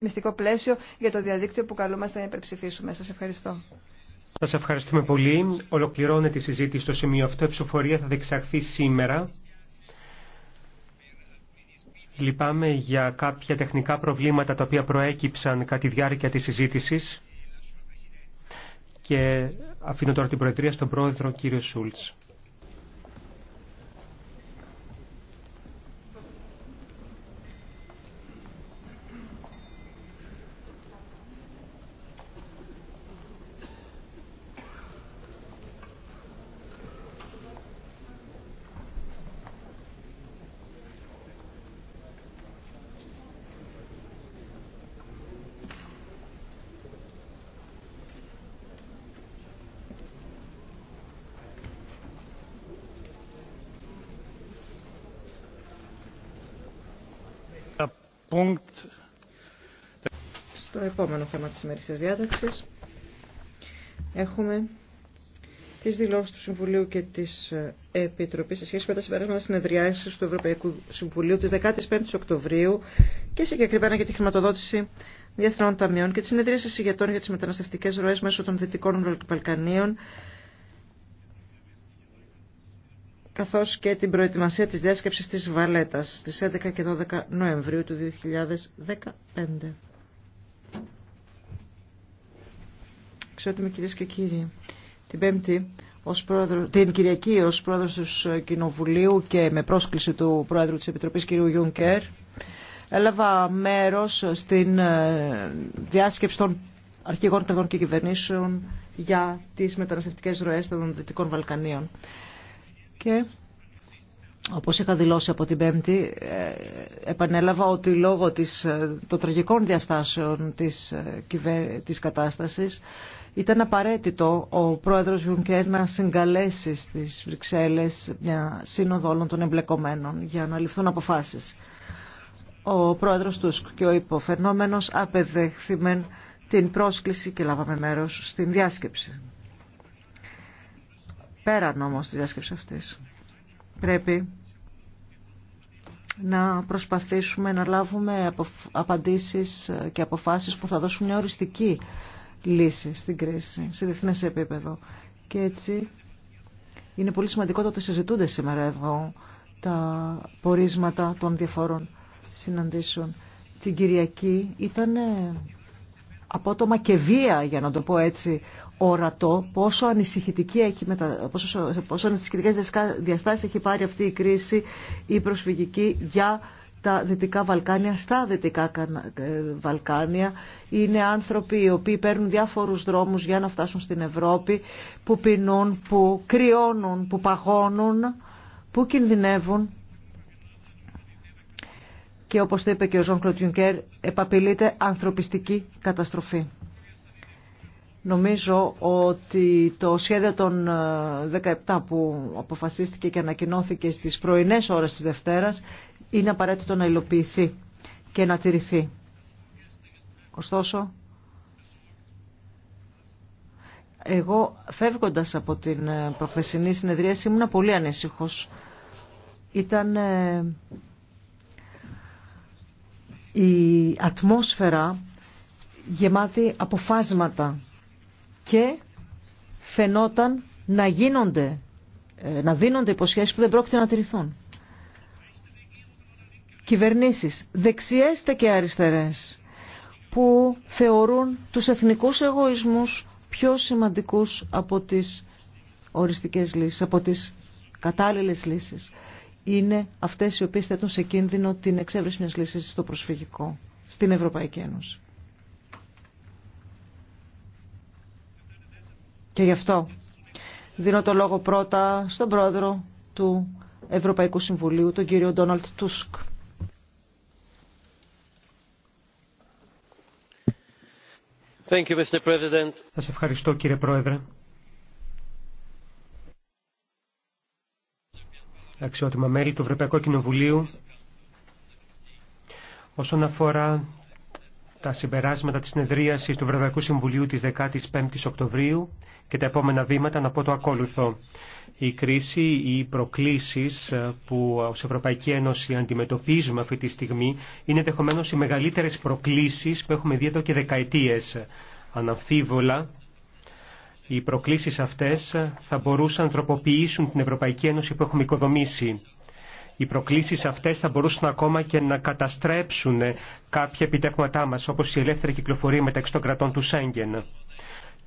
μυστικό πλαίσιο για το διαδίκτυο που καλούμαστε να υπερψηφίσουμε. Σας ευχαριστώ. Σας ευχαριστούμε πολύ. Ολοκληρώνεται η συζήτηση στο σημείο αυτό. Η θα δεξαχθεί σήμερα. Λυπάμαι για κάποια τεχνικά προβλήματα τα οποία προέκυψαν κατά τη διάρκεια της συζήτησης και αφήνω τώρα την Προεδρία στον Πρόεδρο κύριο Σούλτς. επόμενο θέμα της ημερήσιας διάταξης έχουμε τις δηλώσεις του Συμβουλίου και της ε, Επιτροπής σε σχέση με τα συμπεράσματα συνεδριάσεις του Ευρωπαϊκού Συμβουλίου της 15ης Οκτωβρίου και συγκεκριμένα για τη χρηματοδότηση διεθνών ταμείων και τη συνεδρίαση ηγετών για τις μεταναστευτικές ροές μέσω των Δυτικών Βαλκανίων καθώς και την προετοιμασία της διάσκεψης της Βαλέτας στις 11 και 12 Νοεμβρίου του 2015. Ξέρετε κυρίες και κύριοι, την Πέμπτη ως πρόεδρο, την Κυριακή ως πρόεδρος του Κοινοβουλίου και με πρόσκληση του πρόεδρου της Επιτροπής κ. Γιούνκερ έλαβα μέρος στην ε, διάσκεψη των αρχηγών κρατών και κυβερνήσεων για τις μεταναστευτικές ροές των Δυτικών Βαλκανίων. Και όπως είχα δηλώσει από την Πέμπτη, ε, επανέλαβα ότι λόγω της, ε, των τραγικών διαστάσεων της, ε, της κατάστασης ήταν απαραίτητο ο πρόεδρος Γιουνκέρ να συγκαλέσει στις Βρυξέλλες μια σύνοδο όλων των εμπλεκομένων για να ληφθούν αποφάσεις. Ο πρόεδρος Τούσκ και ο υποφαινόμενος απεδέχθημεν την πρόσκληση και λάβαμε μέρος στην διάσκεψη. Πέραν όμως τη διάσκεψη αυτής πρέπει να προσπαθήσουμε να λάβουμε απαντήσεις και αποφάσεις που θα δώσουν μια οριστική λύση στην κρίση, σε διεθνέ επίπεδο. Και έτσι είναι πολύ σημαντικό το ότι συζητούνται σήμερα εδώ τα πορίσματα των διαφόρων συναντήσεων. Την Κυριακή ήταν απότομα και βία, για να το πω έτσι, ορατό πόσο ανησυχητική έχει μετα... πόσο, πόσο ανησυχητικές διαστάσεις έχει πάρει αυτή η κρίση η προσφυγική για τα Δυτικά Βαλκάνια, στα Δυτικά ε, Βαλκάνια. Είναι άνθρωποι οι οποίοι παίρνουν διάφορους δρόμους για να φτάσουν στην Ευρώπη, που πεινούν, που κρυώνουν, που παγώνουν, που κινδυνεύουν και όπως το είπε και ο Ζων Κλωτιουνκέρ επαπειλείται ανθρωπιστική καταστροφή. Νομίζω ότι το σχέδιο των 17 ε, που αποφασίστηκε και ανακοινώθηκε στις πρωινές ώρες της Δευτέρας είναι απαραίτητο να υλοποιηθεί και να τηρηθεί. Ωστόσο, εγώ φεύγοντας από την ε, προχθεσινή συνεδρία, ήμουν πολύ ανήσυχος. Ήταν ε, η ατμόσφαιρα γεμάτη αποφάσματα και φαινόταν να γίνονται, ε, να δίνονται υποσχέσεις που δεν πρόκειται να τηρηθούν. Κυβερνήσεις, δεξιές και αριστερές, που θεωρούν τους εθνικούς εγωισμούς πιο σημαντικούς από τις οριστικές λύσεις, από τις κατάλληλες λύσεις είναι αυτές οι οποίες θέτουν σε κίνδυνο την εξέβρεση μιας λύσης στο προσφυγικό στην Ευρωπαϊκή Ένωση. Και γι' αυτό δίνω το λόγο πρώτα στον πρόεδρο του Ευρωπαϊκού Συμβουλίου, τον κύριο Ντόναλτ Τούσκ. Thank Σας ευχαριστώ κύριε Πρόεδρε. αξιότιμα μέλη του Ευρωπαϊκού Κοινοβουλίου, όσον αφορά τα συμπεράσματα της συνεδρίασης του Ευρωπαϊκού Συμβουλίου της 15ης Οκτωβρίου και τα επόμενα βήματα να πω το ακόλουθο. Η κρίση, οι προκλήσεις ε, που ως Ευρωπαϊκή Ένωση αντιμετωπίζουμε αυτή τη στιγμή είναι ενδεχομένω οι μεγαλύτερες προκλήσεις που έχουμε δει εδώ και δεκαετίες. Αναμφίβολα, οι προκλήσεις αυτές θα μπορούσαν να τροποποιήσουν την Ευρωπαϊκή Ένωση που έχουμε οικοδομήσει. Οι προκλήσεις αυτές θα μπορούσαν ακόμα και να καταστρέψουν κάποια επιτεύγματά μας, όπως η ελεύθερη κυκλοφορία μεταξύ των κρατών του Σέγγεν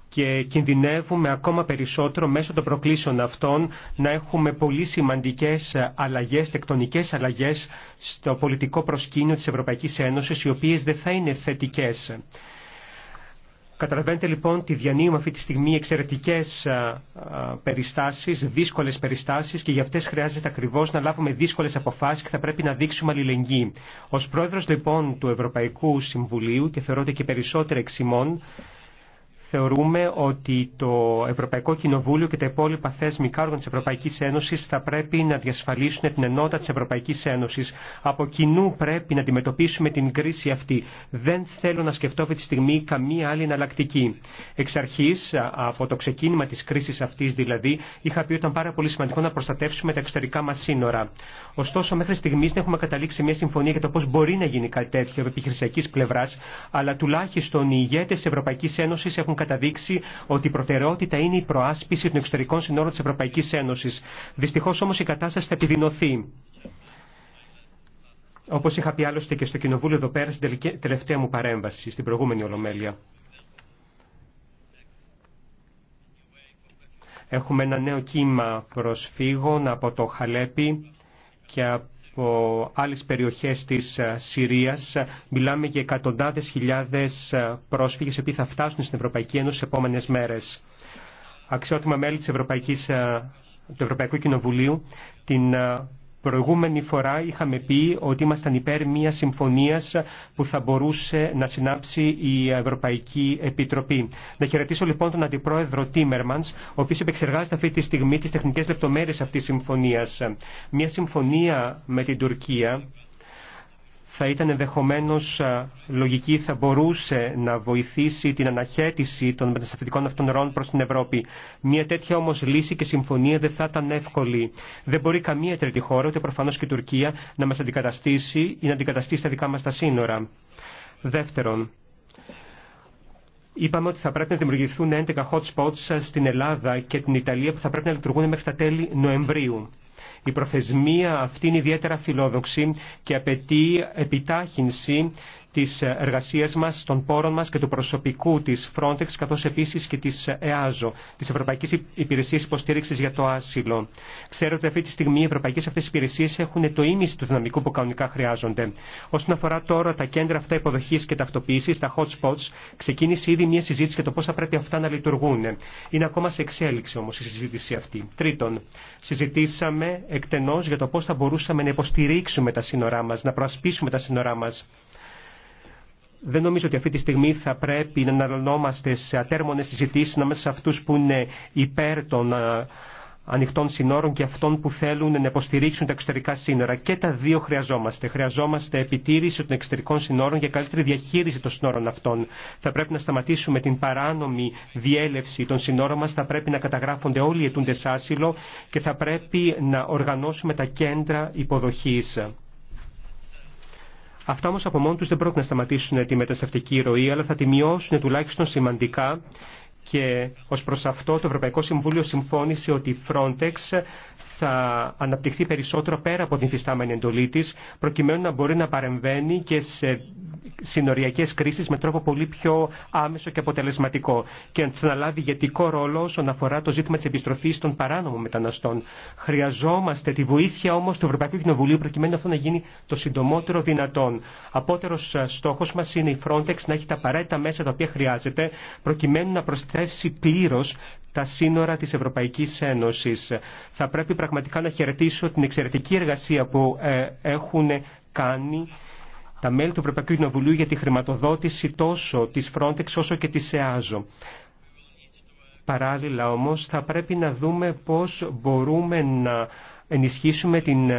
και κινδυνεύουμε ακόμα περισσότερο μέσω των προκλήσεων αυτών να έχουμε πολύ σημαντικές αλλαγές, τεκτονικές αλλαγές στο πολιτικό προσκήνιο της Ευρωπαϊκής Ένωσης, οι οποίες δεν θα είναι θετικές. Καταλαβαίνετε λοιπόν ότι διανύουμε αυτή τη στιγμή εξαιρετικέ περιστάσει, δύσκολε περιστάσει και για αυτέ χρειάζεται ακριβώ να λάβουμε δύσκολε αποφάσει και θα πρέπει να δείξουμε αλληλεγγύη. Ω πρόεδρο λοιπόν του Ευρωπαϊκού Συμβουλίου και θεωρώ ότι και περισσότερο εξημών, θεωρούμε ότι το Ευρωπαϊκό Κοινοβούλιο και τα υπόλοιπα θεσμικά όργανα της Ευρωπαϊκής Ένωσης θα πρέπει να διασφαλίσουν την ενότητα της Ευρωπαϊκής Ένωσης. Από κοινού πρέπει να αντιμετωπίσουμε την κρίση αυτή. Δεν θέλω να σκεφτώ αυτή τη στιγμή καμία άλλη εναλλακτική. Εξ αρχής, από το ξεκίνημα της κρίσης αυτής δηλαδή, είχα πει ότι ήταν πάρα πολύ σημαντικό να προστατεύσουμε τα εξωτερικά μας σύνορα. Ωστόσο, μέχρι στιγμής δεν έχουμε καταλήξει μια συμφωνία για το πώς μπορεί να γίνει κάτι τέτοιο αλλά τουλάχιστον οι ηγέτες Ευρωπαϊκής Ένωσης έχουν καταδείξει ότι η προτεραιότητα είναι η προάσπιση των εξωτερικών συνόρων της Ευρωπαϊκής Ένωση. Δυστυχώς όμως η κατάσταση θα επιδεινωθεί. Όπως είχα πει άλλωστε και στο Κοινοβούλιο εδώ πέρα στην τελευταία μου παρέμβαση, στην προηγούμενη Ολομέλεια. Έχουμε ένα νέο κύμα προσφύγων από το Χαλέπι και από από άλλες περιοχές της ε, Συρίας. Μιλάμε για εκατοντάδες χιλιάδες ε, πρόσφυγες οι οποίοι θα φτάσουν στην Ευρωπαϊκή Ένωση σε επόμενες μέρες. Αξιότιμα μέλη της Ευρωπαϊκής, ε, του Ευρωπαϊκού Κοινοβουλίου, την Προηγούμενη φορά είχαμε πει ότι ήμασταν υπέρ μια συμφωνία που θα μπορούσε να συνάψει η Ευρωπαϊκή Επιτροπή. Να χαιρετήσω λοιπόν τον Αντιπρόεδρο Τίμερμαν, ο οποίο επεξεργάζεται αυτή τη στιγμή τι τεχνικέ λεπτομέρειε αυτή τη συμφωνία. Μια συμφωνία με την Τουρκία θα ήταν ενδεχομένω ε, λογική, θα μπορούσε να βοηθήσει την αναχέτηση των μετασταθετικών αυτών ροών προ την Ευρώπη. Μια τέτοια όμω λύση και συμφωνία δεν θα ήταν εύκολη. Δεν μπορεί καμία τρίτη χώρα, ούτε προφανώ και η Τουρκία, να μα αντικαταστήσει ή να αντικαταστήσει τα δικά μα τα σύνορα. Δεύτερον, Είπαμε ότι θα πρέπει να δημιουργηθούν 11 hot spots στην Ελλάδα και την Ιταλία που θα πρέπει να λειτουργούν μέχρι τα τέλη Νοεμβρίου. Η προθεσμία αυτή είναι ιδιαίτερα φιλόδοξη και απαιτεί επιτάχυνση της εργασίας μας, των πόρων μας και του προσωπικού της Frontex, καθώς επίσης και της ΕΑΖΟ, της Ευρωπαϊκής Υπηρεσίας Υποστήριξης για το Άσυλο. Ξέρω ότι αυτή τη στιγμή οι ευρωπαϊκές αυτές υπηρεσίες έχουν το ίμιση του δυναμικού που κανονικά χρειάζονται. Όσον αφορά τώρα τα κέντρα αυτά υποδοχής και ταυτοποίησης, τα hot spots, ξεκίνησε ήδη μια συζήτηση για το πώς θα πρέπει αυτά να λειτουργούν. Είναι ακόμα σε εξέλιξη όμως η συζήτηση αυτή. Τρίτον, συζητήσαμε εκτενώς για το πώς θα μπορούσαμε να υποστηρίξουμε τα σύνορά μα, να προασπίσουμε τα σύνορά μα δεν νομίζω ότι αυτή τη στιγμή θα πρέπει να αναλωνόμαστε σε ατέρμονες συζητήσεις ανάμεσα σε αυτούς που είναι υπέρ των ε, ανοιχτών συνόρων και αυτών που θέλουν να υποστηρίξουν τα εξωτερικά σύνορα. Και τα δύο χρειαζόμαστε. Χρειαζόμαστε επιτήρηση των εξωτερικών σύνορων για καλύτερη διαχείριση των σύνορων αυτών. Θα πρέπει να σταματήσουμε την παράνομη διέλευση των σύνορων μας. θα πρέπει να καταγράφονται όλοι οι αιτούντε άσυλο και θα πρέπει να οργανώσουμε τα κέντρα υποδοχή. Αυτά όμω από μόνο του δεν πρόκειται να σταματήσουν τη μετασταυτική ροή, αλλά θα τη μειώσουν τουλάχιστον σημαντικά και ω προ αυτό το Ευρωπαϊκό Συμβούλιο συμφώνησε ότι η Frontex θα αναπτυχθεί περισσότερο πέρα από την φυστάμενη εντολή τη, προκειμένου να μπορεί να παρεμβαίνει και σε συνοριακέ κρίσει με τρόπο πολύ πιο άμεσο και αποτελεσματικό και να λάβει ηγετικό ρόλο όσον αφορά το ζήτημα τη επιστροφή των παράνομων μεταναστών. Χρειαζόμαστε τη βοήθεια όμω του Ευρωπαϊκού Κοινοβουλίου προκειμένου αυτό να γίνει το συντομότερο δυνατόν. Απότερο στόχο μα είναι η Frontex να έχει τα απαραίτητα μέσα τα οποία χρειάζεται προκειμένου να προσθέσει πλήρω τα σύνορα της Ευρωπαϊκής Ένωσης. Θα πρέπει πραγματικά να χαιρετήσω την εξαιρετική εργασία που ε, έχουν κάνει τα μέλη του Ευρωπαϊκού Κοινοβουλίου για τη χρηματοδότηση τόσο της Frontex όσο και της ΕΑΖΟ. Παράλληλα όμως θα πρέπει να δούμε πώς μπορούμε να ενισχύσουμε την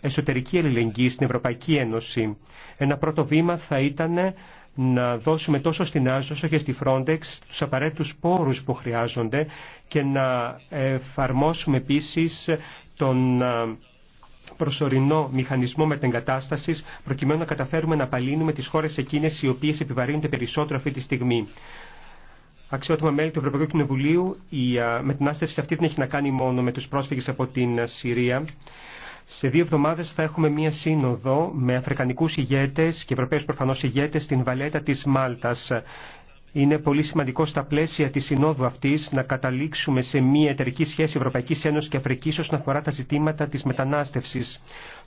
εσωτερική ελληνική στην Ευρωπαϊκή Ένωση. Ένα πρώτο βήμα θα ήταν να δώσουμε τόσο στην ΑΣ όσο και στη Frontex τους απαραίτητους πόρους που χρειάζονται και να εφαρμόσουμε επίσης τον ε, προσωρινό μηχανισμό μετεγκατάστασης προκειμένου να καταφέρουμε να απαλύνουμε τις χώρες εκείνες οι οποίες επιβαρύνονται περισσότερο αυτή τη στιγμή. Αξιότιμα μέλη του Ευρωπαϊκού Κοινοβουλίου, η ε, μετανάστευση αυτή δεν έχει να κάνει μόνο με τους πρόσφυγες από την ε, Συρία. Σε δύο εβδομάδες θα έχουμε μία σύνοδο με Αφρικανικούς ηγέτες και Ευρωπαίους προφανώς ηγέτες στην Βαλέτα της Μάλτας. Είναι πολύ σημαντικό στα πλαίσια της συνόδου αυτής να καταλήξουμε σε μία εταιρική σχέση Ευρωπαϊκής Ένωσης και Αφρικής όσον αφορά τα ζητήματα της μετανάστευσης.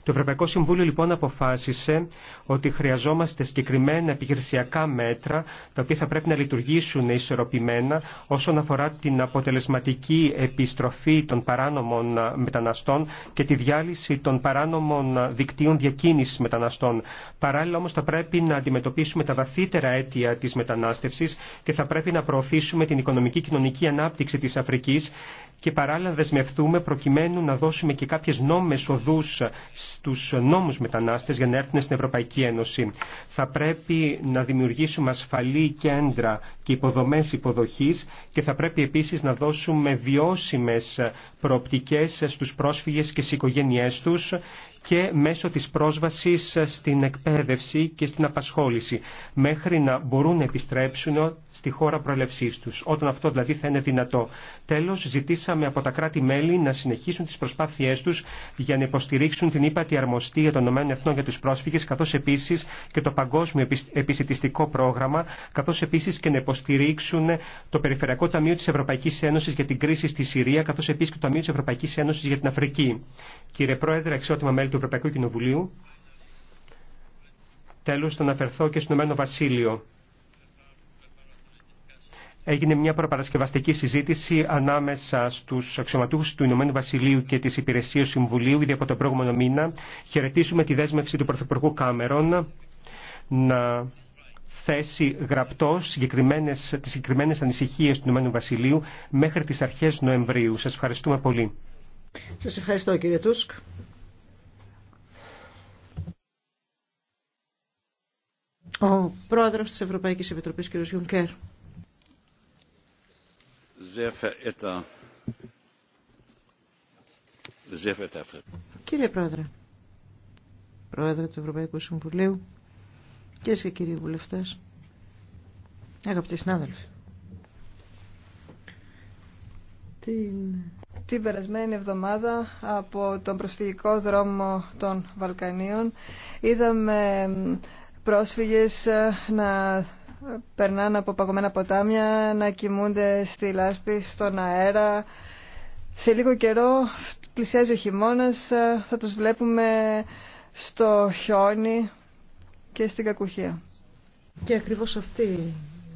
Το Ευρωπαϊκό Συμβούλιο λοιπόν αποφάσισε ότι χρειαζόμαστε συγκεκριμένα επιχειρησιακά μέτρα τα οποία θα πρέπει να λειτουργήσουν ισορροπημένα όσον αφορά την αποτελεσματική επιστροφή των παράνομων μεταναστών και τη διάλυση των παράνομων δικτύων διακίνηση μεταναστών. Παράλληλα όμω θα πρέπει να αντιμετωπίσουμε τα βαθύτερα αίτια τη μετανάστευση και θα πρέπει να προωθήσουμε την οικονομική κοινωνική ανάπτυξη τη Αφρική και παράλληλα δεσμευτούμε προκειμένου να δώσουμε και κάποιες νόμιμε οδούς στους νόμους μετανάστες για να έρθουν στην Ευρωπαϊκή Ένωση. Θα πρέπει να δημιουργήσουμε ασφαλή κέντρα και υποδομές υποδοχής και θα πρέπει επίσης να δώσουμε βιώσιμε προοπτικέ στους πρόσφυγες και στις οικογένειές τους και μέσω της πρόσβασης στην εκπαίδευση και στην απασχόληση, μέχρι να μπορούν να επιστρέψουν στη χώρα προελευσής τους, όταν αυτό δηλαδή θα είναι δυνατό. Τέλος, ζητήσαμε από τα κράτη-μέλη να συνεχίσουν τις προσπάθειές τους για να υποστηρίξουν την ύπατη αρμοστία των ΗΕ για τους πρόσφυγες, καθώς επίσης και το Παγκόσμιο Επισητιστικό Πρόγραμμα, καθώς επίσης και να υποστηρίξουν το Περιφερειακό Ταμείο της Ευρωπαϊκής Ένωσης για την κρίση στη Συρία, καθώς επίσης και το Ταμείο της Ευρωπαϊκής Ένωσης για την Αφρική. Κύριε Πρόεδρε, αξιότιμα μέλη του Ευρωπαϊκού Κοινοβουλίου. Τέλος, θα αναφερθώ και στο Ηνωμένο Βασίλειο. Έγινε μια προπαρασκευαστική συζήτηση ανάμεσα στου αξιωματούχου του Ηνωμένου Βασιλείου και τη Υπηρεσία Συμβουλίου ήδη από τον προηγούμενο μήνα. Χαιρετήσουμε τη δέσμευση του Πρωθυπουργού Κάμερον να θέσει γραπτό τι συγκεκριμένε ανησυχίε του Ηνωμένου Βασιλείου μέχρι τι αρχέ Νοεμβρίου. Σα ευχαριστούμε πολύ. Σα ευχαριστώ κύριε Τούσκ. ο πρόεδρος της Ευρωπαϊκής Επιτροπής, κ. Γιουνκέρ. Κύριε Πρόεδρε, Πρόεδρε του Ευρωπαϊκού Συμβουλίου, κυρίε και κύριοι βουλευτές, αγαπητοί συνάδελφοι. Την... Την περασμένη εβδομάδα από τον προσφυγικό δρόμο των Βαλκανίων είδαμε πρόσφυγες ε, να περνάνε από παγωμένα ποτάμια, να κοιμούνται στη λάσπη, στον αέρα. Σε λίγο καιρό πλησιάζει ο χειμώνας, ε, θα τους βλέπουμε στο χιόνι και στην κακουχία. Και ακριβώς αυτή,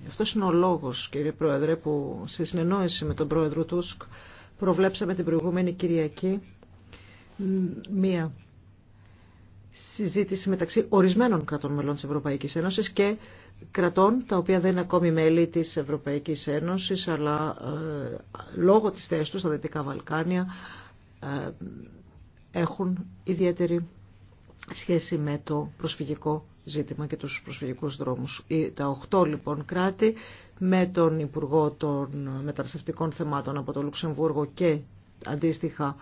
αυτός είναι ο λόγος κύριε Πρόεδρε που σε συνεννόηση με τον Πρόεδρο Τούσκ προβλέψαμε την προηγούμενη Κυριακή μία συζήτηση μεταξύ ορισμένων κρατών μελών της Ευρωπαϊκής Ένωσης και κρατών τα οποία δεν είναι ακόμη μέλη της Ευρωπαϊκής Ένωσης αλλά ε, λόγω της θέσης τους στα Δυτικά Βαλκάνια ε, έχουν ιδιαίτερη σχέση με το προσφυγικό ζήτημα και τους προσφυγικούς δρόμους. Τα οχτώ λοιπόν κράτη με τον Υπουργό των Μεταναστευτικών Θεμάτων από το Λουξεμβούργο και αντίστοιχα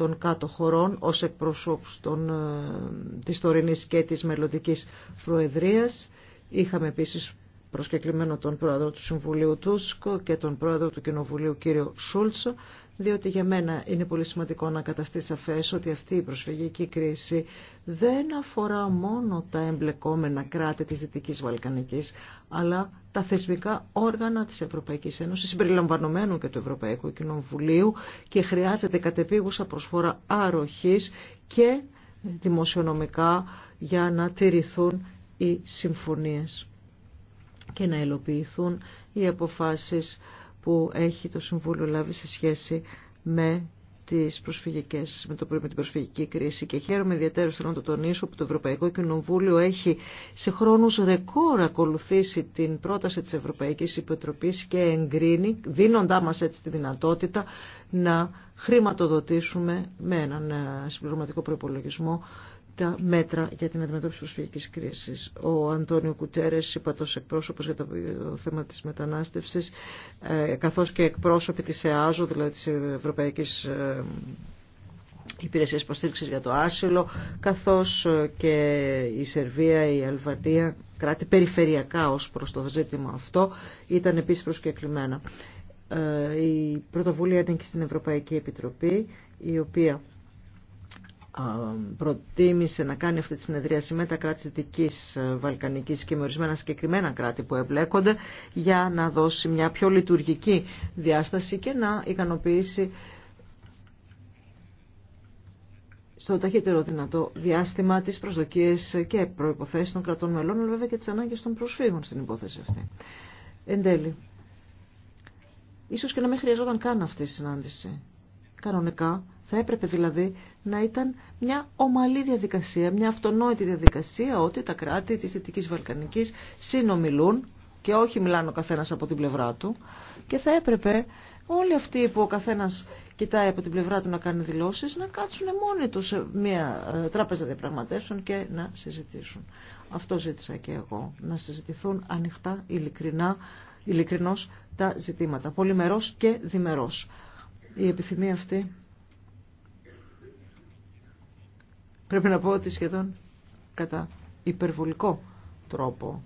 των κάτω χωρών ως εκπροσώπους των, ε, της τωρινής και της μελλοντική Προεδρίας. Είχαμε επίσης προσκεκλημένο τον πρόεδρο του Συμβουλίου Τούσκο και τον πρόεδρο του Κοινοβουλίου κύριο Σούλτσο, διότι για μένα είναι πολύ σημαντικό να καταστεί σαφές ότι αυτή η προσφυγική κρίση δεν αφορά μόνο τα εμπλεκόμενα κράτη της Δυτικής Βαλκανικής, αλλά τα θεσμικά όργανα της Ευρωπαϊκής Ένωσης, συμπεριλαμβανομένου και του Ευρωπαϊκού Κοινοβουλίου και χρειάζεται κατεπίγουσα προσφορά αροχής και δημοσιονομικά για να τηρηθούν οι συμφωνίες και να υλοποιηθούν οι αποφάσεις που έχει το Συμβούλιο λάβει σε σχέση με τις προσφυγικές, με, το, με την προσφυγική κρίση και χαίρομαι ιδιαίτερα θέλω να το τονίσω που το Ευρωπαϊκό Κοινοβούλιο έχει σε χρόνους ρεκόρ ακολουθήσει την πρόταση της Ευρωπαϊκής Υποτροπής και εγκρίνει δίνοντά μας έτσι τη δυνατότητα να χρηματοδοτήσουμε με έναν ε, συμπληρωματικό προπολογισμό τα μέτρα για την αντιμετώπιση προσφυγικής κρίσης. Ο Αντώνιο Κουτέρες, υπατός εκπρόσωπος για το θέμα της μετανάστευσης, ε, καθώς και εκπρόσωποι της ΕΑΖΟ, δηλαδή της Ευρωπαϊκής ε, Υπηρεσίας Προστήριξης για το Άσυλο, καθώς ε, και η Σερβία, η Αλβανία, κράτη περιφερειακά ως προς το ζήτημα αυτό, ήταν επίσης προσκεκλημένα. Η πρωτοβουλία και στην Ευρωπαϊκή Επιτροπή, η οποία προτίμησε να κάνει αυτή τη συνεδρίαση με τα κράτη δική ε, Βαλκανικής και με ορισμένα συγκεκριμένα κράτη που εμπλέκονται για να δώσει μια πιο λειτουργική διάσταση και να ικανοποιήσει στο ταχύτερο δυνατό διάστημα τις προσδοκίες και προϋποθέσεις των κρατών μελών, αλλά βέβαια και τις ανάγκες των προσφύγων στην υπόθεση αυτή. Εν τέλει, ίσως και να μην χρειαζόταν καν αυτή η συνάντηση. Κανονικά, θα έπρεπε δηλαδή να ήταν μια ομαλή διαδικασία, μια αυτονόητη διαδικασία ότι τα κράτη της Δυτικής Βαλκανικής συνομιλούν και όχι μιλάνε ο καθένας από την πλευρά του και θα έπρεπε όλοι αυτοί που ο καθένας κοιτάει από την πλευρά του να κάνει δηλώσεις να κάτσουν μόνοι τους σε μια ε, τράπεζα διαπραγματεύσεων και να συζητήσουν. Αυτό ζήτησα και εγώ, να συζητηθούν ανοιχτά, ειλικρινά, ειλικρινώς τα ζητήματα, πολυμερός και διμερός. Η επιθυμία αυτή πρέπει να πω ότι σχεδόν κατά υπερβολικό τρόπο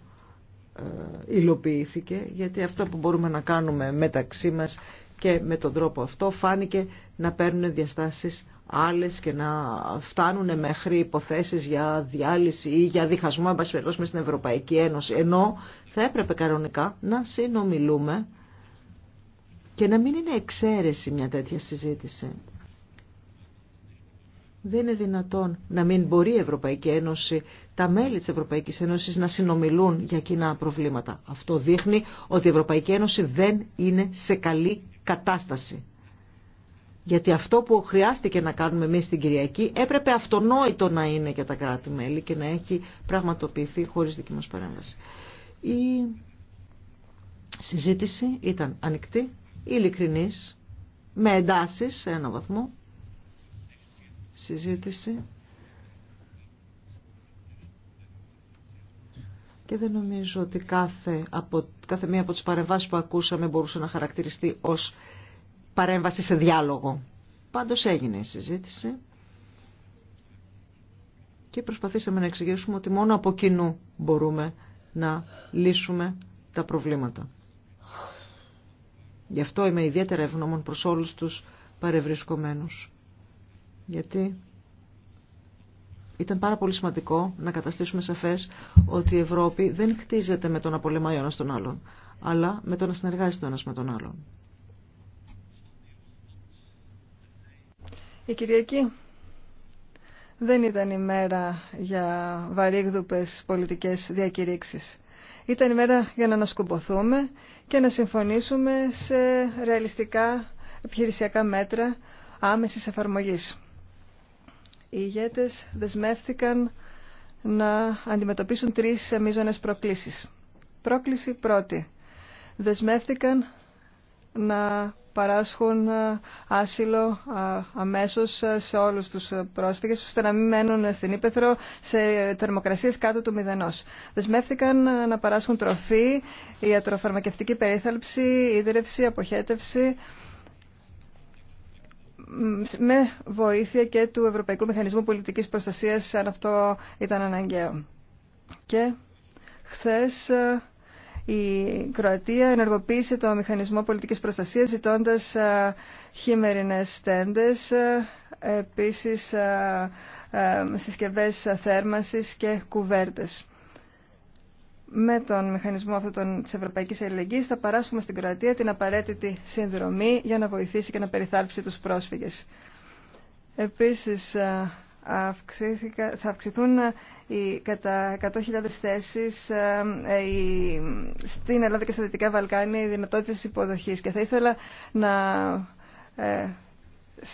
ε, υλοποιήθηκε γιατί αυτό που μπορούμε να κάνουμε μεταξύ μας και με τον τρόπο αυτό φάνηκε να παίρνουν διαστάσεις άλλες και να φτάνουν μέχρι υποθέσεις για διάλυση ή για διχασμό με στην Ευρωπαϊκή Ένωση ενώ θα έπρεπε κανονικά να συνομιλούμε και να μην είναι εξαίρεση μια τέτοια συζήτηση. Δεν είναι δυνατόν να μην μπορεί η Ευρωπαϊκή Ένωση, τα μέλη της Ευρωπαϊκής Ένωσης να συνομιλούν για κοινά προβλήματα. Αυτό δείχνει ότι η Ευρωπαϊκή Ένωση δεν είναι σε καλή κατάσταση. Γιατί αυτό που χρειάστηκε να κάνουμε εμείς την Κυριακή έπρεπε αυτονόητο να είναι για τα κράτη-μέλη και να έχει πραγματοποιηθεί χωρίς δική μας παρέμβαση. Η συζήτηση ήταν ανοιχτή, ειλικρινής, με εντάσεις σε ένα βαθμό συζήτηση και δεν νομίζω ότι κάθε, από, κάθε μία από τις παρεμβάσεις που ακούσαμε μπορούσε να χαρακτηριστεί ως παρέμβαση σε διάλογο. Πάντως έγινε η συζήτηση και προσπαθήσαμε να εξηγήσουμε ότι μόνο από κοινού μπορούμε να λύσουμε τα προβλήματα. Γι' αυτό είμαι ιδιαίτερα ευγνώμων προς όλους τους παρευρισκομένους γιατί ήταν πάρα πολύ σημαντικό να καταστήσουμε σαφές ότι η Ευρώπη δεν χτίζεται με το να πολεμάει ο ένας τον άλλον, αλλά με το να συνεργάζεται ο ένας με τον άλλον. Η Κυριακή δεν ήταν η μέρα για βαρύγδουπες πολιτικές διακηρύξεις. Ήταν η μέρα για να ανασκουμποθούμε και να συμφωνήσουμε σε ρεαλιστικά επιχειρησιακά μέτρα άμεσης εφαρμογής οι ηγέτες δεσμεύτηκαν να αντιμετωπίσουν τρεις μείζονες προκλήσεις. Πρόκληση πρώτη. Δεσμεύτηκαν να παράσχουν ε, άσυλο ε, αμέσως ε, σε όλους τους πρόσφυγες, ώστε να μην μένουν στην Ήπεθρο σε θερμοκρασίες κάτω του μηδενός. Δεσμεύτηκαν να παράσχουν τροφή, ιατροφαρμακευτική περίθαλψη, ίδρυυση, αποχέτευση, με βοήθεια και του Ευρωπαϊκού Μηχανισμού Πολιτικής Προστασίας αν αυτό ήταν αναγκαίο. Και χθες ε, η Κροατία ενεργοποίησε το Μηχανισμό Πολιτικής Προστασίας ζητώντας ε, χειμερινές στέντες, ε, επίσης συσκευές θέρμανσης και κουβέρτες με τον μηχανισμό αυτό τη της Ευρωπαϊκής θα παράσουμε στην Κροατία την απαραίτητη συνδρομή για να βοηθήσει και να περιθάλψει τους πρόσφυγες. Επίσης, θα αυξηθούν οι, κατά 100.000 θέσεις ε, στην Ελλάδα και στα Δυτικά Βαλκάνια οι δυνατότητες υποδοχής και θα ήθελα να ε,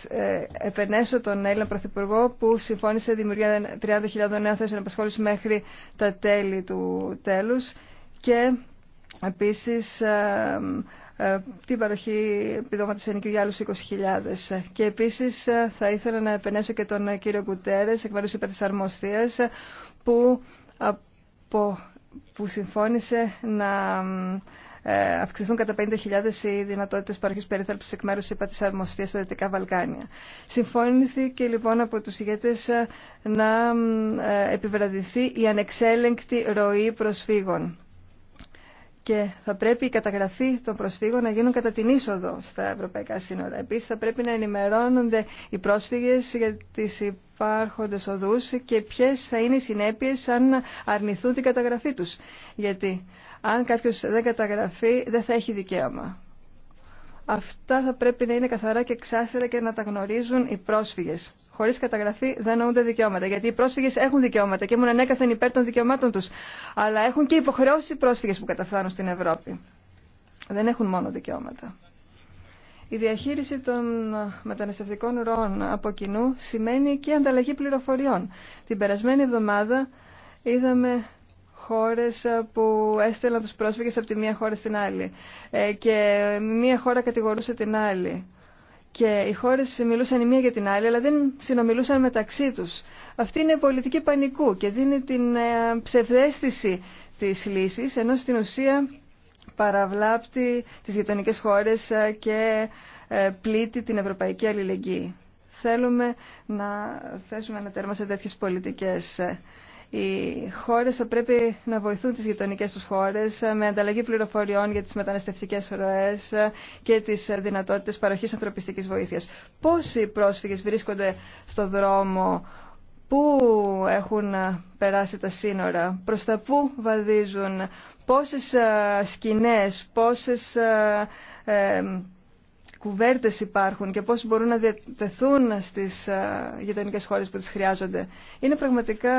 ε, επενέσω τον Έλληνα Πρωθυπουργό που συμφώνησε δημιουργία 30.000 νέων θέσεων απασχόληση μέχρι τα τέλη του τέλους και επίσης ε, ε, την παροχή επιδόματος ενικού για άλλους 20.000. Και επίσης θα ήθελα να επενέσω και τον κύριο Κουτέρες, εκ μέρους της που, που συμφώνησε να ε, αυξηθούν κατά 50.000 οι δυνατότητε παροχή περίθαλψη εκ μέρου τη Αρμοστία στα Δυτικά Βαλκάνια. Συμφώνηθηκε λοιπόν από του ηγέτε ε, να ε, επιβραδυθεί η ανεξέλεγκτη ροή προσφύγων και θα πρέπει η καταγραφή των προσφύγων να γίνουν κατά την είσοδο στα ευρωπαϊκά σύνορα. Επίση θα πρέπει να ενημερώνονται οι πρόσφυγες για τι υπάρχοντες οδού και ποιε θα είναι οι συνέπειε αν αρνηθούν την καταγραφή του. Γιατί αν κάποιος δεν καταγραφεί δεν θα έχει δικαίωμα. Αυτά θα πρέπει να είναι καθαρά και εξάστερα και να τα γνωρίζουν οι πρόσφυγες. Χωρίς καταγραφή δεν νοούνται δικαιώματα, γιατί οι πρόσφυγες έχουν δικαιώματα και ήμουν ανέκαθεν υπέρ των δικαιωμάτων τους, αλλά έχουν και υποχρεώσεις οι πρόσφυγες που καταφθάνουν στην Ευρώπη. Δεν έχουν μόνο δικαιώματα. Η διαχείριση των μεταναστευτικών ροών από κοινού σημαίνει και ανταλλαγή πληροφοριών. Την περασμένη εβδομάδα είδαμε χώρες ε, που έστελναν τους πρόσφυγες από τη μία χώρα στην άλλη ε, και μία χώρα κατηγορούσε την άλλη. Και οι χώρες μιλούσαν η μία για την άλλη, αλλά δεν συνομιλούσαν μεταξύ τους. Αυτή είναι πολιτική πανικού και δίνει την ε, ψευδέστηση της λύσης, ενώ στην ουσία παραβλάπτει τις γειτονικές χώρες και πλήττει την ευρωπαϊκή αλληλεγγύη. Θέλουμε να θέσουμε ένα τέρμα σε τέτοιες πολιτικές. Οι χώρες θα πρέπει να βοηθούν τις γειτονικές τους χώρες με ανταλλαγή πληροφοριών για τις μεταναστευτικές ροές και τις δυνατότητες παροχής ανθρωπιστικής βοήθειας. Πόσοι πρόσφυγες βρίσκονται στο δρόμο πού έχουν περάσει τα σύνορα, προς τα πού βαδίζουν, πόσες σκηνές, πόσες ε, κουβέρτες υπάρχουν και πώς μπορούν να διατεθούν στις ε, γειτονικέ χώρες που τις χρειάζονται. Είναι πραγματικά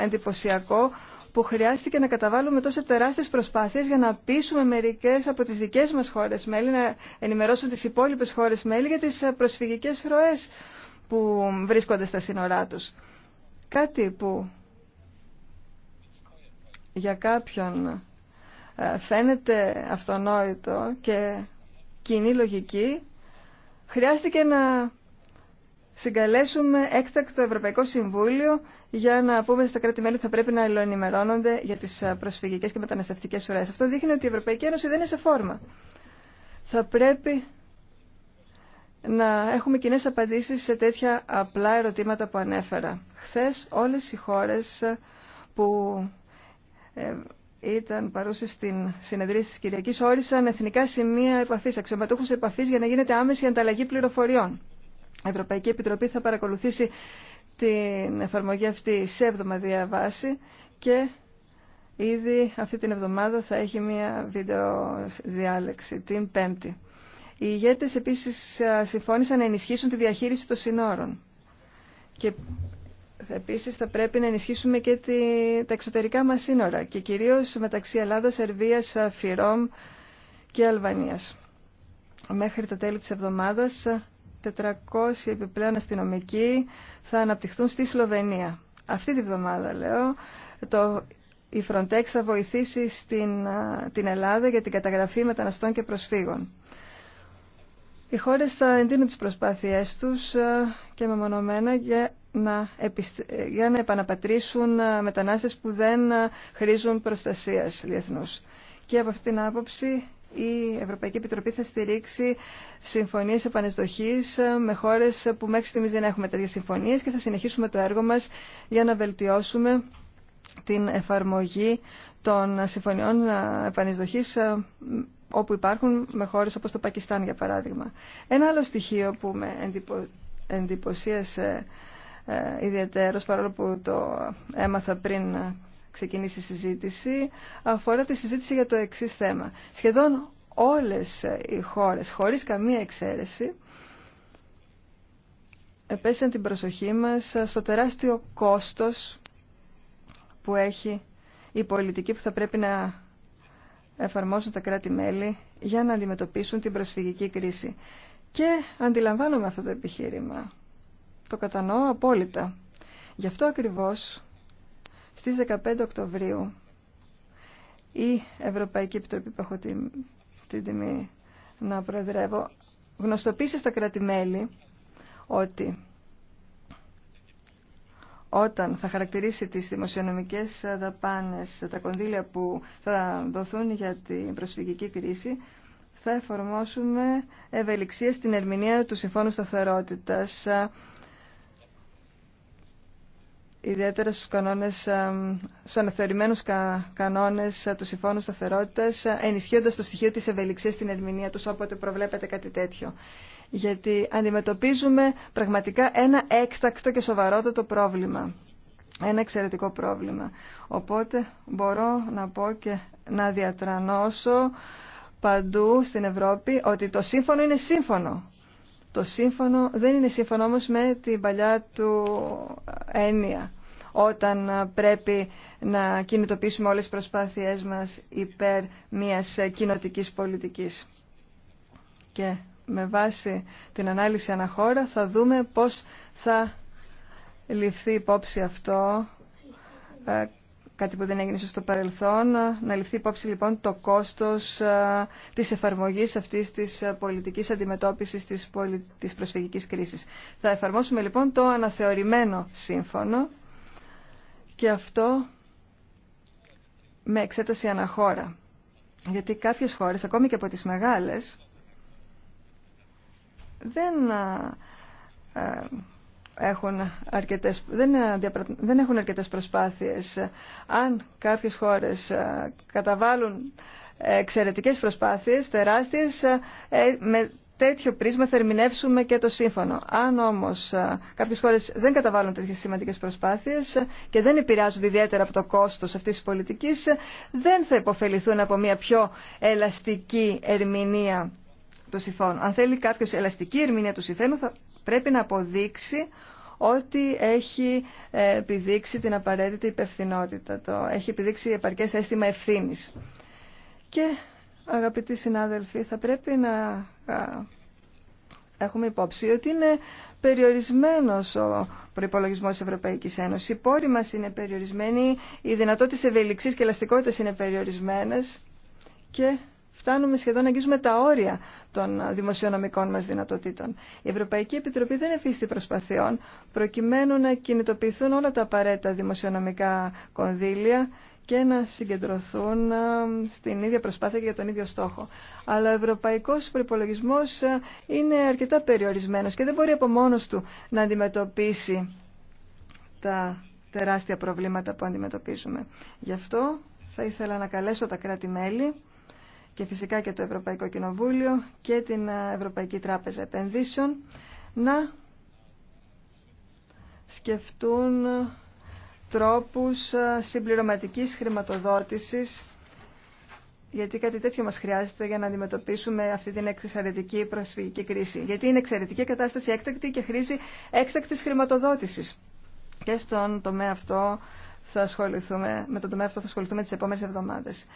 εντυπωσιακό που χρειάστηκε να καταβάλουμε τόσες τεράστιες προσπάθειες για να πείσουμε μερικές από τις δικές μας χώρες μέλη, να ενημερώσουν τις υπόλοιπες χώρες μέλη για τις ε, προσφυγικές ροές που βρίσκονται στα σύνορά τους. Κάτι που για κάποιον ε, φαίνεται αυτονόητο και κοινή λογική χρειάστηκε να συγκαλέσουμε έκτακτο Ευρωπαϊκό Συμβούλιο για να πούμε στα κράτη-μέλη ότι θα πρέπει να ελοενημερώνονται για τις προσφυγικέ και μεταναστευτικέ ουρέ. Αυτό δείχνει ότι η Ευρωπαϊκή Ένωση δεν είναι σε φόρμα. Θα πρέπει να έχουμε κοινέ απαντήσει σε τέτοια απλά ερωτήματα που ανέφερα. Χθε όλε οι χώρε που ε, ήταν παρούσε στην συνεδρία τη Κυριακή, όρισαν εθνικά σημεία επαφή, αξιωματούχου επαφή για να γίνεται άμεση ανταλλαγή πληροφοριών. Η Ευρωπαϊκή Επιτροπή θα παρακολουθήσει την εφαρμογή αυτή σε εβδομαδιαβάση βάση και ήδη αυτή την εβδομάδα θα έχει μια βίντεο διάλεξη, την Πέμπτη. Οι ηγέτες επίσης συμφώνησαν να ενισχύσουν τη διαχείριση των συνόρων. Και Επίσης θα πρέπει να ενισχύσουμε και τη, τα εξωτερικά μας σύνορα και κυρίως μεταξύ Ελλάδας, Σερβίας, Φιρόμ και Αλβανίας. Μέχρι τα τέλη της εβδομάδας 400 επιπλέον αστυνομικοί θα αναπτυχθούν στη Σλοβενία. Αυτή τη βδομάδα λέω το, η Frontex θα βοηθήσει στην, την Ελλάδα για την καταγραφή μεταναστών και προσφύγων. Οι χώρες θα εντείνουν τις προσπάθειές τους και μεμονωμένα για να για να επαναπατρίσουν ε, μετανάστες που δεν ε, χρήζουν προστασίας διεθνούς. Και από αυτήν την άποψη η Ευρωπαϊκή Επιτροπή θα στηρίξει συμφωνίες επανεσδοχής ε, με χώρες που μέχρι στιγμής δεν έχουμε τέτοιες συμφωνίες και θα συνεχίσουμε το έργο μας για να βελτιώσουμε την εφαρμογή των συμφωνιών επανεισδοχής όπου υπάρχουν με χώρες όπως το Πακιστάν για παράδειγμα. Ένα άλλο στοιχείο που με εντυπωσίασε ε, ιδιαίτερος παρόλο που το έμαθα πριν ε, ξεκινήσει η συζήτηση αφορά τη συζήτηση για το εξή θέμα. Σχεδόν όλες ε, οι χώρες, χωρίς καμία εξαίρεση, επέσαν την προσοχή μας στο τεράστιο κόστος που έχει η πολιτική που θα πρέπει να εφαρμόσουν τα κράτη-μέλη για να αντιμετωπίσουν την προσφυγική κρίση. Και αντιλαμβάνομαι αυτό το επιχείρημα. Το κατανοώ απόλυτα. Γι' αυτό ακριβώς στις 15 Οκτωβρίου η Ευρωπαϊκή Επιτροπή που έχω την, την τιμή να προεδρεύω γνωστοποίησε στα κράτη-μέλη ότι όταν θα χαρακτηρίσει τις δημοσιονομικές δαπάνες, τα κονδύλια που θα δοθούν για την προσφυγική κρίση, θα εφαρμόσουμε ευελιξία στην ερμηνεία του Συμφώνου Σταθερότητας ιδιαίτερα στους, κανόνες, στους αναθεωρημένους κανόνες ε, του Συμφώνου Σταθερότητας, ε, ενισχύοντας το στοιχείο της ευελιξίας στην ερμηνεία τους όποτε προβλέπετε κάτι τέτοιο. Γιατί αντιμετωπίζουμε πραγματικά ένα έκτακτο και σοβαρότατο πρόβλημα. Ένα εξαιρετικό πρόβλημα. Οπότε μπορώ να πω και να διατρανώσω παντού στην Ευρώπη ότι το σύμφωνο είναι σύμφωνο. Το σύμφωνο δεν είναι σύμφωνο όμως με την παλιά του έννοια όταν πρέπει να κινητοποιήσουμε όλες τις προσπάθειές μας υπέρ μιας κοινοτικής πολιτικής. Και με βάση την ανάλυση αναχώρα θα δούμε πώς θα ληφθεί υπόψη αυτό, ε, κάτι που δεν έγινε στο παρελθόν, να ληφθεί υπόψη λοιπόν το κόστος ε, της εφαρμογής αυτής της πολιτικής αντιμετώπισης της, της προσφυγικής κρίσης. Θα εφαρμόσουμε λοιπόν το αναθεωρημένο σύμφωνο και αυτό με εξέταση αναχώρα. Γιατί κάποιες χώρες, ακόμη και από τις μεγάλες, δεν έχουν αρκετές, δεν, έχουν αρκετές προσπάθειες. Αν κάποιες χώρες καταβάλουν εξαιρετικές προσπάθειες, τεράστιες, ε, με τέτοιο πρίσμα θα ερμηνεύσουμε και το σύμφωνο. Αν όμω κάποιε χώρε δεν καταβάλουν τέτοιε σημαντικέ προσπάθειε και δεν επηρεάζονται ιδιαίτερα από το κόστο αυτή τη πολιτική, δεν θα υποφεληθούν από μια πιο ελαστική ερμηνεία του συμφώνου. Αν θέλει κάποιο ελαστική ερμηνεία του συμφώνου, θα πρέπει να αποδείξει ότι έχει ε, επιδείξει την απαραίτητη υπευθυνότητα, το έχει επιδείξει επαρκές αίσθημα ευθύνης. Και αγαπητοί συνάδελφοι, θα πρέπει να έχουμε υπόψη ότι είναι περιορισμένος ο προϋπολογισμός της Ευρωπαϊκής Ένωσης. Οι πόροι μας είναι περιορισμένοι, οι δυνατότητες ευελιξής και ελαστικότητας είναι περιορισμένες και φτάνουμε σχεδόν να αγγίζουμε τα όρια των δημοσιονομικών μας δυνατοτήτων. Η Ευρωπαϊκή Επιτροπή δεν εφίστη προσπαθειών προκειμένου να κινητοποιηθούν όλα τα απαραίτητα δημοσιονομικά κονδύλια και να συγκεντρωθούν ε, στην ίδια προσπάθεια και για τον ίδιο στόχο. Αλλά ο ευρωπαϊκός προϋπολογισμός ε, είναι αρκετά περιορισμένος και δεν μπορεί από μόνος του να αντιμετωπίσει τα τεράστια προβλήματα που αντιμετωπίζουμε. Γι' αυτό θα ήθελα να καλέσω τα κράτη-μέλη και φυσικά και το Ευρωπαϊκό Κοινοβούλιο και την ε, Ευρωπαϊκή Τράπεζα Επενδύσεων να σκεφτούν τρόπους ε, συμπληρωματικής χρηματοδότησης γιατί κάτι τέτοιο μας χρειάζεται για να αντιμετωπίσουμε αυτή την εξαιρετική προσφυγική κρίση. Γιατί είναι εξαιρετική κατάσταση έκτακτη και χρήση έκτακτης χρηματοδότησης. Και στον τομέα αυτό θα ασχοληθούμε, με τον τομέα αυτό θα ασχοληθούμε τις επόμενες εβδομάδες.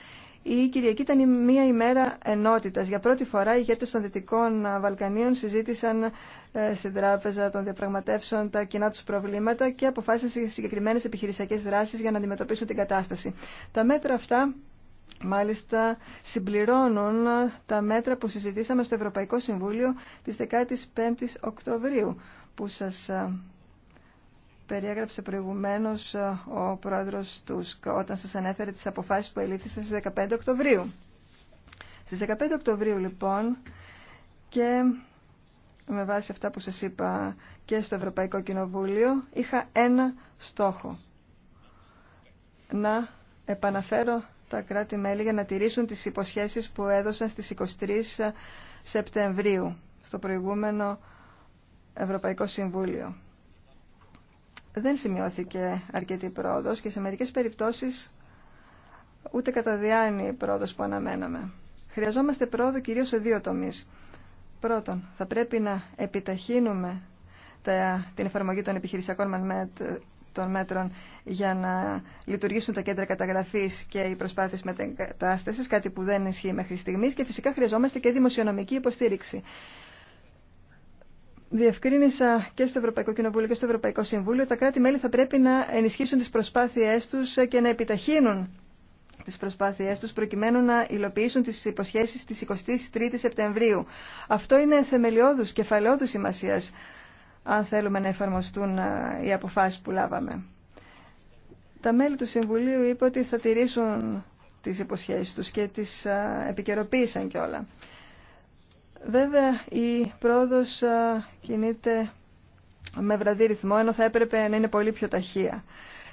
Η Κυριακή ήταν μια ημέρα ενότητας. Για πρώτη φορά οι ηγέτες των Δυτικών Βαλκανίων συζήτησαν ε, στην Τράπεζα των Διαπραγματεύσεων τα κοινά τους προβλήματα και αποφάσισαν συγκεκριμένες επιχειρησιακές δράσεις για να αντιμετωπίσουν την κατάσταση. Τα μέτρα αυτά μάλιστα συμπληρώνουν ε, τα μέτρα που συζητήσαμε στο Ευρωπαϊκό Συμβούλιο της 15ης Οκτωβρίου που σας ε, περιέγραψε προηγουμένως ε, ο πρόεδρος Τούσκ όταν σας ανέφερε τις αποφάσεις που ελήφθησαν στις 15 Οκτωβρίου. Στις 15 Οκτωβρίου λοιπόν και με βάση αυτά που σας είπα και στο Ευρωπαϊκό Κοινοβούλιο είχα ένα στόχο. Να επαναφέρω τα κράτη-μέλη για να τηρήσουν τις υποσχέσεις που έδωσαν στις 23 Σεπτεμβρίου στο προηγούμενο Ευρωπαϊκό Συμβούλιο δεν σημειώθηκε αρκετή πρόοδος και σε μερικές περιπτώσεις ούτε καταδιάνει η πρόοδος που αναμέναμε. Χρειαζόμαστε πρόοδο κυρίως σε δύο τομείς. Πρώτον, θα πρέπει να επιταχύνουμε την εφαρμογή των επιχειρησιακών των μέτρων για να λειτουργήσουν τα κέντρα καταγραφής και οι προσπάθειες μετεγκατάστασης, κάτι που δεν ισχύει μέχρι στιγμής και φυσικά χρειαζόμαστε και δημοσιονομική υποστήριξη διευκρίνησα και στο Ευρωπαϊκό Κοινοβούλιο και στο Ευρωπαϊκό Συμβούλιο, τα κράτη-μέλη θα πρέπει να ενισχύσουν τις προσπάθειές τους και να επιταχύνουν τις προσπάθειές τους προκειμένου να υλοποιήσουν τις υποσχέσεις της 23 η Σεπτεμβρίου. Αυτό είναι θεμελιώδους, κεφαλαιόδους σημασίας, αν θέλουμε να εφαρμοστούν ε, οι αποφάσεις που λάβαμε. Τα μέλη του Συμβουλίου είπε ότι θα τηρήσουν τις υποσχέσεις τους και τις ε, επικαιροποίησαν κιόλα. Βέβαια, η πρόοδος κινείται με βραδύ ρυθμό, ενώ θα έπρεπε να είναι πολύ πιο ταχεία.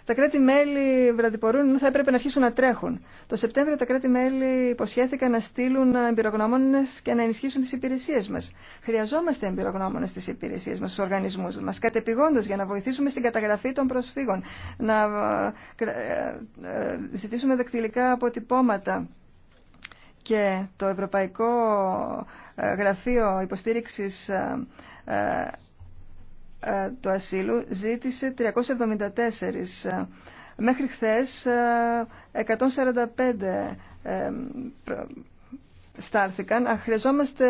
Τα κράτη-μέλη βραδιπορούν, ενώ θα έπρεπε να αρχίσουν να τρέχουν. Το Σεπτέμβριο τα κράτη-μέλη υποσχέθηκαν να στείλουν εμπειρογνώμονε και να ενισχύσουν τι υπηρεσίε μα. Χρειαζόμαστε εμπειρογνώμονε στι υπηρεσίε μα, στου οργανισμού μα, κατεπηγόντω για να βοηθήσουμε στην καταγραφή των προσφύγων, να ε, ε, ε, ζητήσουμε δακτυλικά αποτυπώματα και το Ευρωπαϊκό ε, Γραφείο Υποστήριξης ε, ε, του Ασύλου ζήτησε 374 Μέχρι χθε 145 στάλθηκαν. Χρειαζόμαστε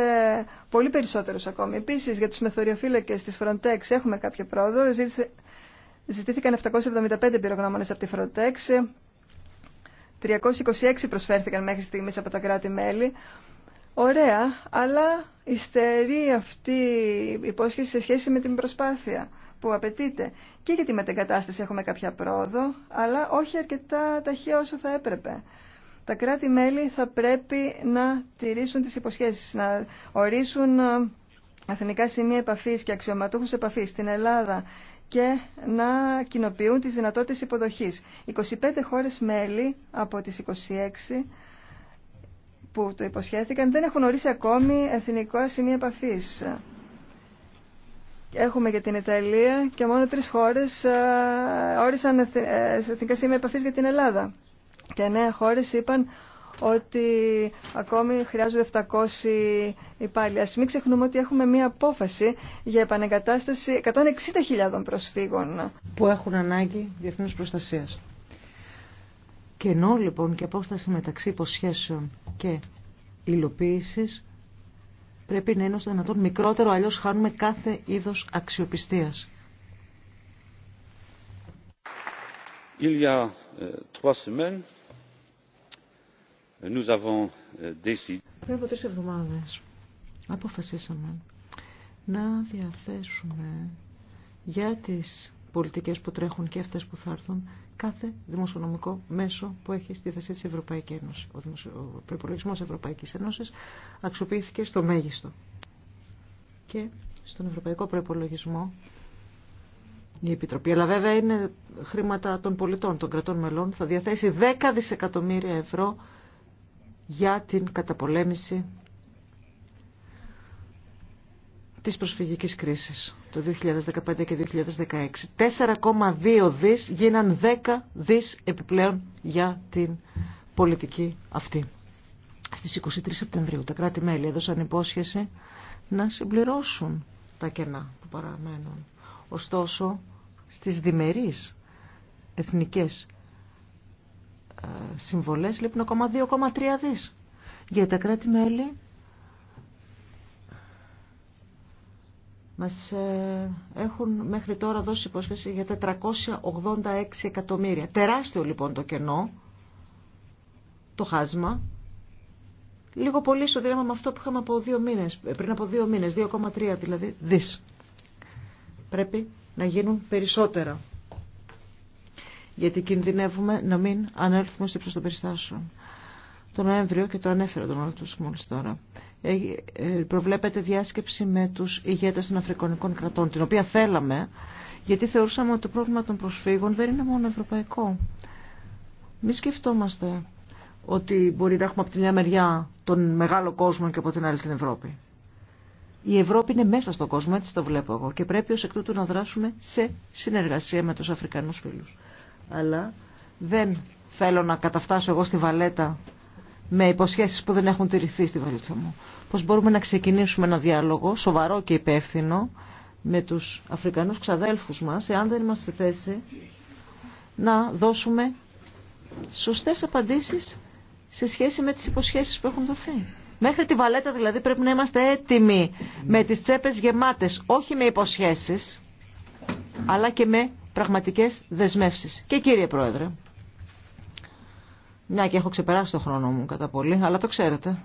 πολύ περισσότερους ακόμη. Επίσης για τους μεθοριοφύλακες της Frontex έχουμε κάποιο πρόοδο. Ζητήθηκαν 775 πυρογνώμονες από τη Frontex. 326 προσφέρθηκαν μέχρι στιγμής από τα κράτη-μέλη. Ωραία, αλλά ιστερεί αυτή η υπόσχεση σε σχέση με την προσπάθεια που απαιτείται. Και για τη μετεγκατάσταση έχουμε κάποια πρόοδο, αλλά όχι αρκετά ταχεία όσο θα έπρεπε. Τα κράτη-μέλη θα πρέπει να τηρήσουν τις υποσχέσεις, να ορίσουν αθηνικά ε, σημεία επαφής και αξιωματούχους επαφής στην Ελλάδα και να κοινοποιούν τις δυνατότητες υποδοχής. 25 χώρες μέλη από τις 26 που το υποσχέθηκαν δεν έχουν ορίσει ακόμη εθνικό σημείο επαφής. Έχουμε για την Ιταλία και μόνο τρεις χώρες ε, όρισαν ε, εθνικά σημεία επαφής για την Ελλάδα. Και εννέα χώρες είπαν ότι ακόμη χρειάζονται 700 υπάλληλοι. Ας μην ξεχνούμε ότι έχουμε μία απόφαση για επανεγκατάσταση 160.000 προσφύγων. Που έχουν ανάγκη διεθνούς προστασίας. ενώ, λοιπόν και απόσταση μεταξύ υποσχέσεων και υλοποίησης πρέπει να είναι ως δυνατόν μικρότερο, αλλιώς χάνουμε κάθε είδος αξιοπιστίας. Il ε, Euh, Πριν από τρεις εβδομάδες αποφασίσαμε να διαθέσουμε για τις πολιτικές που τρέχουν και αυτές που θα έρθουν κάθε δημοσιονομικό μέσο που έχει στη θέση της Ευρωπαϊκής Ένωσης. Ο, δημοσιο... ο Ευρωπαϊκής Ένωσης αξιοποιήθηκε στο μέγιστο. Και στον Ευρωπαϊκό Προϋπολογισμό η Επιτροπή, αλλά βέβαια είναι χρήματα των πολιτών, των κρατών μελών, θα διαθέσει 10 δισεκατομμύρια ευρώ για την καταπολέμηση της προσφυγικής κρίσης το 2015 και 2016. 4,2 δις γίναν 10 δις επιπλέον για την πολιτική αυτή. Στις 23 Σεπτεμβρίου τα κράτη-μέλη έδωσαν υπόσχεση να συμπληρώσουν τα κενά που παραμένουν. Ωστόσο, στις διμερείς εθνικές συμβολές λείπουν ακόμα 2,3 δις. Για τα κράτη-μέλη μας ε, έχουν μέχρι τώρα δώσει υπόσχεση για 486 εκατομμύρια. Τεράστιο λοιπόν το κενό, το χάσμα. Λίγο πολύ στο δράμα με αυτό που είχαμε από δύο μήνες, πριν από δύο μήνες, 2,3 δηλαδή δις. Πρέπει να γίνουν περισσότερα γιατί κινδυνεύουμε να μην ανέλθουμε σε ύψος των περιστάσεων. Το Νοέμβριο, και το ανέφερα τον όλο μόλις τώρα, ε, ε, προβλέπεται διάσκεψη με τους ηγέτες των Αφρικανικών κρατών, την οποία θέλαμε, γιατί θεωρούσαμε ότι το πρόβλημα των προσφύγων δεν είναι μόνο ευρωπαϊκό. Μη σκεφτόμαστε ότι μπορεί να έχουμε από τη μια μεριά τον μεγάλο κόσμο και από την άλλη την Ευρώπη. Η Ευρώπη είναι μέσα στον κόσμο, έτσι το βλέπω εγώ, και πρέπει ως εκ τούτου να δράσουμε σε συνεργασία με τους Αφρικανούς φίλους αλλά δεν θέλω να καταφτάσω εγώ στη Βαλέτα με υποσχέσεις που δεν έχουν τηρηθεί στη Βαλίτσα μου. Πώς μπορούμε να ξεκινήσουμε ένα διάλογο σοβαρό και υπεύθυνο με τους Αφρικανούς ξαδέλφους μας, εάν δεν είμαστε στη θέση να δώσουμε σωστές απαντήσεις σε σχέση με τις υποσχέσεις που έχουν δοθεί. Μέχρι τη βαλέτα δηλαδή πρέπει να είμαστε έτοιμοι με τις τσέπες γεμάτες, όχι με υποσχέσεις, αλλά και με πραγματικές δεσμεύσεις. Και κύριε Πρόεδρε, μια και έχω ξεπεράσει το χρόνο μου κατά πολύ, αλλά το ξέρετε.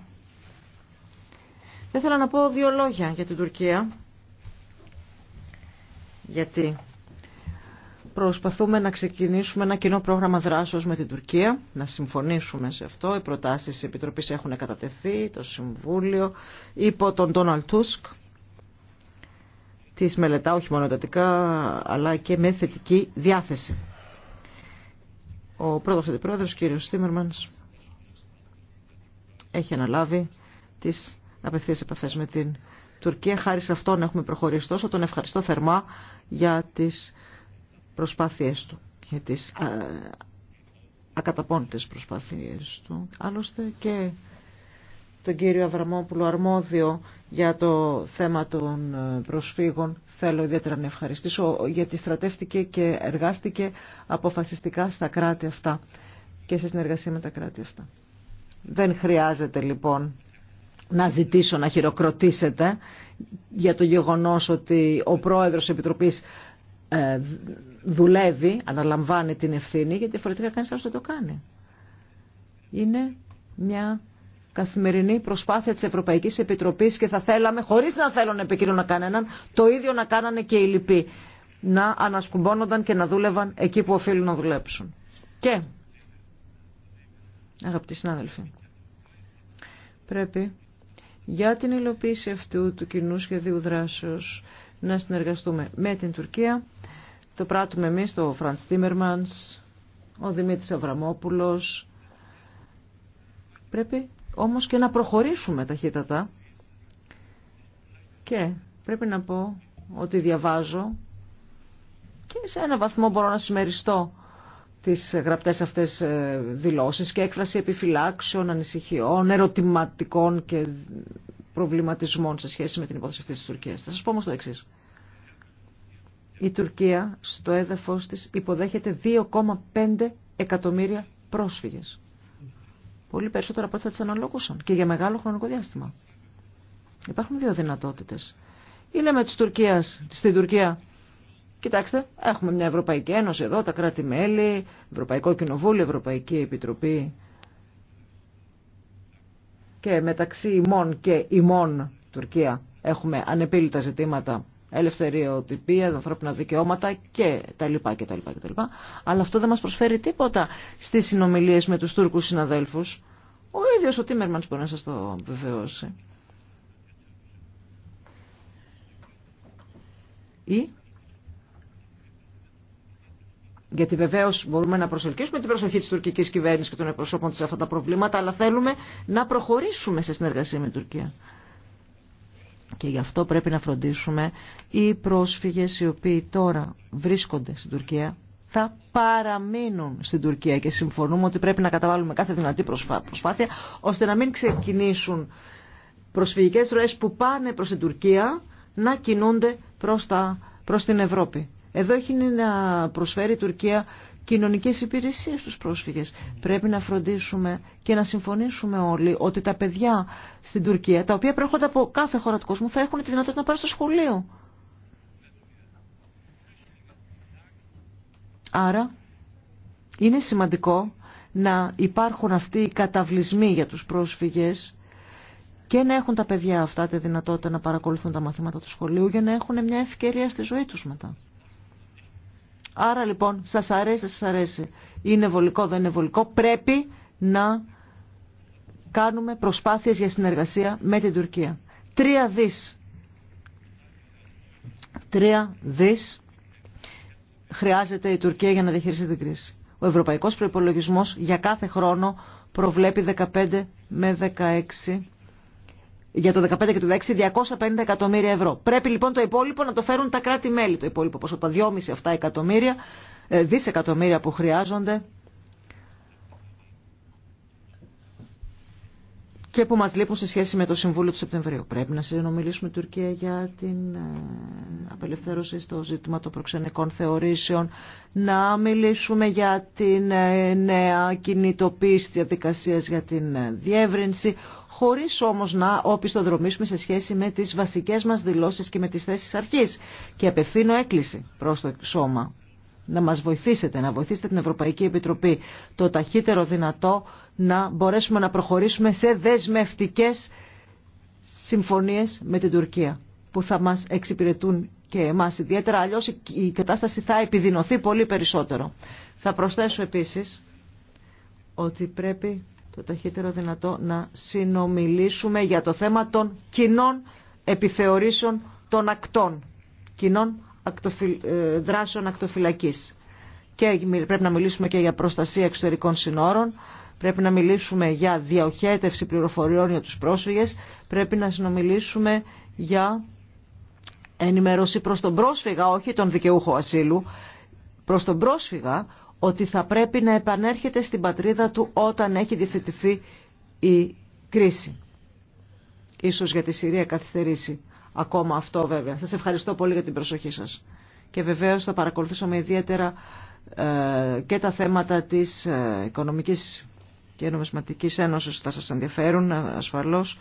Δεν θέλω να πω δύο λόγια για την Τουρκία, γιατί προσπαθούμε να ξεκινήσουμε ένα κοινό πρόγραμμα δράσεως με την Τουρκία, να συμφωνήσουμε σε αυτό. Οι προτάσεις της Επιτροπής έχουν κατατεθεί, το Συμβούλιο, υπό τον Ντόναλτ Τούσκ τις μελετά όχι μονοτατικά αλλά και με θετική διάθεση. Ο πρώτο αντιπρόεδρος, κύριος Στίμερμανς, έχει αναλάβει τις απευθείας επαφές με την Τουρκία. Χάρη σε αυτόν έχουμε προχωρήσει τόσο. Τον ευχαριστώ θερμά για τις προσπάθειές του, για τις ε, ακαταπόντες προσπάθειε προσπάθειές του. Άλλωστε και τον κύριο Αβραμόπουλο Αρμόδιο για το θέμα των ε, προσφύγων. Θέλω ιδιαίτερα να ευχαριστήσω γιατί στρατεύτηκε και εργάστηκε αποφασιστικά στα κράτη αυτά και σε συνεργασία με τα κράτη αυτά. Δεν χρειάζεται λοιπόν να ζητήσω να χειροκροτήσετε για το γεγονός ότι ο πρόεδρος Επιτροπής ε, δουλεύει, αναλαμβάνει την ευθύνη γιατί διαφορετικά κανείς άλλος δεν το κάνει. Είναι μια καθημερινή προσπάθεια της Ευρωπαϊκής Επιτροπής και θα θέλαμε, χωρίς να θέλουν να κανέναν, το ίδιο να κάνανε και οι λοιποί. Να ανασκουμπώνονταν και να δούλευαν εκεί που οφείλουν να δουλέψουν. Και, αγαπητοί συνάδελφοι, πρέπει για την υλοποίηση αυτού του κοινού σχεδίου δράσεως να συνεργαστούμε με την Τουρκία. Το πράττουμε εμείς, το Φραντς Τίμερμανς, ο Δημήτρης Αβραμόπουλος. Πρέπει όμως και να προχωρήσουμε ταχύτατα. Και πρέπει να πω ότι διαβάζω και σε ένα βαθμό μπορώ να συμμεριστώ τις γραπτές αυτές ε, δηλώσεις και έκφραση επιφυλάξεων, ανησυχιών, ερωτηματικών και προβληματισμών σε σχέση με την υπόθεση αυτής της Τουρκίας. Θα σας πω όμως το εξής. Η Τουρκία στο έδαφος της υποδέχεται 2,5 εκατομμύρια πρόσφυγες πολύ περισσότερα από ό,τι θα τι αναλογούσαν και για μεγάλο χρονικό διάστημα. Υπάρχουν δύο δυνατότητες. Ή λέμε της Τουρκίας, στην Τουρκία, κοιτάξτε, έχουμε μια Ευρωπαϊκή Ένωση εδώ, τα κράτη-μέλη, Ευρωπαϊκό Κοινοβούλιο, Ευρωπαϊκή Επιτροπή και μεταξύ ημών και ημών Τουρκία έχουμε ανεπίλητα ζητήματα ελευθεριοτυπία, ανθρώπινα δικαιώματα και τα λοιπά και τα λοιπά και τα λοιπά. Αλλά αυτό δεν μας προσφέρει τίποτα στις συνομιλίες με τους Τούρκους συναδέλφους. Ο ίδιος ο Τίμερμανς μπορεί να σας το βεβαιώσει. Γιατί βεβαίω μπορούμε να προσελκύσουμε την προσοχή τη τουρκική κυβέρνηση και των εκπροσώπων τη σε αυτά τα προβλήματα, αλλά θέλουμε να προχωρήσουμε σε συνεργασία με την Τουρκία. Και γι' αυτό πρέπει να φροντίσουμε οι πρόσφυγες οι οποίοι τώρα βρίσκονται στην Τουρκία θα παραμείνουν στην Τουρκία και συμφωνούμε ότι πρέπει να καταβάλουμε κάθε δυνατή προσπάθεια ώστε να μην ξεκινήσουν προσφυγικές ροές που πάνε προς την Τουρκία να κινούνται προς, τα, προς την Ευρώπη. Εδώ έχει να προσφέρει η Τουρκία κοινωνικές υπηρεσίες στους πρόσφυγες. Πρέπει να φροντίσουμε και να συμφωνήσουμε όλοι ότι τα παιδιά στην Τουρκία, τα οποία προέρχονται από κάθε χώρα του κόσμου, θα έχουν τη δυνατότητα να πάρουν στο σχολείο. Άρα είναι σημαντικό να υπάρχουν αυτοί οι καταβλισμοί για τους πρόσφυγες και να έχουν τα παιδιά αυτά τη δυνατότητα να παρακολουθούν τα μαθήματα του σχολείου για να έχουν μια ευκαιρία στη ζωή τους μετά. Άρα λοιπόν σας αρέσει, σας αρέσει. Είναι βολικό, δεν είναι βολικό. Πρέπει να κάνουμε προσπάθειες για συνεργασία με την Τουρκία. Τρία δις. Τρία χρειάζεται η Τουρκία για να διαχειριστεί την κρίση. Ο ευρωπαϊκός προϋπολογισμός για κάθε χρόνο προβλέπει 15 με 16 για το 2015 και το 2016 250 εκατομμύρια ευρώ. Πρέπει λοιπόν το υπόλοιπο να το φέρουν τα κράτη-μέλη το υπόλοιπο ποσό, τα 2,5 εκατομμύρια, ε, δισεκατομμύρια που χρειάζονται και που μας λείπουν σε σχέση με το Συμβούλιο του Σεπτεμβρίου. Πρέπει να συνομιλήσουμε Τουρκία για την ε, απελευθέρωση στο ζήτημα των προξενικών θεωρήσεων, να μιλήσουμε για την ε, νέα κινητοποίηση διαδικασία για την διεύρυνση, χωρίς όμως να οπισθοδρομήσουμε σε σχέση με τις βασικές μας δηλώσει και με τις θέσεις αρχή Και απευθύνω έκκληση προς το σώμα να μας βοηθήσετε, να βοηθήσετε την Ευρωπαϊκή Επιτροπή το ταχύτερο δυνατό να μπορέσουμε να προχωρήσουμε σε δεσμευτικές συμφωνίες με την Τουρκία που θα μας εξυπηρετούν και εμάς ιδιαίτερα, αλλιώς η κατάσταση θα επιδεινωθεί πολύ περισσότερο. Θα προσθέσω επίσης ότι πρέπει το ταχύτερο δυνατό να συνομιλήσουμε για το θέμα των κοινών επιθεωρήσεων των ακτών, κοινών ε, δράσεων ακτοφυλακής. Και πρέπει να μιλήσουμε και για προστασία εξωτερικών συνόρων, πρέπει να μιλήσουμε για διαοχέτευση πληροφοριών για τους πρόσφυγες, πρέπει να συνομιλήσουμε για ενημέρωση προς τον πρόσφυγα, όχι τον δικαιούχο ασύλου, προς τον πρόσφυγα ότι θα πρέπει να επανέρχεται στην πατρίδα του όταν έχει διευθετηθεί η κρίση. Ίσως για τη Συρία καθυστερήσει ακόμα αυτό βέβαια. Σας ευχαριστώ πολύ για την προσοχή σας. Και βεβαίως θα παρακολουθήσουμε ιδιαίτερα ε, και τα θέματα της ε, Οικονομικής και Νομισματικής Ένωσης που θα σας ενδιαφέρουν ε, ασφαλώς.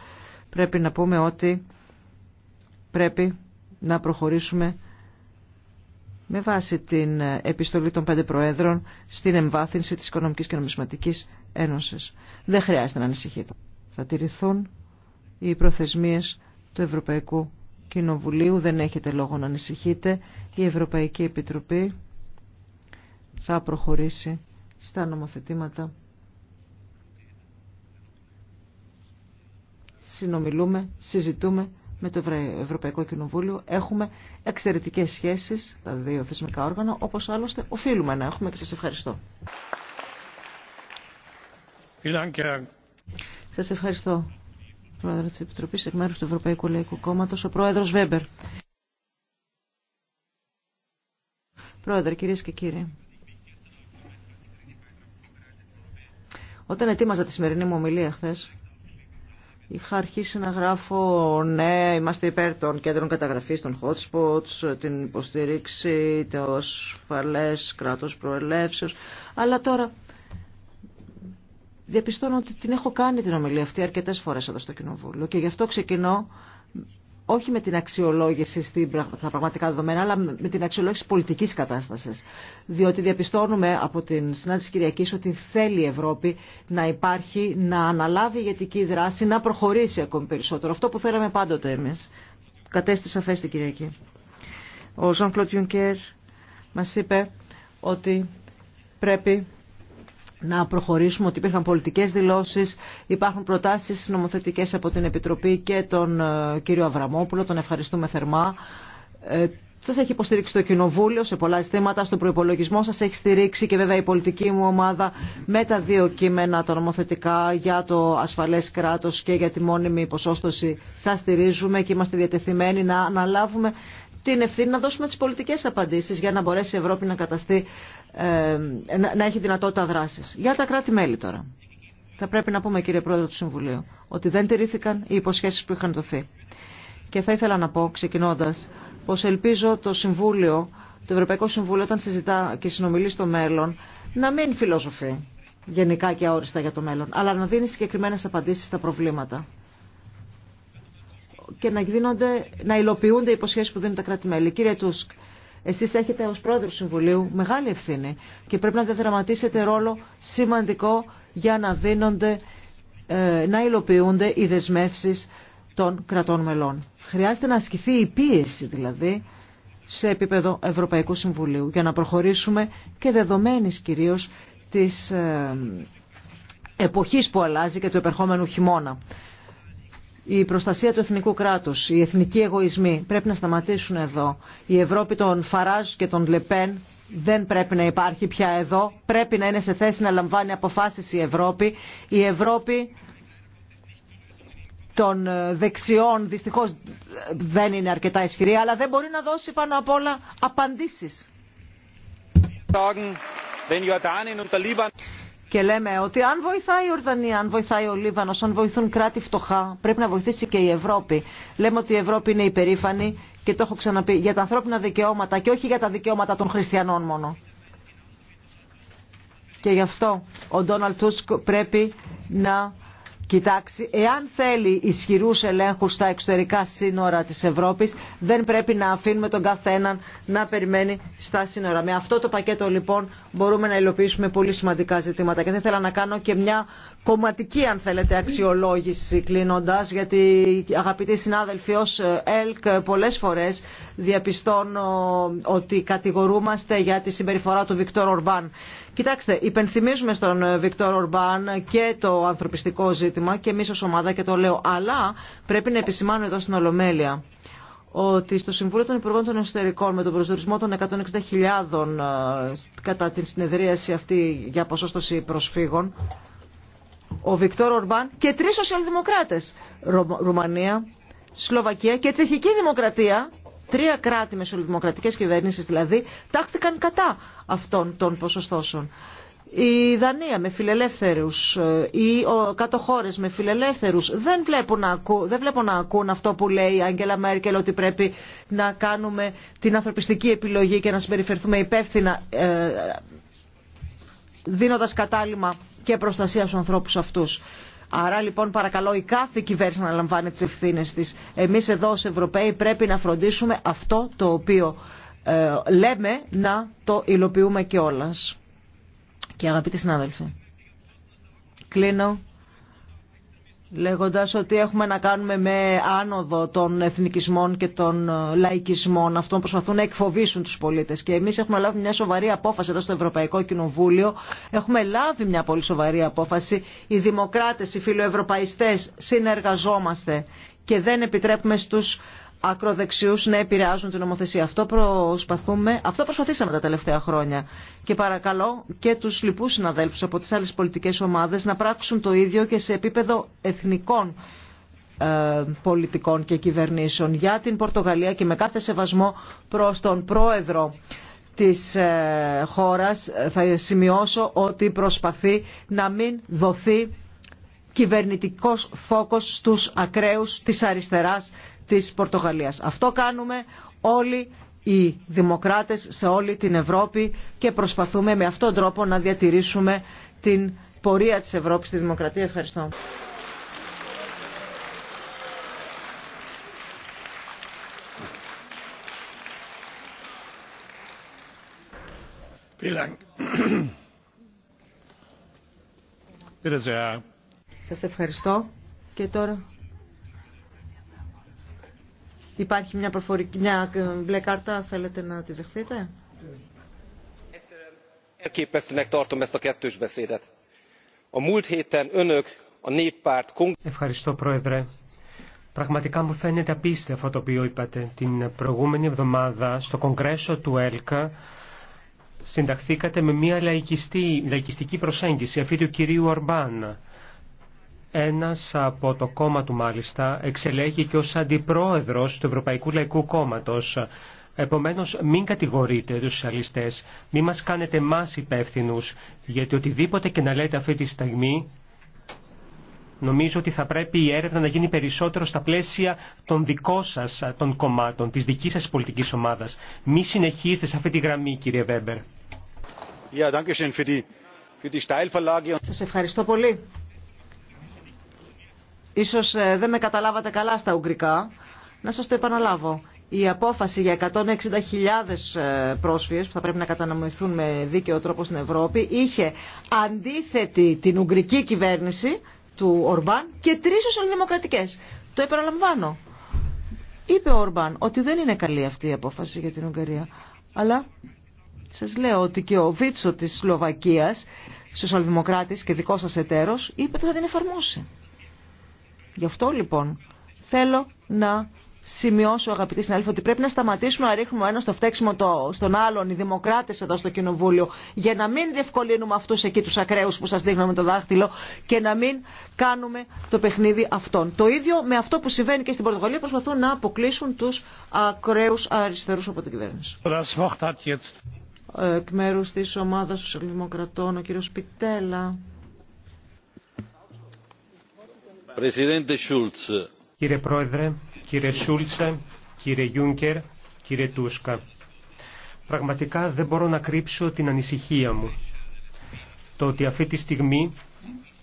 Πρέπει να πούμε ότι πρέπει να προχωρήσουμε με βάση την επιστολή των πέντε προέδρων στην εμβάθυνση της Οικονομικής και Νομισματικής Ένωσης. Δεν χρειάζεται να ανησυχείτε. Θα τηρηθούν οι προθεσμίες του Ευρωπαϊκού Κοινοβουλίου. Δεν έχετε λόγο να ανησυχείτε. Η Ευρωπαϊκή Επιτροπή θα προχωρήσει στα νομοθετήματα. Συνομιλούμε, συζητούμε με το Ευρωπαϊκό Κοινοβούλιο έχουμε εξαιρετικές σχέσεις, τα δύο θεσμικά όργανα, όπως άλλωστε οφείλουμε να έχουμε και σας ευχαριστώ. Σας ευχαριστώ, Πρόεδρε της Επιτροπής, εκ μέρους του Ευρωπαϊκού Λαϊκού Κόμματος, ο Πρόεδρος Βέμπερ. Πρόεδρε, κυρίες και κύριοι. Όταν ετοίμαζα τη σημερινή μου ομιλία χθες, Είχα αρχίσει να γράφω ναι, είμαστε υπέρ των κέντρων καταγραφής των hot spots, την υποστήριξη, το ασφαλές κράτος προελεύσεως, αλλά τώρα διαπιστώνω ότι την έχω κάνει την ομιλία αυτή αρκετές φορές εδώ στο Κοινοβούλιο και γι' αυτό ξεκινώ όχι με την αξιολόγηση στα πραγματικά δεδομένα, αλλά με την αξιολόγηση πολιτικής κατάστασης. Διότι διαπιστώνουμε από την συνάντηση Κυριακής ότι θέλει η Ευρώπη να υπάρχει, να αναλάβει ηγετική δράση, να προχωρήσει ακόμη περισσότερο. Αυτό που θέλαμε πάντοτε εμείς. Κατέστη σαφές την Κυριακή. Ο Ζαν Κλωτιούνκερ μας είπε ότι πρέπει να προχωρήσουμε, ότι υπήρχαν πολιτικές δηλώσεις, υπάρχουν προτάσεις νομοθετικές από την Επιτροπή και τον ε, κύριο Αβραμόπουλο, τον ευχαριστούμε θερμά. Ε, σα έχει υποστηρίξει το Κοινοβούλιο σε πολλά ζητήματα, στον προπολογισμό σα έχει στηρίξει και βέβαια η πολιτική μου ομάδα με τα δύο κείμενα, τα νομοθετικά για το ασφαλέ κράτο και για τη μόνιμη υποσώστοση. Σα στηρίζουμε και είμαστε διατεθειμένοι να αναλάβουμε την ευθύνη να δώσουμε τις πολιτικές απαντήσεις για να μπορέσει η Ευρώπη να, καταστεί, ε, να έχει δυνατότητα δράσης. Για τα κράτη-μέλη τώρα. Θα πρέπει να πούμε κύριε Πρόεδρε του Συμβουλίου ότι δεν τηρήθηκαν οι υποσχέσεις που είχαν δοθεί. Και θα ήθελα να πω ξεκινώντας πως ελπίζω το Συμβούλιο, το Ευρωπαϊκό Συμβούλιο όταν συζητά και συνομιλεί στο μέλλον να μην φιλοσοφεί γενικά και αόριστα για το μέλλον αλλά να δίνει συγκεκριμένες απαντήσεις στα προβλήματα και να, γίνονται, να υλοποιούνται οι υποσχέσει που δίνουν τα κράτη-μέλη. Κύριε Τούσκ, εσεί έχετε ω πρόεδρο Συμβουλίου μεγάλη ευθύνη και πρέπει να διαδραματίσετε ρόλο σημαντικό για να δίνονται, ε, να υλοποιούνται οι δεσμεύσει των κρατών μελών. Χρειάζεται να ασκηθεί η πίεση δηλαδή σε επίπεδο Ευρωπαϊκού Συμβουλίου για να προχωρήσουμε και δεδομένης κυρίως της ε, εποχής που αλλάζει και του επερχόμενου χειμώνα η προστασία του εθνικού κράτους, οι εθνικοί εγωισμοί πρέπει να σταματήσουν εδώ. Η Ευρώπη των Φαράζ και των Λεπέν δεν πρέπει να υπάρχει πια εδώ. Πρέπει να είναι σε θέση να λαμβάνει αποφάσεις η Ευρώπη. Η Ευρώπη των ε, δεξιών δυστυχώς ε, δεν είναι αρκετά ισχυρή, αλλά δεν μπορεί να δώσει πάνω απ' όλα απαντήσεις και λέμε ότι αν βοηθάει η Ορδανία, αν βοηθάει ο Λίβανος, αν βοηθούν κράτη φτωχά, πρέπει να βοηθήσει και η Ευρώπη. Λέμε ότι η Ευρώπη είναι υπερήφανη και το έχω ξαναπεί για τα ανθρώπινα δικαιώματα και όχι για τα δικαιώματα των χριστιανών μόνο. Και γι' αυτό ο Ντόναλτ Τούσκ πρέπει να Κοιτάξτε, εάν θέλει ισχυρούς ελέγχους στα εξωτερικά σύνορα της Ευρώπης, δεν πρέπει να αφήνουμε τον καθέναν να περιμένει στα σύνορα. Με αυτό το πακέτο λοιπόν μπορούμε να υλοποιήσουμε πολύ σημαντικά ζητήματα. Και θα ήθελα να κάνω και μια κομματική, αν θέλετε, αξιολόγηση κλείνοντας, γιατί αγαπητοί συνάδελφοι ως ΕΛΚ πολλές φορές διαπιστώνω ότι κατηγορούμαστε για τη συμπεριφορά του Βικτόρ Ορμπάν Κοιτάξτε, υπενθυμίζουμε στον ε, Βικτόρ Ορμπάν και το ανθρωπιστικό ζήτημα και εμεί ω ομάδα και το λέω, αλλά πρέπει να επισημάνω εδώ στην Ολομέλεια ότι στο Συμβούλιο των Υπουργών των Εσωτερικών με τον προσδιορισμό των 160.000 ε, κατά την συνεδρίαση αυτή για ποσόστοση προσφύγων, ο Βικτόρ Ορμπάν και τρει σοσιαλδημοκράτε. Ρουμανία, Σλοβακία και Τσεχική Δημοκρατία, Τρία κράτη μεσολυμοκρατικές κυβέρνησεις δηλαδή τάχθηκαν κατά αυτών των ποσοστώσεων. Η Δανία με φιλελεύθερους, ε, οι κάτω χώρε με φιλελεύθερους δεν βλέπουν, να δεν ακούν αυτό που λέει η Άγγελα Μέρκελ ότι πρέπει να κάνουμε την ανθρωπιστική επιλογή και να συμπεριφερθούμε υπεύθυνα ε, δίνοντας κατάλημα και προστασία στους ανθρώπους αυτούς. Άρα λοιπόν παρακαλώ η κάθε κυβέρνηση να λαμβάνει τις ευθύνες της. Εμείς εδώ ως Ευρωπαίοι πρέπει να φροντίσουμε αυτό το οποίο ε, λέμε να το υλοποιούμε κιόλας. Και αγαπητοί συνάδελφοι, κλείνω λέγοντας ότι έχουμε να κάνουμε με άνοδο των εθνικισμών και των ε, λαϊκισμών αυτών προσπαθούν να εκφοβήσουν τους πολίτες και εμείς έχουμε λάβει μια σοβαρή απόφαση εδώ στο Ευρωπαϊκό Κοινοβούλιο έχουμε λάβει μια πολύ σοβαρή απόφαση οι δημοκράτες, οι φιλοευρωπαϊστές συνεργαζόμαστε και δεν επιτρέπουμε στους Ακροδεξιού να επηρεάζουν την νομοθεσία. Αυτό προσπαθούμε, αυτό προσπαθήσαμε τα τελευταία χρόνια. Και παρακαλώ και τους λοιπού συναδέλφου από τις άλλες πολιτικές ομάδες να πράξουν το ίδιο και σε επίπεδο εθνικών ε, πολιτικών και κυβερνήσεων για την Πορτογαλία και με κάθε σεβασμό προς τον πρόεδρο της ε, χώρας ε, θα σημειώσω ότι προσπαθεί να μην δοθεί κυβερνητικός φόκος στους ακραίους της αριστεράς της Πορτογαλίας. Αυτό κάνουμε όλοι οι δημοκράτες σε όλη την Ευρώπη και προσπαθούμε με αυτόν τον τρόπο να διατηρήσουμε την πορεία της Ευρώπης στη δημοκρατία. Ευχαριστώ. Σας ευχαριστώ και τώρα Υπάρχει μια, προφορική, μια ε, μπλε κάρτα, θέλετε να τη δεχτείτε. Ευχαριστώ Πρόεδρε. Πραγματικά μου φαίνεται απίστευτο αυτό το οποίο είπατε. Την προηγούμενη εβδομάδα στο Κογκρέσο του ΕΛΚΑ συνταχθήκατε με μια λαϊκιστική προσέγγιση αυτή του κυρίου Ορμπάν ένας από το κόμμα του μάλιστα εξελέγει και ως αντιπρόεδρος του Ευρωπαϊκού Λαϊκού Κόμματος. Επομένως μην κατηγορείτε τους σοσιαλιστές, μην μας κάνετε μας υπεύθυνου, γιατί οτιδήποτε και να λέτε αυτή τη στιγμή Νομίζω ότι θα πρέπει η έρευνα να γίνει περισσότερο στα πλαίσια των δικών σας των κομμάτων, της δικής σας πολιτικής ομάδας. Μη συνεχίστε σε αυτή τη γραμμή, κύριε Βέμπερ. Σας ευχαριστώ πολύ. Ίσως ε, δεν με καταλάβατε καλά στα ουγγρικά. Να σας το επαναλάβω. Η απόφαση για 160.000 ε, πρόσφυγες που θα πρέπει να καταναμηθούν με δίκαιο τρόπο στην Ευρώπη είχε αντίθετη την ουγγρική κυβέρνηση του Ορμπάν και τρεις σοσιαλδημοκρατικέ. Το επαναλαμβάνω. Είπε ο Ορμπάν ότι δεν είναι καλή αυτή η απόφαση για την Ουγγαρία. Αλλά σας λέω ότι και ο Βίτσο της Σλοβακίας, σοσιαλδημοκράτη και δικός σας εταίρος, είπε ότι θα την εφαρμόσει. Γι' αυτό λοιπόν θέλω να σημειώσω αγαπητή συνάδελφοι ότι πρέπει να σταματήσουμε να ρίχνουμε ένα στο φταίξιμο το, στον άλλον, οι δημοκράτε εδώ στο Κοινοβούλιο, για να μην διευκολύνουμε αυτού εκεί τους ακραίους που σα δείχνουμε το δάχτυλο και να μην κάνουμε το παιχνίδι αυτών. Το ίδιο με αυτό που συμβαίνει και στην Πορτογαλία προσπαθούν να αποκλείσουν του ακραίου αριστερού από την κυβέρνηση. Εκ μέρους της ομάδας Σοσιαλδημοκρατών, ο κύριος Πιτέλα. Κύριε Πρόεδρε, κύριε Σούλτσε, κύριε Γιούνκερ, κύριε Τούσκα. Πραγματικά δεν μπορώ να κρύψω την ανησυχία μου. Το ότι αυτή τη στιγμή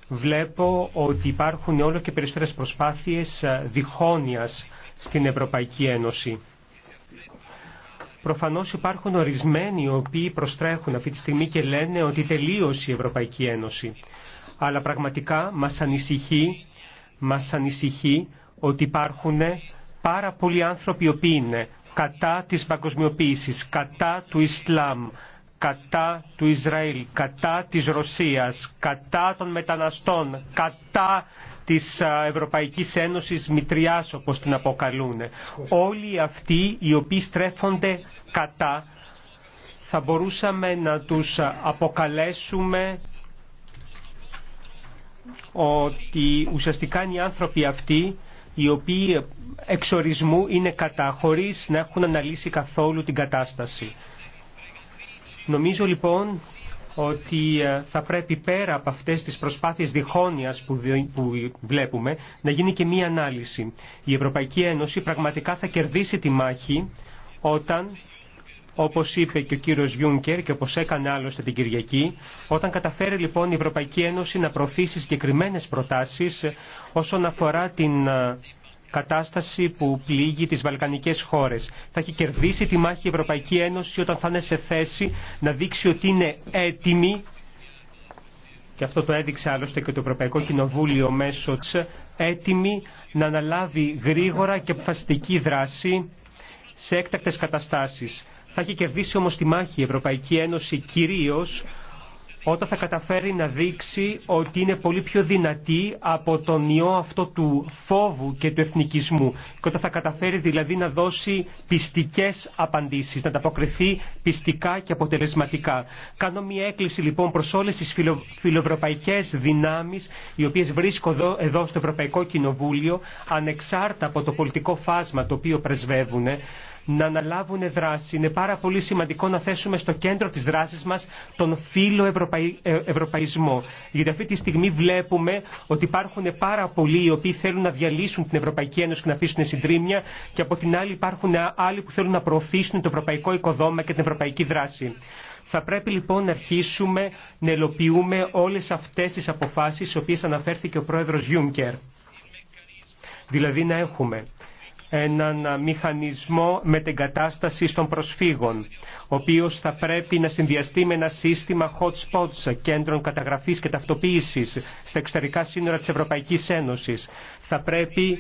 βλέπω ότι υπάρχουν όλο και περισσότερες προσπάθειες διχόνοιας στην Ευρωπαϊκή Ένωση. Προφανώς υπάρχουν ορισμένοι οι οποίοι προστρέχουν αυτή τη στιγμή και λένε ότι τελείωσε η Ευρωπαϊκή Ένωση. Αλλά πραγματικά μας ανησυχεί μας ανησυχεί ότι υπάρχουν πάρα πολλοί άνθρωποι οι οποίοι είναι κατά της παγκοσμιοποίησης, κατά του Ισλάμ, κατά του Ισραήλ, κατά της Ρωσίας, κατά των μεταναστών, κατά της Ευρωπαϊκής Ένωσης Μητριάς όπως την αποκαλούν. Όλοι αυτοί οι οποίοι στρέφονται κατά θα μπορούσαμε να τους αποκαλέσουμε ότι ουσιαστικά είναι οι άνθρωποι αυτοί οι οποίοι εξορισμού είναι κατά χωρίς να έχουν αναλύσει καθόλου την κατάσταση. Νομίζω λοιπόν ότι ε, θα πρέπει πέρα από αυτές τις προσπάθειες διχόνοιας που βλέπουμε να γίνει και μία ανάλυση. Η Ευρωπαϊκή Ένωση πραγματικά θα κερδίσει τη μάχη όταν όπως είπε και ο κύριος Γιούνκερ και όπως έκανε άλλωστε την Κυριακή, όταν καταφέρει λοιπόν η Ευρωπαϊκή Ένωση να προωθήσει συγκεκριμένε προτάσεις όσον αφορά την ε, κατάσταση που πλήγει τις βαλκανικές χώρες. Θα έχει κερδίσει τη μάχη η Ευρωπαϊκή Ένωση όταν θα είναι σε θέση να δείξει ότι είναι έτοιμη και αυτό το έδειξε άλλωστε και το Ευρωπαϊκό Κοινοβούλιο μέσω της, έτοιμη να αναλάβει γρήγορα και αποφασιστική δράση σε έκτακτες καταστάσεις. Θα έχει κερδίσει όμως τη μάχη η Ευρωπαϊκή Ένωση κυρίως όταν θα καταφέρει να δείξει ότι είναι πολύ πιο δυνατή από τον ιό αυτό του φόβου και του εθνικισμού και όταν θα καταφέρει δηλαδή να δώσει πιστικές απαντήσεις, να ανταποκριθεί πιστικά και αποτελεσματικά. Κάνω μια έκκληση λοιπόν προς όλες τις φιλο... φιλοευρωπαϊκές δυνάμεις οι οποίες βρίσκω εδώ, εδώ στο Ευρωπαϊκό Κοινοβούλιο ανεξάρτητα από το πολιτικό φάσμα το οποίο πρεσβεύουν να αναλάβουν δράση. Είναι πάρα πολύ σημαντικό να θέσουμε στο κέντρο της δράσης μας τον φίλο ευρωπαϊ... Ε, ευρωπαϊσμό. Γιατί αυτή τη στιγμή βλέπουμε ότι υπάρχουν πάρα πολλοί οι οποίοι θέλουν να διαλύσουν την Ευρωπαϊκή Ένωση και να αφήσουν συντρίμια και από την άλλη υπάρχουν άλλοι που θέλουν να προωθήσουν το ευρωπαϊκό οικοδόμα και την ευρωπαϊκή δράση. Θα πρέπει λοιπόν να αρχίσουμε να ελοποιούμε όλες αυτές τις αποφάσεις στις οποίες αναφέρθηκε ο πρόεδρος Γιούνκερ. Δηλαδή να έχουμε έναν μηχανισμό μετεγκατάστασης των προσφύγων, ο οποίος θα πρέπει να συνδυαστεί με ένα σύστημα hot spots, κέντρων καταγραφής και ταυτοποίησης στα εξωτερικά σύνορα της Ευρωπαϊκής Ένωσης. Θα πρέπει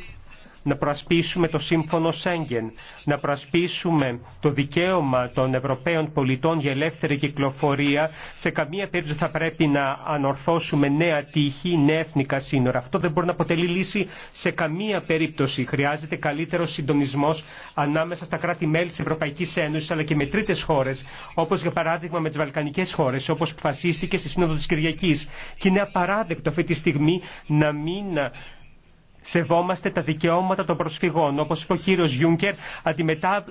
να προασπίσουμε το σύμφωνο Σέγγεν, να προασπίσουμε το δικαίωμα των Ευρωπαίων πολιτών για ελεύθερη κυκλοφορία. Σε καμία περίπτωση θα πρέπει να ανορθώσουμε νέα τύχη, νέα εθνικά σύνορα. Αυτό δεν μπορεί να αποτελεί λύση σε καμία περίπτωση. Χρειάζεται καλύτερο συντονισμό ανάμεσα στα κράτη-μέλη τη Ευρωπαϊκή Ένωση αλλά και με τρίτε χώρε, όπω για παράδειγμα με τι Βαλκανικέ χώρε, όπω αποφασίστηκε στη Σύνοδο τη Κυριακή. Και είναι απαράδεκτο αυτή τη στιγμή να μην σεβόμαστε τα δικαιώματα των προσφυγών. Όπως είπε ο κύριος Γιούγκερ,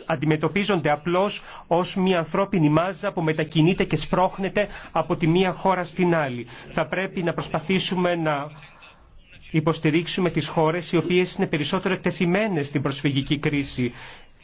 αντιμετωπίζονται απλώς ως μια ανθρώπινη μάζα που μετακινείται και σπρώχνεται από τη μία χώρα στην άλλη. Θα πρέπει να προσπαθήσουμε να υποστηρίξουμε τις χώρες οι οποίες είναι περισσότερο εκτεθειμένες στην προσφυγική κρίση.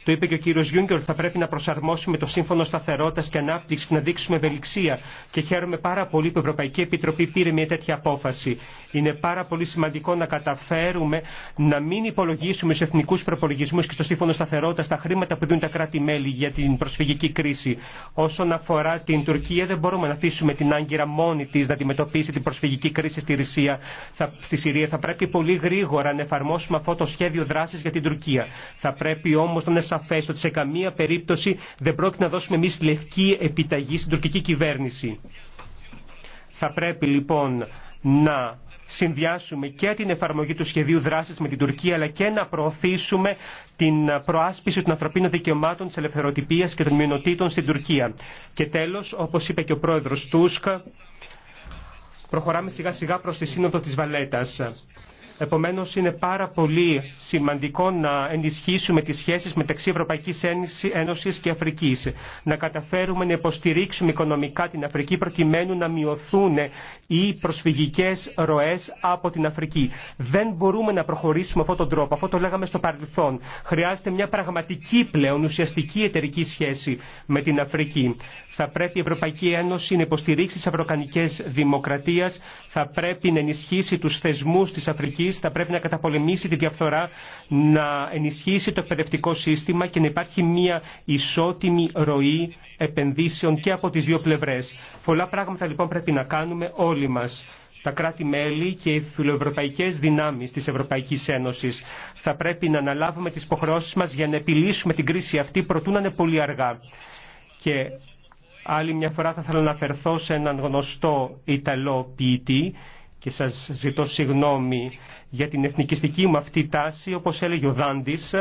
Το είπε και ο κύριο Γιούγκερ, θα πρέπει να προσαρμόσουμε το Σύμφωνο Σταθερότητα και Ανάπτυξη και να δείξουμε ευελιξία. Και χαίρομαι πάρα πολύ που η Ευρωπαϊκή Επιτροπή πήρε μια τέτοια απόφαση. Είναι πάρα πολύ σημαντικό να καταφέρουμε να μην υπολογίσουμε στου εθνικού προπολογισμού και στο Σύμφωνο Σταθερότητα τα χρήματα που δίνουν τα κράτη-μέλη για την προσφυγική κρίση. Όσον αφορά την Τουρκία, δεν μπορούμε να αφήσουμε την Άγκυρα μόνη τη να αντιμετωπίσει την προσφυγική κρίση στη, Ρησία, θα, στη Συρία. Θα πρέπει πολύ γρήγορα να εφαρμόσουμε αυτό το σχέδιο δράση για την Τουρκία. Θα πρέπει όμω να σαφέ ότι σε καμία περίπτωση δεν πρόκειται να δώσουμε εμεί λευκή επιταγή στην τουρκική κυβέρνηση. Θα πρέπει λοιπόν να συνδυάσουμε και την εφαρμογή του σχεδίου δράσης με την Τουρκία αλλά και να προωθήσουμε την προάσπιση των ανθρωπίνων δικαιωμάτων της ελευθεροτυπίας και των μειονοτήτων στην Τουρκία. Και τέλος, όπως είπε και ο πρόεδρος Τούσκα, προχωράμε σιγά σιγά προς τη σύνοδο της Βαλέτας. Επομένως είναι πάρα πολύ σημαντικό να ενισχύσουμε τις σχέσεις μεταξύ Ευρωπαϊκή Ένωση και Αφρική. Να καταφέρουμε να υποστηρίξουμε οικονομικά την Αφρική προκειμένου να μειωθούν οι προσφυγικές ροές από την Αφρική. Δεν μπορούμε να προχωρήσουμε αυτόν τον τρόπο. Αυτό το λέγαμε στο παρελθόν. Χρειάζεται μια πραγματική πλέον ουσιαστική εταιρική σχέση με την Αφρική. Θα πρέπει η Ευρωπαϊκή Ένωση να υποστηρίξει τι Αφροκανικές δημοκρατίε. Θα πρέπει να ενισχύσει του θεσμού τη Αφρική θα πρέπει να καταπολεμήσει τη διαφθορά, να ενισχύσει το εκπαιδευτικό σύστημα και να υπάρχει μια ισότιμη ροή επενδύσεων και από τις δύο πλευρές. Πολλά πράγματα λοιπόν πρέπει να κάνουμε όλοι μας τα κράτη-μέλη και οι φιλοευρωπαϊκές δυνάμεις της Ευρωπαϊκής Ένωσης. Θα πρέπει να αναλάβουμε τις υποχρεώσεις μας για να επιλύσουμε την κρίση αυτή προτού να είναι πολύ αργά. Και άλλη μια φορά θα ήθελα να αφαιρθώ σε έναν γνωστό Ιταλό ποιητή, και σας ζητώ συγνώμη για την εθνικιστική μου αυτή τάση, όπως έλεγε ο Δάντης.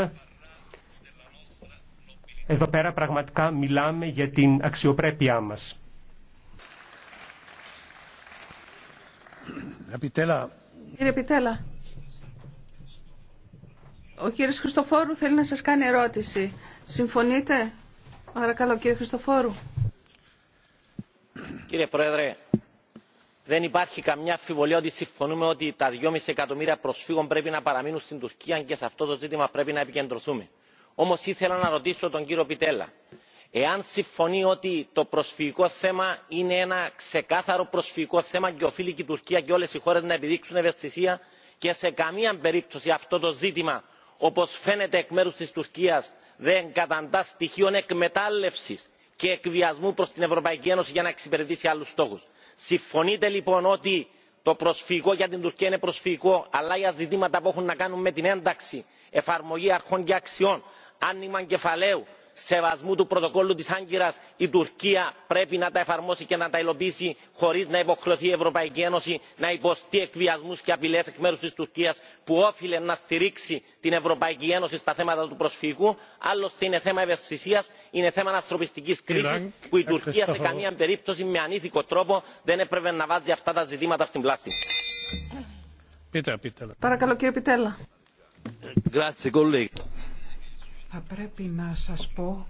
Εδώ πέρα πραγματικά μιλάμε για την αξιοπρέπειά μας. Κύριε Πιτέλα, ο κύριος Χριστοφόρου θέλει να σας κάνει ερώτηση. Συμφωνείτε? Παρακαλώ κύριε Χριστοφόρου. Κύριε Πρόεδρε, δεν υπάρχει καμιά αμφιβολία ότι συμφωνούμε ότι τα δυόμισι εκατομμύρια προσφύγων πρέπει να παραμείνουν στην τουρκία και σε αυτό το ζήτημα πρέπει να επικεντρωθούμε. όμω ήθελα να ρωτήσω τον κύριο πιτέλα εάν συμφωνεί ότι το προσφυγικό θέμα είναι ένα ξεκάθαρο προσφυγικό θέμα και οφείλει και η τουρκία και όλε οι χώρε να επιδείξουν ευαισθησία και σε καμία περίπτωση αυτό το ζήτημα όπω φαίνεται εκ μέρου τη τουρκία δεν καταντά στοιχείων εκμετάλλευση και εκβιασμού προ την ευρωπαϊκή ένωση για να εξυπηρετήσει άλλου στόχου συμφωνείτε λοιπόν ότι το προσφυγικό για την τουρκία είναι προσφυγικό αλλά για ζητήματα που έχουν να κάνουν με την ένταξη εφαρμογή αρχών και αξιών άνοιγμα κεφαλαίου σεβασμού του πρωτοκόλλου της άγκυρας η τουρκία πρέπει να τα εφαρμόσει και να τα υλοποιήσει χωρίς να υποχρεωθεί η ευρωπαϊκή ένωση να υποστεί εκβιασμούς και απειλές εκ μέρους της τουρκίας που όφιλε να στηρίξει την ευρωπαϊκή ένωση στα θέματα του προσφυγικού άλλωστε είναι θέμα ευαισθησίας είναι θέμα ανθρωπιστικής κρίσης που η ε, τουρκία σε καμία περίπτωση με ανήθικο τρόπο δεν έπρεπε να βάζει αυτά τα ζητήματα στην πλάστη. Θα πρέπει να σας πω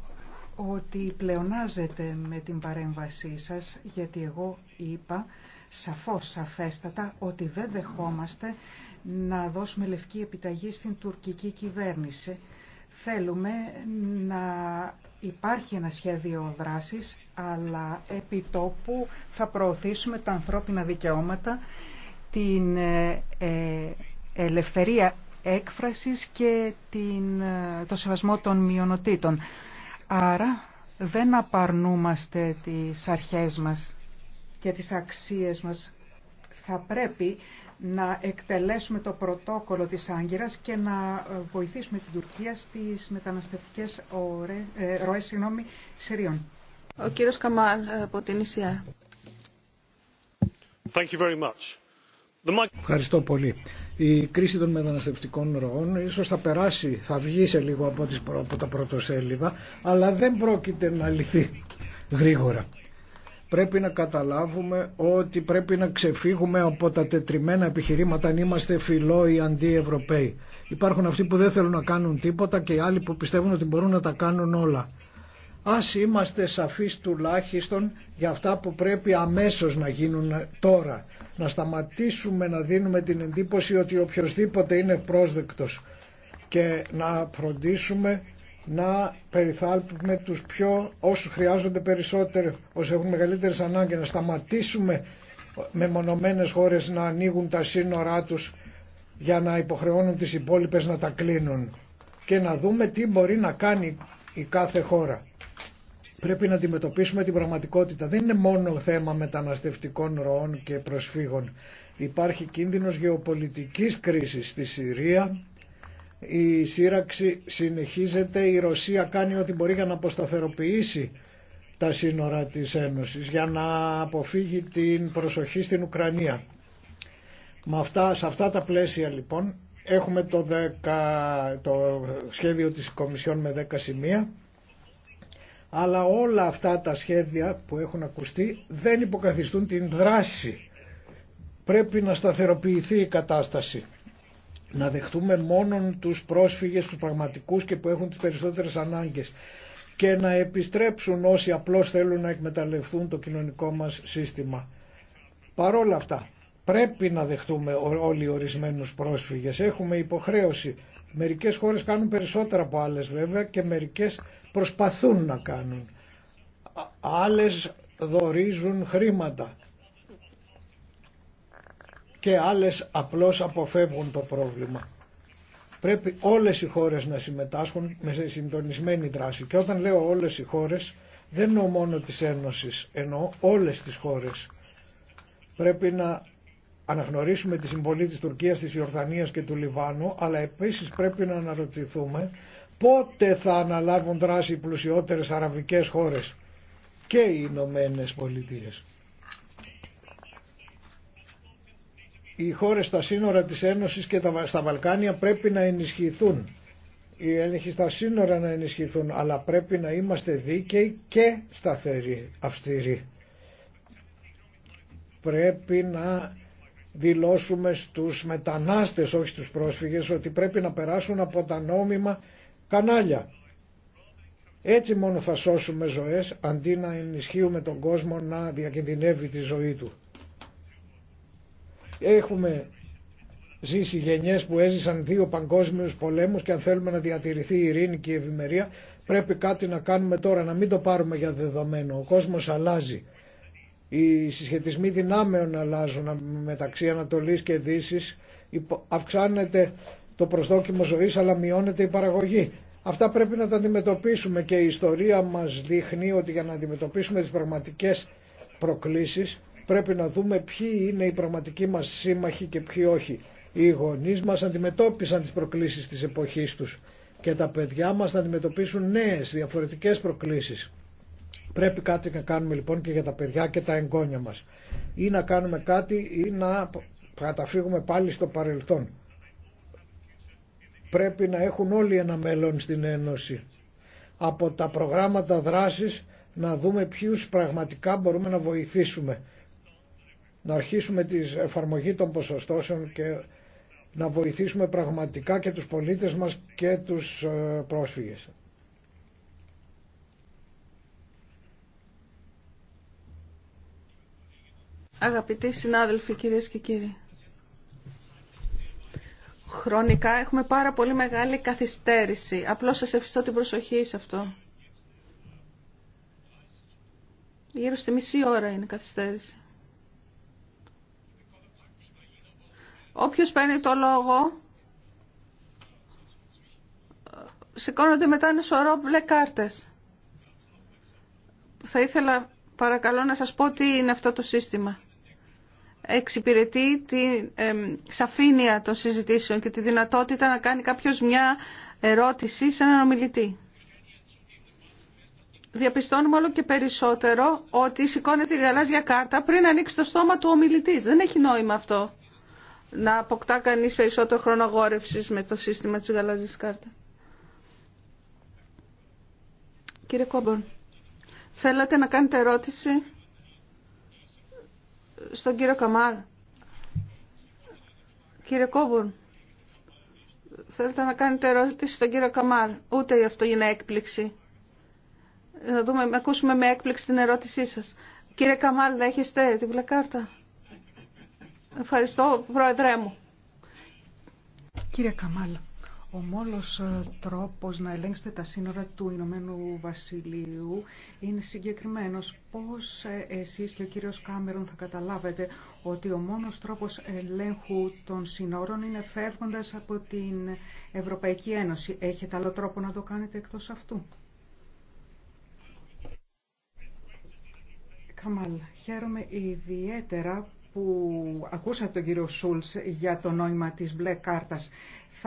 ότι πλεονάζετε με την παρέμβασή σας, γιατί εγώ είπα σαφώς, σαφέστατα, ότι δεν δεχόμαστε να δώσουμε λευκή επιταγή στην τουρκική κυβέρνηση. Θέλουμε να υπάρχει ένα σχέδιο δράσης, αλλά επί τόπου θα προωθήσουμε τα ανθρώπινα δικαιώματα, την ε, ε, ελευθερία έκφρασης και την, το σεβασμό των μειονοτήτων. Άρα δεν απαρνούμαστε τις αρχές μας και τις αξίες μας. Θα πρέπει να εκτελέσουμε το πρωτόκολλο της Άγκυρας και να βοηθήσουμε την Τουρκία στις μεταναστευτικές ώρες, ε, ροές συγγνώμη, Συρίων. Ο κύριος Καμάλ ε, από την Ισιά. Ευχαριστώ πολύ η κρίση των μεταναστευτικών ροών ίσως θα περάσει, θα βγει σε λίγο από, τις, από τα πρωτοσέλιδα αλλά δεν πρόκειται να λυθεί γρήγορα. Πρέπει να καταλάβουμε ότι πρέπει να ξεφύγουμε από τα τετριμένα επιχειρήματα αν είμαστε φιλόι αντί Ευρωπαίοι. Υπάρχουν αυτοί που δεν θέλουν να κάνουν τίποτα και οι άλλοι που πιστεύουν ότι μπορούν να τα κάνουν όλα. Ας είμαστε σαφείς τουλάχιστον για αυτά που πρέπει αμέσως να γίνουν τώρα να σταματήσουμε να δίνουμε την εντύπωση ότι οποιοδήποτε είναι πρόσδεκτος και να φροντίσουμε να περιθάλπουμε τους πιο όσους χρειάζονται περισσότερο, όσοι έχουν μεγαλύτερες ανάγκες, να σταματήσουμε με μονομένες χώρες να ανοίγουν τα σύνορά τους για να υποχρεώνουν τις υπόλοιπες να τα κλείνουν και να δούμε τι μπορεί να κάνει η κάθε χώρα πρέπει να αντιμετωπίσουμε την πραγματικότητα. Δεν είναι μόνο θέμα μεταναστευτικών ροών και προσφύγων. Υπάρχει κίνδυνος γεωπολιτικής κρίσης στη Συρία. Η σύραξη συνεχίζεται. Η Ρωσία κάνει ό,τι μπορεί για να αποσταθεροποιήσει τα σύνορα της Ένωσης για να αποφύγει την προσοχή στην Ουκρανία. Με αυτά, σε αυτά τα πλαίσια λοιπόν έχουμε το, 10, το σχέδιο της Κομισιόν με 10 σημεία αλλά όλα αυτά τα σχέδια που έχουν ακουστεί δεν υποκαθιστούν την δράση. Πρέπει να σταθεροποιηθεί η κατάσταση. Να δεχτούμε μόνο τους πρόσφυγες, τους πραγματικούς και που έχουν τις περισσότερες ανάγκες και να επιστρέψουν όσοι απλώς θέλουν να εκμεταλλευτούν το κοινωνικό μας σύστημα. Παρόλα αυτά, πρέπει να δεχτούμε όλοι ορισμένους πρόσφυγες. Έχουμε υποχρέωση Μερικές χώρες κάνουν περισσότερα από άλλες βέβαια και μερικές προσπαθούν να κάνουν. Άλλες δορίζουν χρήματα και άλλες απλώς αποφεύγουν το πρόβλημα. Πρέπει όλες οι χώρες να συμμετάσχουν με συντονισμένη δράση και όταν λέω όλες οι χώρες δεν εννοώ μόνο της Ένωσης, εννοώ όλες τις χώρες. Πρέπει να αναγνωρίσουμε τη συμβολή της Τουρκίας, της Ιορδανίας και του Λιβάνου, αλλά επίσης πρέπει να αναρωτηθούμε πότε θα αναλάβουν δράση οι πλουσιότερες αραβικές χώρες και οι Ηνωμένε Πολιτείε. Οι χώρες στα σύνορα της Ένωσης και στα Βαλκάνια πρέπει να ενισχυθούν. Οι έλεγχοι στα σύνορα να ενισχυθούν, αλλά πρέπει να είμαστε δίκαιοι και σταθεροί, αυστηροί. Πρέπει να δηλώσουμε στους μετανάστες, όχι στους πρόσφυγες, ότι πρέπει να περάσουν από τα νόμιμα κανάλια. Έτσι μόνο θα σώσουμε ζωές, αντί να ενισχύουμε τον κόσμο να διακινδυνεύει τη ζωή του. Έχουμε ζήσει γενιές που έζησαν δύο παγκόσμιους πολέμους και αν θέλουμε να διατηρηθεί η ειρήνη και η ευημερία πρέπει κάτι να κάνουμε τώρα, να μην το πάρουμε για δεδομένο. Ο κόσμος αλλάζει. Οι συσχετισμοί δυνάμεων αλλάζουν μεταξύ Ανατολής και Δύσης, αυξάνεται το προσδόκιμο ζωής αλλά μειώνεται η παραγωγή. Αυτά πρέπει να τα αντιμετωπίσουμε και η ιστορία μας δείχνει ότι για να αντιμετωπίσουμε τις πραγματικές προκλήσεις πρέπει να δούμε ποιοι είναι οι πραγματικοί μα σύμμαχοι και ποιοι όχι. Οι γονείς μας αντιμετώπισαν τις προκλήσεις της εποχής τους και τα παιδιά μας θα αντιμετωπίσουν νέες διαφορετικές προκλήσεις. Πρέπει κάτι να κάνουμε λοιπόν και για τα παιδιά και τα εγγόνια μας. Ή να κάνουμε κάτι ή να καταφύγουμε πάλι στο παρελθόν. Πρέπει να έχουν όλοι ένα μέλλον στην Ένωση. Από τα προγράμματα δράσης να δούμε ποιους πραγματικά μπορούμε να βοηθήσουμε. Να αρχίσουμε τη εφαρμογή των ποσοστώσεων και να βοηθήσουμε πραγματικά και τους πολίτες μας και τους ε, πρόσφυγες. Αγαπητοί συνάδελφοι, κυρίες και κύριοι. Χρονικά έχουμε πάρα πολύ μεγάλη καθυστέρηση. Απλώς σας ευχηθώ την προσοχή σε αυτό. Γύρω στη μισή ώρα είναι η καθυστέρηση. Όποιος παίρνει το λόγο, σηκώνονται μετά ένα σωρό μπλε κάρτες. Θα ήθελα παρακαλώ να σας πω τι είναι αυτό το σύστημα εξυπηρετεί τη σαφήνεια των συζητήσεων και τη δυνατότητα να κάνει κάποιος μια ερώτηση σε έναν ομιλητή. Διαπιστώνουμε όλο και περισσότερο ότι σηκώνεται η γαλάζια κάρτα πριν ανοίξει το στόμα του ομιλητής. Δεν έχει νόημα αυτό να αποκτά κανείς περισσότερο χρόνο με το σύστημα της γαλάζιας κάρτα. Κύριε Κόμπορν, θέλατε να κάνετε ερώτηση στον κύριο Καμάλ. Κύριε Κόμπουρν, θέλετε να κάνετε ερώτηση στον κύριο Καμάλ. Ούτε αυτό είναι έκπληξη. Να δούμε, να ακούσουμε με έκπληξη την ερώτησή σας. Κύριε Καμάλ, δέχεστε την πλακάρτα. Ευχαριστώ, πρόεδρέ μου. Κύριε Καμάλ, ο μόλος ε, τρόπος να ελέγξετε τα σύνορα του Ηνωμένου Βασιλείου είναι συγκεκριμένος. Πώς ε, εσείς και ο κύριος Κάμερον θα καταλάβετε ότι ο μόνος τρόπος ελέγχου των σύνορων είναι φεύγοντας από την Ευρωπαϊκή Ένωση. Έχετε άλλο τρόπο να το κάνετε εκτός αυτού. Καμάλ, χαίρομαι ιδιαίτερα που ακούσατε τον κύριο Σούλτς για το νόημα της μπλε κάρτας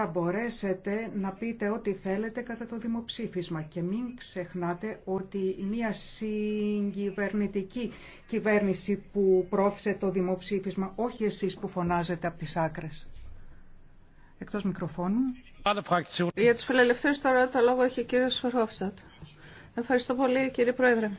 θα μπορέσετε να πείτε ό,τι θέλετε κατά το δημοψήφισμα και μην ξεχνάτε ότι μια συγκυβερνητική κυβέρνηση που πρόθεσε το δημοψήφισμα, όχι εσείς που φωνάζετε από τις άκρες. Εκτός μικροφώνου. Για τους φιλελευθέρους τώρα το λόγο έχει ο κύριος Φερχόφστατ. Ευχαριστώ πολύ κύριε Πρόεδρε.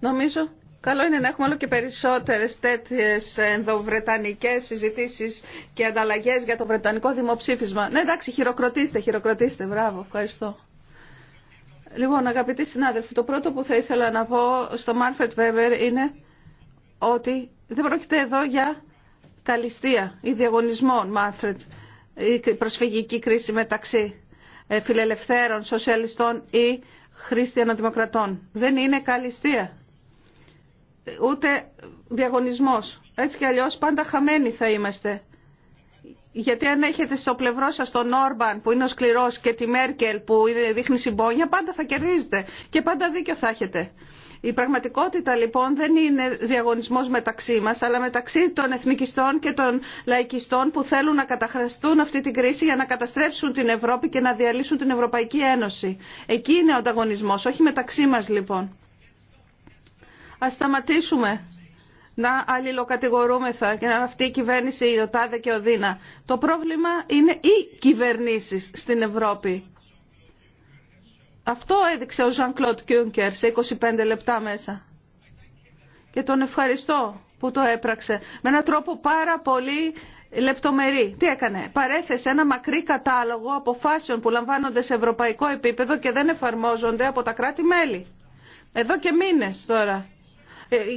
Νομίζω Καλό είναι να έχουμε όλο και περισσότερες τέτοιες ενδοβρετανικές συζητήσεις και ανταλλαγές για το βρετανικό δημοψήφισμα. Ναι, εντάξει, χειροκροτήστε, χειροκροτήστε. Μπράβο, ευχαριστώ. Λοιπόν, αγαπητοί συνάδελφοι, το πρώτο που θα ήθελα να πω στο Μάρφετ Βέβερ είναι ότι δεν πρόκειται εδώ για καλυστία ή διαγωνισμό, Μάρφετ, η προσφυγική κρίση μεταξύ ε, φιλελευθέρων, σοσιαλιστών ή χριστιανοδημοκρατών. Δεν είναι καλυστία ούτε διαγωνισμός. Έτσι κι αλλιώς πάντα χαμένοι θα είμαστε. Γιατί αν έχετε στο πλευρό σας τον Όρμπαν που είναι ο σκληρός και τη Μέρκελ που δείχνει συμπόνια, πάντα θα κερδίζετε και πάντα δίκιο θα έχετε. Η πραγματικότητα λοιπόν δεν είναι διαγωνισμός μεταξύ μας, αλλά μεταξύ των εθνικιστών και των λαϊκιστών που θέλουν να καταχραστούν αυτή την κρίση για να καταστρέψουν την Ευρώπη και να διαλύσουν την Ευρωπαϊκή Ένωση. Εκεί είναι ο ανταγωνισμός, όχι μεταξύ μας λοιπόν. Ας σταματήσουμε να αλληλοκατηγορούμεθα και να αυτή η κυβέρνηση η ΟΤΑΔΕ και ο ΔΗΝΑ. Το πρόβλημα είναι οι κυβερνήσεις στην Ευρώπη. Αυτό έδειξε ο Ζαν Κλοντ Κιούνκερ σε 25 λεπτά μέσα. Και τον ευχαριστώ που το έπραξε με έναν τρόπο πάρα πολύ λεπτομερή. Τι έκανε. Παρέθεσε ένα μακρύ κατάλογο αποφάσεων που λαμβάνονται σε ευρωπαϊκό επίπεδο και δεν εφαρμόζονται από τα κράτη-μέλη. Εδώ και μήνες τώρα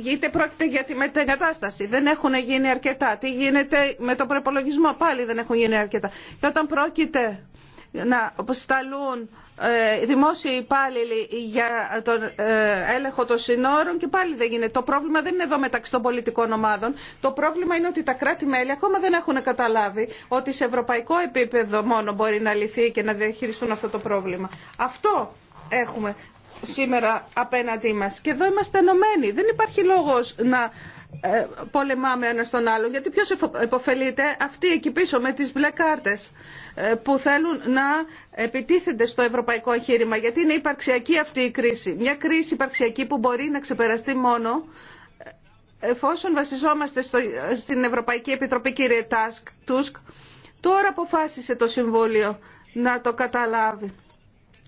είτε πρόκειται για τη μετεγκατάσταση. Δεν έχουν γίνει αρκετά. Τι γίνεται με τον προπολογισμό, πάλι δεν έχουν γίνει αρκετά. Και όταν πρόκειται να αποσταλούν ε, δημόσιοι υπάλληλοι για τον ε, έλεγχο των συνόρων και πάλι δεν γίνεται. Το πρόβλημα δεν είναι εδώ μεταξύ των πολιτικών ομάδων. Το πρόβλημα είναι ότι τα κράτη-μέλη ακόμα δεν έχουν καταλάβει ότι σε ευρωπαϊκό επίπεδο μόνο μπορεί να λυθεί και να διαχειριστούν αυτό το πρόβλημα. Αυτό έχουμε σήμερα απέναντί μας. Και εδώ είμαστε ενωμένοι. Δεν υπάρχει λόγος να ε, πολεμάμε ένα στον άλλον, γιατί ποιος υποφελείται, αυτοί εκεί πίσω με τις μπλε κάρτες ε, που θέλουν να επιτίθενται στο ευρωπαϊκό εγχείρημα, γιατί είναι υπαρξιακή αυτή η κρίση. Μια κρίση υπαρξιακή που μπορεί να ξεπεραστεί μόνο ε, εφόσον βασιζόμαστε στο, στην Ευρωπαϊκή Επιτροπή, κύριε Τούσκ, τώρα αποφάσισε το Συμβούλιο να το καταλάβει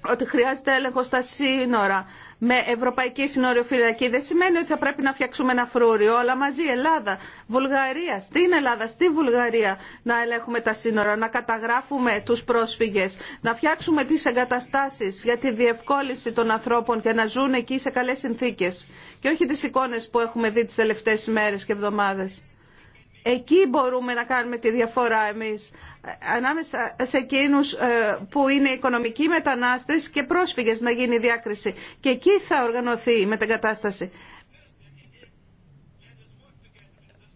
ότι χρειάζεται έλεγχο στα σύνορα με ευρωπαϊκή συνοριοφυλακή δεν σημαίνει ότι θα πρέπει να φτιάξουμε ένα φρούριο, αλλά μαζί Ελλάδα, Βουλγαρία, στην Ελλάδα, στη Βουλγαρία να ελέγχουμε τα σύνορα, να καταγράφουμε τους πρόσφυγες, να φτιάξουμε τις εγκαταστάσεις για τη διευκόλυνση των ανθρώπων και να ζουν εκεί σε καλές συνθήκες και όχι τις εικόνες που έχουμε δει τις τελευταίες ημέρες και εβδομάδες. Εκεί μπορούμε να κάνουμε τη διαφορά εμείς ανάμεσα σε εκείνους ε, που είναι οικονομικοί μετανάστες και πρόσφυγες να γίνει διάκριση. Και εκεί θα οργανωθεί η μετεγκατάσταση.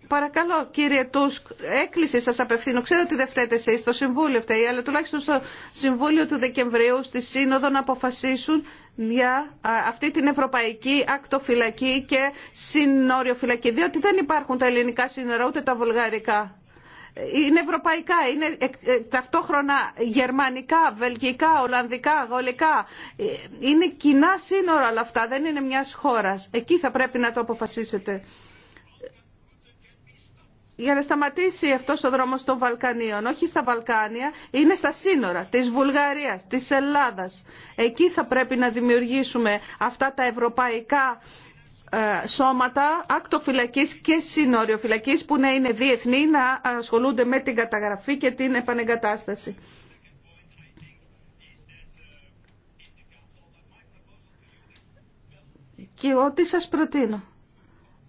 Παρακαλώ κύριε Τούσκ, έκκληση σα απευθύνω. Ξέρω ότι δεν φταίτε εσεί το Συμβούλιο φταίει, αλλά τουλάχιστον στο Συμβούλιο του Δεκεμβρίου στη Σύνοδο να αποφασίσουν για αυτή την ευρωπαϊκή ακτοφυλακή και συνοριοφυλακή, διότι δεν υπάρχουν τα ελληνικά σύνορα ούτε τα βουλγαρικά είναι ευρωπαϊκά, είναι ε, ε, ταυτόχρονα γερμανικά, βελγικά, ολλανδικά, γολικά. Ε, είναι κοινά σύνορα όλα αυτά, δεν είναι μιας χώρας. Εκεί θα πρέπει να το αποφασίσετε. Για να σταματήσει αυτός ο δρόμος των Βαλκανίων, όχι στα Βαλκάνια, είναι στα σύνορα της Βουλγαρίας, της Ελλάδας. Εκεί θα πρέπει να δημιουργήσουμε αυτά τα ευρωπαϊκά ε, σώματα ακτοφυλακής και σύνοριοφυλακής που να είναι διεθνή να ασχολούνται με την καταγραφή και την επανεγκατάσταση. Και ό,τι σας προτείνω.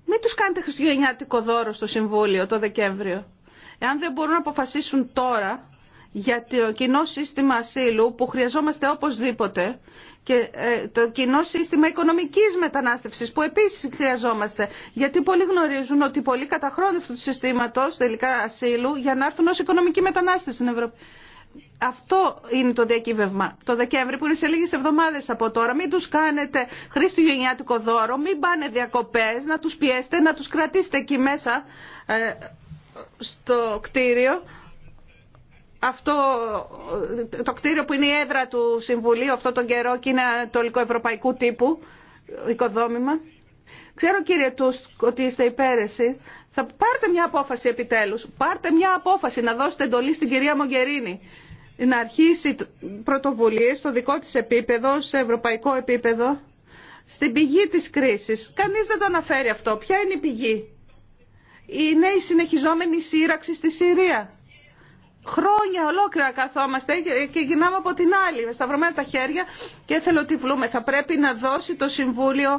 Μην τους κάνετε χριστουγεννιάτικο δώρο στο Συμβούλιο το Δεκέμβριο. Εάν δεν μπορούν να αποφασίσουν τώρα, για το κοινό σύστημα ασύλου που χρειαζόμαστε οπωσδήποτε και ε, το κοινό σύστημα οικονομικής μετανάστευσης που επίσης χρειαζόμαστε γιατί πολλοί γνωρίζουν ότι πολλοί καταχρώνουν αυτού του συστήματος τελικά ασύλου για να έρθουν ως οικονομικοί μετανάστες στην Ευρώπη. Αυτό είναι το διακύβευμα. Το Δεκέμβρη που είναι σε λίγες εβδομάδες από τώρα. Μην τους κάνετε χριστουγεννιάτικο δώρο, μην πάνε διακοπές, να τους πιέσετε, να τους κρατήσετε εκεί μέσα ε, στο κτίριο αυτό το κτίριο που είναι η έδρα του Συμβουλίου αυτό τον καιρό και είναι το ευρωπαϊκού τύπου οικοδόμημα. Ξέρω κύριε Τούστ ότι είστε υπέρ εσείς. Θα πάρτε μια απόφαση επιτέλους. Πάρτε μια απόφαση να δώσετε εντολή στην κυρία Μογκερίνη να αρχίσει πρωτοβουλίε στο δικό της επίπεδο, σε ευρωπαϊκό επίπεδο, στην πηγή της κρίσης. Κανείς δεν το αναφέρει αυτό. Ποια είναι η πηγή. Είναι η συνεχιζόμενη σύραξη στη Συρία Χρόνια ολόκληρα καθόμαστε και γυρνάμε από την άλλη με σταυρωμένα τα χέρια και θέλω ότι βλούμε. Θα πρέπει να δώσει το Συμβούλιο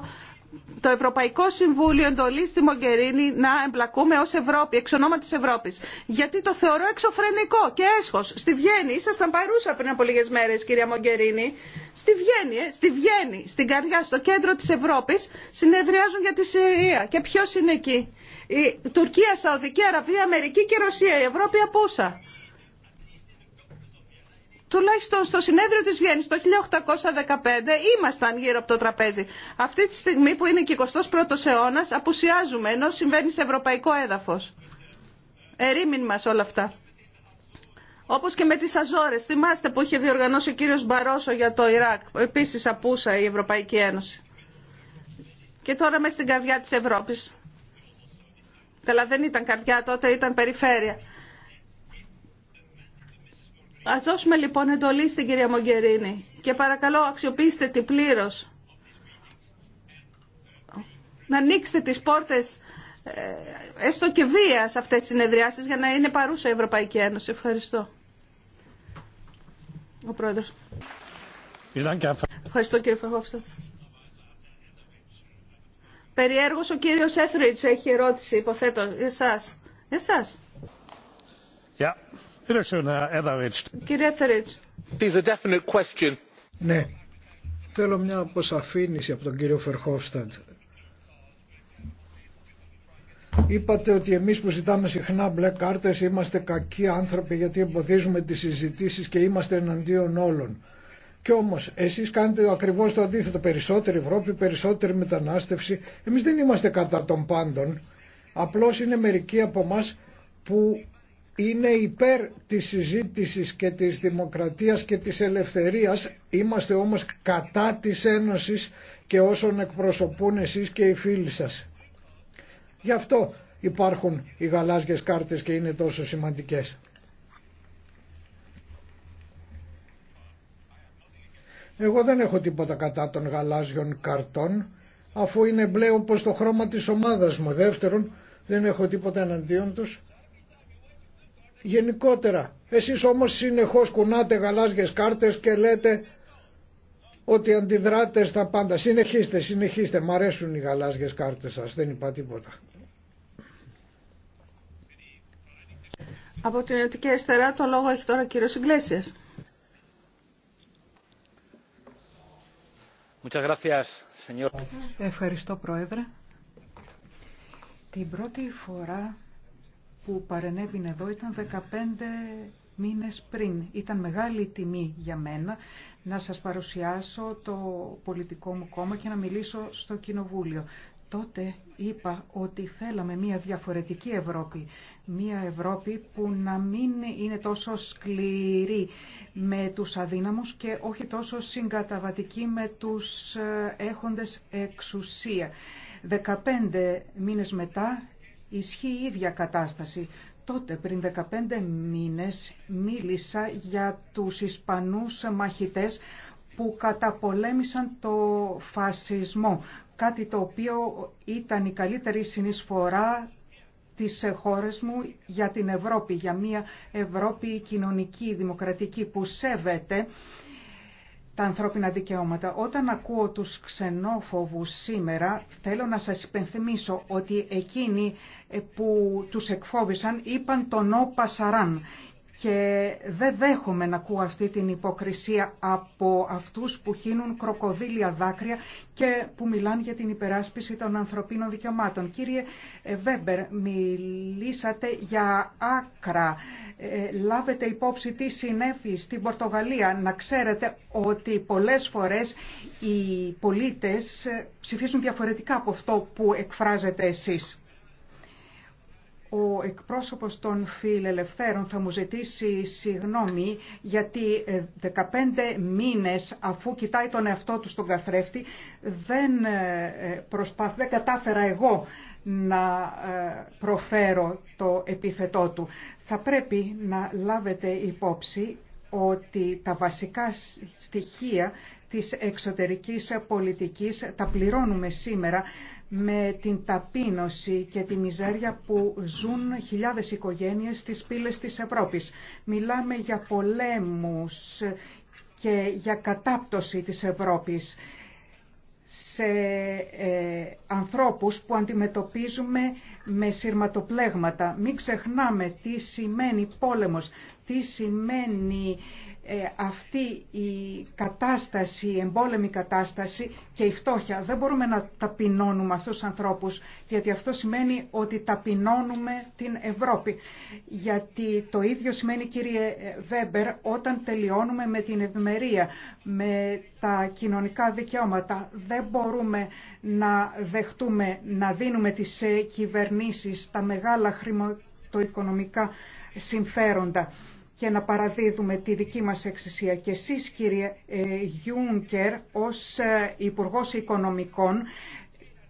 το Ευρωπαϊκό Συμβούλιο εντολή στη Μογκερίνη να εμπλακούμε ως Ευρώπη, εξ της Ευρώπης. Γιατί το θεωρώ εξωφρενικό και έσχος. Στη Βιέννη, ήσασταν παρούσα πριν από λίγες μέρες κυρία Μογκερίνη, στη Βιέννη, ε, στη Βιέννη, στην καρδιά, στο κέντρο της Ευρώπης, συνεδριάζουν για τη Συρία. Και ποιο είναι εκεί. Η Τουρκία, Σαουδική Αραβία, Αμερική και Ρωσία, η Ευρώπη απούσα τουλάχιστον στο συνέδριο της Βιέννης το 1815 ήμασταν γύρω από το τραπέζι. Αυτή τη στιγμή που είναι και 21ος αιώνας απουσιάζουμε ενώ συμβαίνει σε ευρωπαϊκό έδαφος. Ερήμην μας όλα αυτά. Όπως και με τις Αζόρες. Θυμάστε που είχε διοργανώσει ο κύριος Μπαρόσο για το Ιράκ. Επίσης απούσα η Ευρωπαϊκή Ένωση. Και τώρα μέσα στην καρδιά της Ευρώπης. Καλά δεν ήταν καρδιά τότε, ήταν περιφέρεια. Ας δώσουμε λοιπόν εντολή στην κυρία Μογκερίνη και παρακαλώ αξιοποιήστε τη πλήρω. Να ανοίξετε τις πόρτες ε, έστω και βία σε αυτές τις συνεδριάσεις για να είναι παρούσα η Ευρωπαϊκή Ένωση. Ευχαριστώ. Ο Πρόεδρος. Ευχαριστώ κύριε φαγόφστατ. Περιέργως ο κύριος Έθριτς έχει ερώτηση, υποθέτω, για εσάς. εσάς. Yeah. Κύριε question. Ναι, θέλω μια αποσαφήνιση από τον κύριο Φερχόφσταντ. Είπατε ότι εμείς που ζητάμε συχνά μπλε κάρτες είμαστε κακοί άνθρωποι γιατί εμποδίζουμε τις συζητήσεις και είμαστε εναντίον όλων. Κι όμως εσείς κάνετε ακριβώς το αντίθετο. Περισσότερη Ευρώπη, περισσότερη μετανάστευση. Εμείς δεν είμαστε κατά των πάντων. Απλώς είναι μερικοί από εμά που είναι υπέρ της συζήτησης και της δημοκρατίας και της ελευθερίας, είμαστε όμως κατά της Ένωσης και όσων εκπροσωπούν εσείς και οι φίλοι σας. Γι' αυτό υπάρχουν οι γαλάζιες κάρτες και είναι τόσο σημαντικές. Εγώ δεν έχω τίποτα κατά των γαλάζιων καρτών, αφού είναι μπλε όπως το χρώμα της ομάδας μου. Δεύτερον, δεν έχω τίποτα εναντίον τους γενικότερα. Εσείς όμως συνεχώς κουνάτε γαλάζιες κάρτες και λέτε ότι αντιδράτε στα πάντα. Συνεχίστε, συνεχίστε. Μ' αρέσουν οι γαλάζιες κάρτες σας. Δεν είπα τίποτα. Από την Ιωτική Αριστερά το λόγο έχει τώρα ο κύριος Ιγκλέσιας. Ευχαριστώ Πρόεδρε. Την πρώτη φορά που παρενέβην εδώ ήταν 15 μήνες πριν. Ήταν μεγάλη τιμή για μένα να σας παρουσιάσω το πολιτικό μου κόμμα και να μιλήσω στο Κοινοβούλιο. Τότε είπα ότι θέλαμε μια διαφορετική Ευρώπη, μια Ευρώπη που να μην είναι τόσο σκληρή με τους αδύναμους και όχι τόσο συγκαταβατική με τους ε, έχοντες εξουσία. 15 μήνες μετά ισχύει η ίδια κατάσταση. Τότε, πριν 15 μήνες, μίλησα για τους Ισπανούς μαχητές που καταπολέμησαν το φασισμό, κάτι το οποίο ήταν η καλύτερη συνεισφορά της χώρες μου για την Ευρώπη, για μια Ευρώπη κοινωνική, δημοκρατική που σέβεται τα ανθρώπινα δικαιώματα. Όταν ακούω τους ξενόφοβους σήμερα, θέλω να σας υπενθυμίσω ότι εκείνοι ε, που τους εκφόβησαν είπαν τον «Ο Πασαράν» και δεν δέχομαι να ακούω αυτή την υποκρισία από αυτούς που χύνουν κροκοδίλια δάκρυα και που μιλάνε για την υπεράσπιση των ανθρωπίνων δικαιωμάτων. Κύριε Βέμπερ, μιλήσατε για άκρα. Ε, λάβετε υπόψη τι συνέβη στην Πορτογαλία. Να ξέρετε ότι πολλές φορές οι πολίτες ψηφίζουν διαφορετικά από αυτό που εκφράζετε εσείς ο εκπρόσωπος των φιλελευθέρων θα μου ζητήσει συγγνώμη γιατί 15 ε, μήνες αφού κοιτάει τον εαυτό του στον καθρέφτη δεν, ε, ε, προσπάθ, δεν κατάφερα εγώ να προφέρω το επίθετό του. Θα πρέπει να λάβετε υπόψη ότι τα βασικά στοιχεία της εξωτερικής πολιτικής τα πληρώνουμε σήμερα με την ταπείνωση και τη μιζέρια που ζουν χιλιάδες οικογένειες στις πύλες της Ευρώπης. Μιλάμε για πολέμους και για κατάπτωση της Ευρώπης σε ε, ανθρώπους που αντιμετωπίζουμε με σειρματοπλέγματα. Μην ξεχνάμε τι σημαίνει πόλεμος, τι σημαίνει ε, αυτή η κατάσταση, η εμπόλεμη κατάσταση και η φτώχεια. Δεν μπορούμε να ταπεινώνουμε αυτούς τους ανθρώπους, γιατί αυτό σημαίνει ότι ταπεινώνουμε την Ευρώπη. Γιατί το ίδιο σημαίνει, κύριε Βέμπερ, όταν τελειώνουμε με την ευημερία, με τα κοινωνικά δικαιώματα. Δεν μπορούμε να δεχτούμε, να δίνουμε τις ε, κυβερνήσεις τα μεγάλα χρηματοοικονομικά συμφέροντα και να παραδίδουμε τη δική μας εξησία. Και εσείς κύριε Γιούνκερ ως ε, Υπουργός Οικονομικών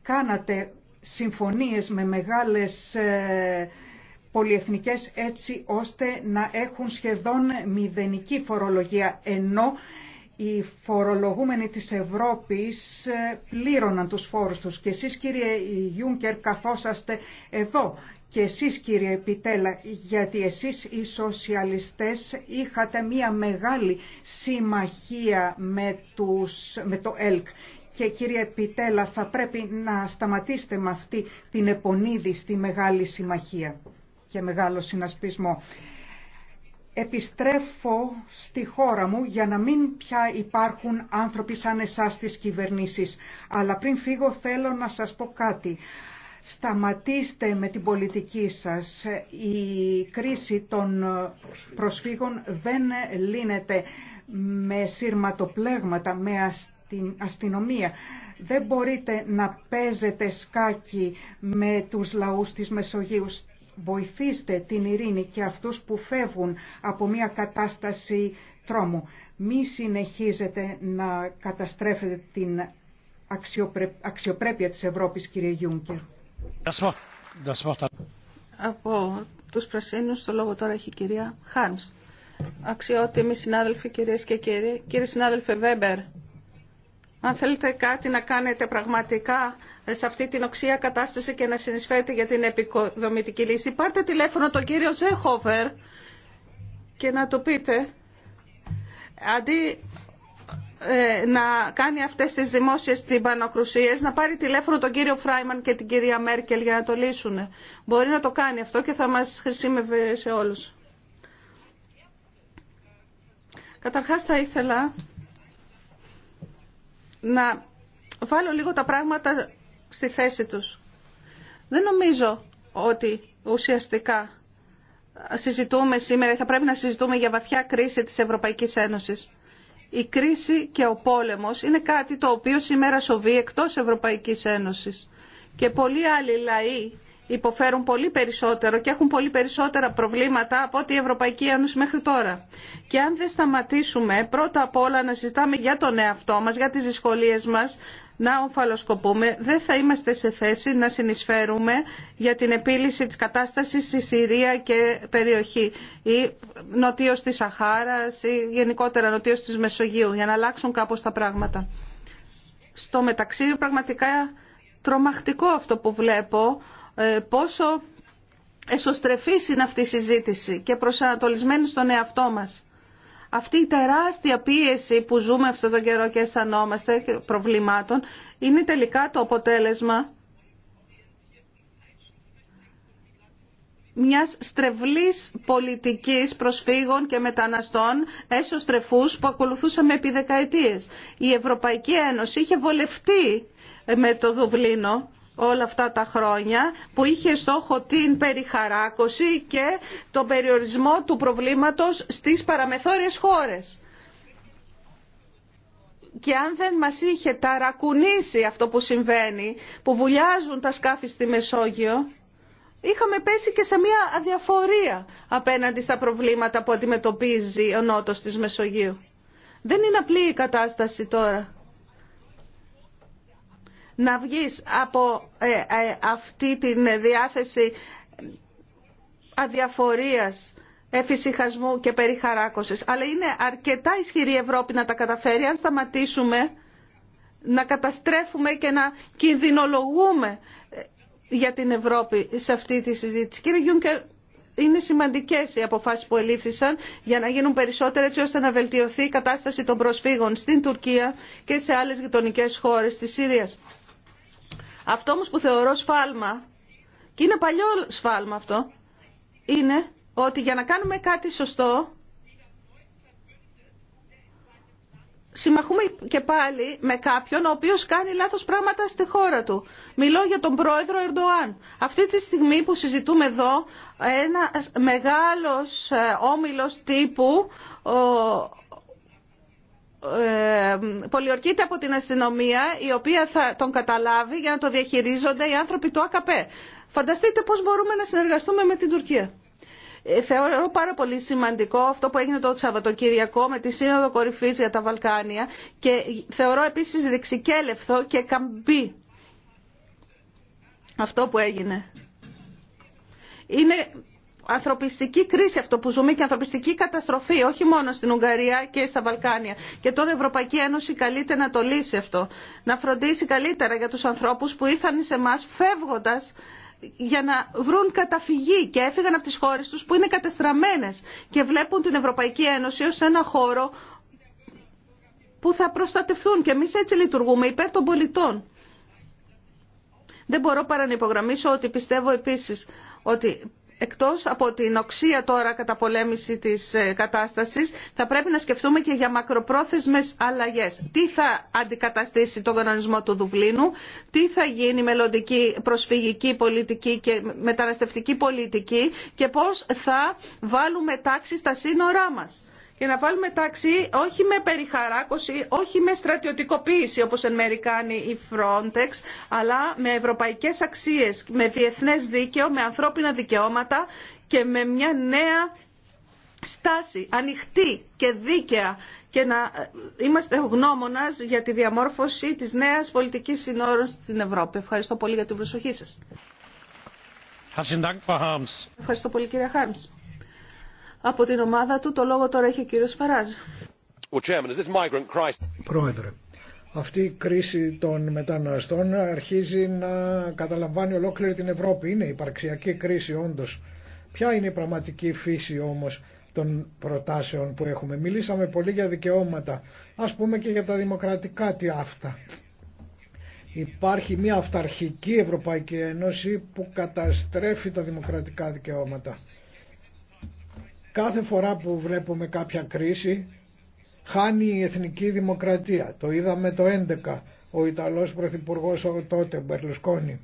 κάνατε συμφωνίες με μεγάλες ε, πολυεθνικές έτσι ώστε να έχουν σχεδόν μηδενική φορολογία ενώ οι φορολογούμενοι της Ευρώπης ε, πλήρωναν τους φόρους τους. Και εσείς κύριε Ιούνκερ καθόσαστε εδώ και εσείς κύριε Πιτέλα γιατί εσείς οι σοσιαλιστές είχατε μία μεγάλη συμμαχία με, τους, με το ΕΛΚ. Και κύριε Πιτέλα θα πρέπει να σταματήσετε με αυτή την επονίδη στη μεγάλη συμμαχία και μεγάλο συνασπισμό επιστρέφω στη χώρα μου για να μην πια υπάρχουν άνθρωποι σαν εσάς στις κυβερνήσεις. Αλλά πριν φύγω θέλω να σας πω κάτι. Σταματήστε με την πολιτική σας. Η κρίση των προσφύγων δεν λύνεται με σύρματοπλέγματα, με αστυνομία. Δεν μπορείτε να παίζετε σκάκι με τους λαούς της Μεσογείου βοηθήστε την ειρήνη και αυτούς που φεύγουν από μια κατάσταση τρόμου. Μη συνεχίζετε να καταστρέφετε την αξιοπρέ... αξιοπρέπεια της Ευρώπης, κύριε Γιούνκερ. Από τους Πρασίνους, το λόγο τώρα έχει η κυρία Χάρμς. Αξιότιμοι συνάδελφοι, κυρίες και κύριοι, κύριε συνάδελφε Βέμπερ, αν θέλετε κάτι να κάνετε πραγματικά σε αυτή την οξία κατάσταση και να συνεισφέρετε για την επικοδομητική λύση, πάρτε τηλέφωνο τον κύριο Ζέχοβερ και να το πείτε. Αντί ε, να κάνει αυτές τις δημόσιες τυμπανοκρουσίες, να πάρει τηλέφωνο τον κύριο Φράιμαν και την κυρία Μέρκελ για να το λύσουν. Μπορεί να το κάνει αυτό και θα μας χρησιμεύει σε όλους. Καταρχάς θα ήθελα να βάλω λίγο τα πράγματα στη θέση τους. Δεν νομίζω ότι ουσιαστικά συζητούμε σήμερα ή θα πρέπει να συζητούμε για βαθιά κρίση της Ευρωπαϊκής Ένωσης. κρίση και ο πόλεμος είναι κάτι το οποίο σήμερα σοβεί εκτός Ευρωπαϊκής Ένωσης. Και πολλοί άλλοι λαοί υποφέρουν πολύ περισσότερο και έχουν πολύ περισσότερα προβλήματα από ό,τι η Ευρωπαϊκή Ένωση μέχρι τώρα. Και αν δεν σταματήσουμε πρώτα απ' όλα να συζητάμε για τον εαυτό μας, για τις δυσκολίες μας, να ομφαλοσκοπούμε, δεν θα είμαστε σε θέση να συνεισφέρουμε για την επίλυση της κατάστασης στη Συρία και περιοχή ή νοτίος της Σαχάρας ή γενικότερα νοτίως της Μεσογείου για να αλλάξουν κάπως τα πράγματα. Στο μεταξύ πραγματικά τρομακτικό αυτό που βλέπω ε, πόσο εσωστρεφής είναι αυτή η συζήτηση και προσανατολισμένη στον εαυτό μας. Αυτή η τεράστια πίεση που ζούμε αυτόν τον καιρό και αισθανόμαστε προβλημάτων είναι τελικά το αποτέλεσμα μιας στρεβλής πολιτικής προσφύγων και μεταναστών έσω στρεφούς που ακολουθούσαμε επί δεκαετίες. Η Ευρωπαϊκή Ένωση είχε βολευτεί με το Δουβλίνο όλα αυτά τα χρόνια που είχε στόχο την περιχαράκωση και τον περιορισμό του προβλήματος στις παραμεθόριες χώρες. Και αν δεν μας είχε ταρακουνήσει αυτό που συμβαίνει, που βουλιάζουν τα σκάφη στη Μεσόγειο, είχαμε πέσει και σε μια αδιαφορία απέναντι στα προβλήματα που αντιμετωπίζει ο Νότος της Μεσογείου. Δεν είναι απλή η κατάσταση τώρα να βγεις από ε, ε, αυτή την διάθεση αδιαφορίας, εφησυχασμού και περιχαράκωσης. Αλλά είναι αρκετά ισχυρή η Ευρώπη να τα καταφέρει αν σταματήσουμε να καταστρέφουμε και να κινδυνολογούμε ε, για την Ευρώπη σε αυτή τη συζήτηση. Κύριε Γιούνκερ, είναι σημαντικές οι αποφάσεις που ελήφθησαν για να γίνουν περισσότερα έτσι ώστε να βελτιωθεί η κατάσταση των προσφύγων στην Τουρκία και σε άλλες γειτονικέ χώρες της Σύριας. Αυτό όμως που θεωρώ σφάλμα, και είναι παλιό σφάλμα αυτό, είναι ότι για να κάνουμε κάτι σωστό, συμμαχούμε και πάλι με κάποιον ο οποίος κάνει λάθος πράγματα στη χώρα του. Μιλώ για τον πρόεδρο Ερντοάν. Αυτή τη στιγμή που συζητούμε εδώ, ένα μεγάλος ε, όμιλος τύπου, ε, πολιορκείται από την αστυνομία η οποία θα τον καταλάβει για να το διαχειρίζονται οι άνθρωποι του ΑΚΠ. Φανταστείτε πώς μπορούμε να συνεργαστούμε με την Τουρκία. Ε, θεωρώ πάρα πολύ σημαντικό αυτό που έγινε το Σαββατοκυριακό με τη Σύνοδο Κορυφής για τα Βαλκάνια και θεωρώ επίσης ρηξικέλευθο και καμπή αυτό που έγινε. Είναι ανθρωπιστική κρίση αυτό που ζούμε και ανθρωπιστική καταστροφή, όχι μόνο στην Ουγγαρία και στα Βαλκάνια. Και τώρα η Ευρωπαϊκή Ένωση καλείται να το λύσει αυτό. Να φροντίσει καλύτερα για τους ανθρώπους που ήρθαν σε εμά φεύγοντας για να βρουν καταφυγή και έφυγαν από τις χώρες τους που είναι κατεστραμμένες και βλέπουν την Ευρωπαϊκή Ένωση ως ένα χώρο που θα προστατευτούν και εμείς έτσι λειτουργούμε υπέρ των πολιτών. Δεν μπορώ παρά να υπογραμμίσω ότι πιστεύω επίσης ότι εκτός από την οξία τώρα καταπολέμηση της ε, κατάστασης, θα πρέπει να σκεφτούμε και για μακροπρόθεσμες αλλαγές. Τι θα αντικαταστήσει τον κανονισμό του Δουβλίνου, τι θα γίνει μελλοντική προσφυγική πολιτική και μεταναστευτική πολιτική και πώς θα βάλουμε τάξη στα σύνορά μας και να βάλουμε τάξη όχι με περιχαράκωση, όχι με στρατιωτικοποίηση όπως εν μέρει κάνει η Frontex, αλλά με ευρωπαϊκές αξίες, με διεθνές δίκαιο, με ανθρώπινα δικαιώματα και με μια νέα στάση ανοιχτή και δίκαια και να ε, είμαστε γνώμονας για τη διαμόρφωση της νέας πολιτικής συνόρων στην Ευρώπη. Ευχαριστώ πολύ για την προσοχή σας. Ευχαριστώ πολύ κύριε Χάρμς από την ομάδα του. Το λόγο τώρα έχει ο κύριος Φαράζ. Πρόεδρε, αυτή η κρίση των μεταναστών αρχίζει να καταλαμβάνει ολόκληρη την Ευρώπη. Είναι υπαρξιακή κρίση όντως. Ποια είναι η πραγματική φύση όμως των προτάσεων που έχουμε. Μιλήσαμε πολύ για δικαιώματα, ας πούμε και για τα δημοκρατικά τι αυτά. Υπάρχει μια αυταρχική Ευρωπαϊκή Ένωση που καταστρέφει τα δημοκρατικά δικαιώματα. Κάθε φορά που βλέπουμε κάποια κρίση χάνει η εθνική δημοκρατία. Το είδαμε το 11 ο Ιταλός Πρωθυπουργός ο τότε Μπερλουσκόνη.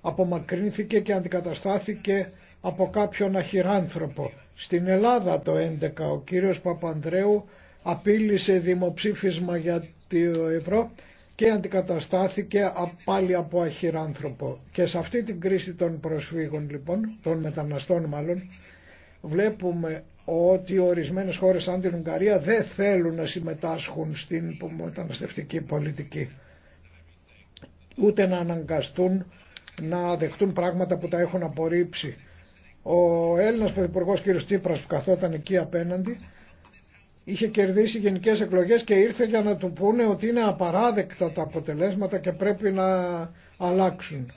Απομακρύνθηκε και αντικαταστάθηκε από κάποιον αχυράνθρωπο. Στην Ελλάδα το 11 ο κύριος Παπανδρέου απείλησε δημοψήφισμα για το ευρώ και αντικαταστάθηκε πάλι από αχυράνθρωπο. Και σε αυτή την κρίση των προσφύγων λοιπόν, των μεταναστών μάλλον, βλέπουμε ότι ορισμένες χώρες σαν την Ουγγαρία δεν θέλουν να συμμετάσχουν στην μεταναστευτική πολιτική ούτε να αναγκαστούν να δεχτούν πράγματα που τα έχουν απορρίψει. Ο Έλληνας Πρωθυπουργός κ. Τσίπρας που καθόταν εκεί απέναντι είχε κερδίσει γενικές εκλογές και ήρθε για να του πούνε ότι είναι απαράδεκτα τα αποτελέσματα και πρέπει να αλλάξουν.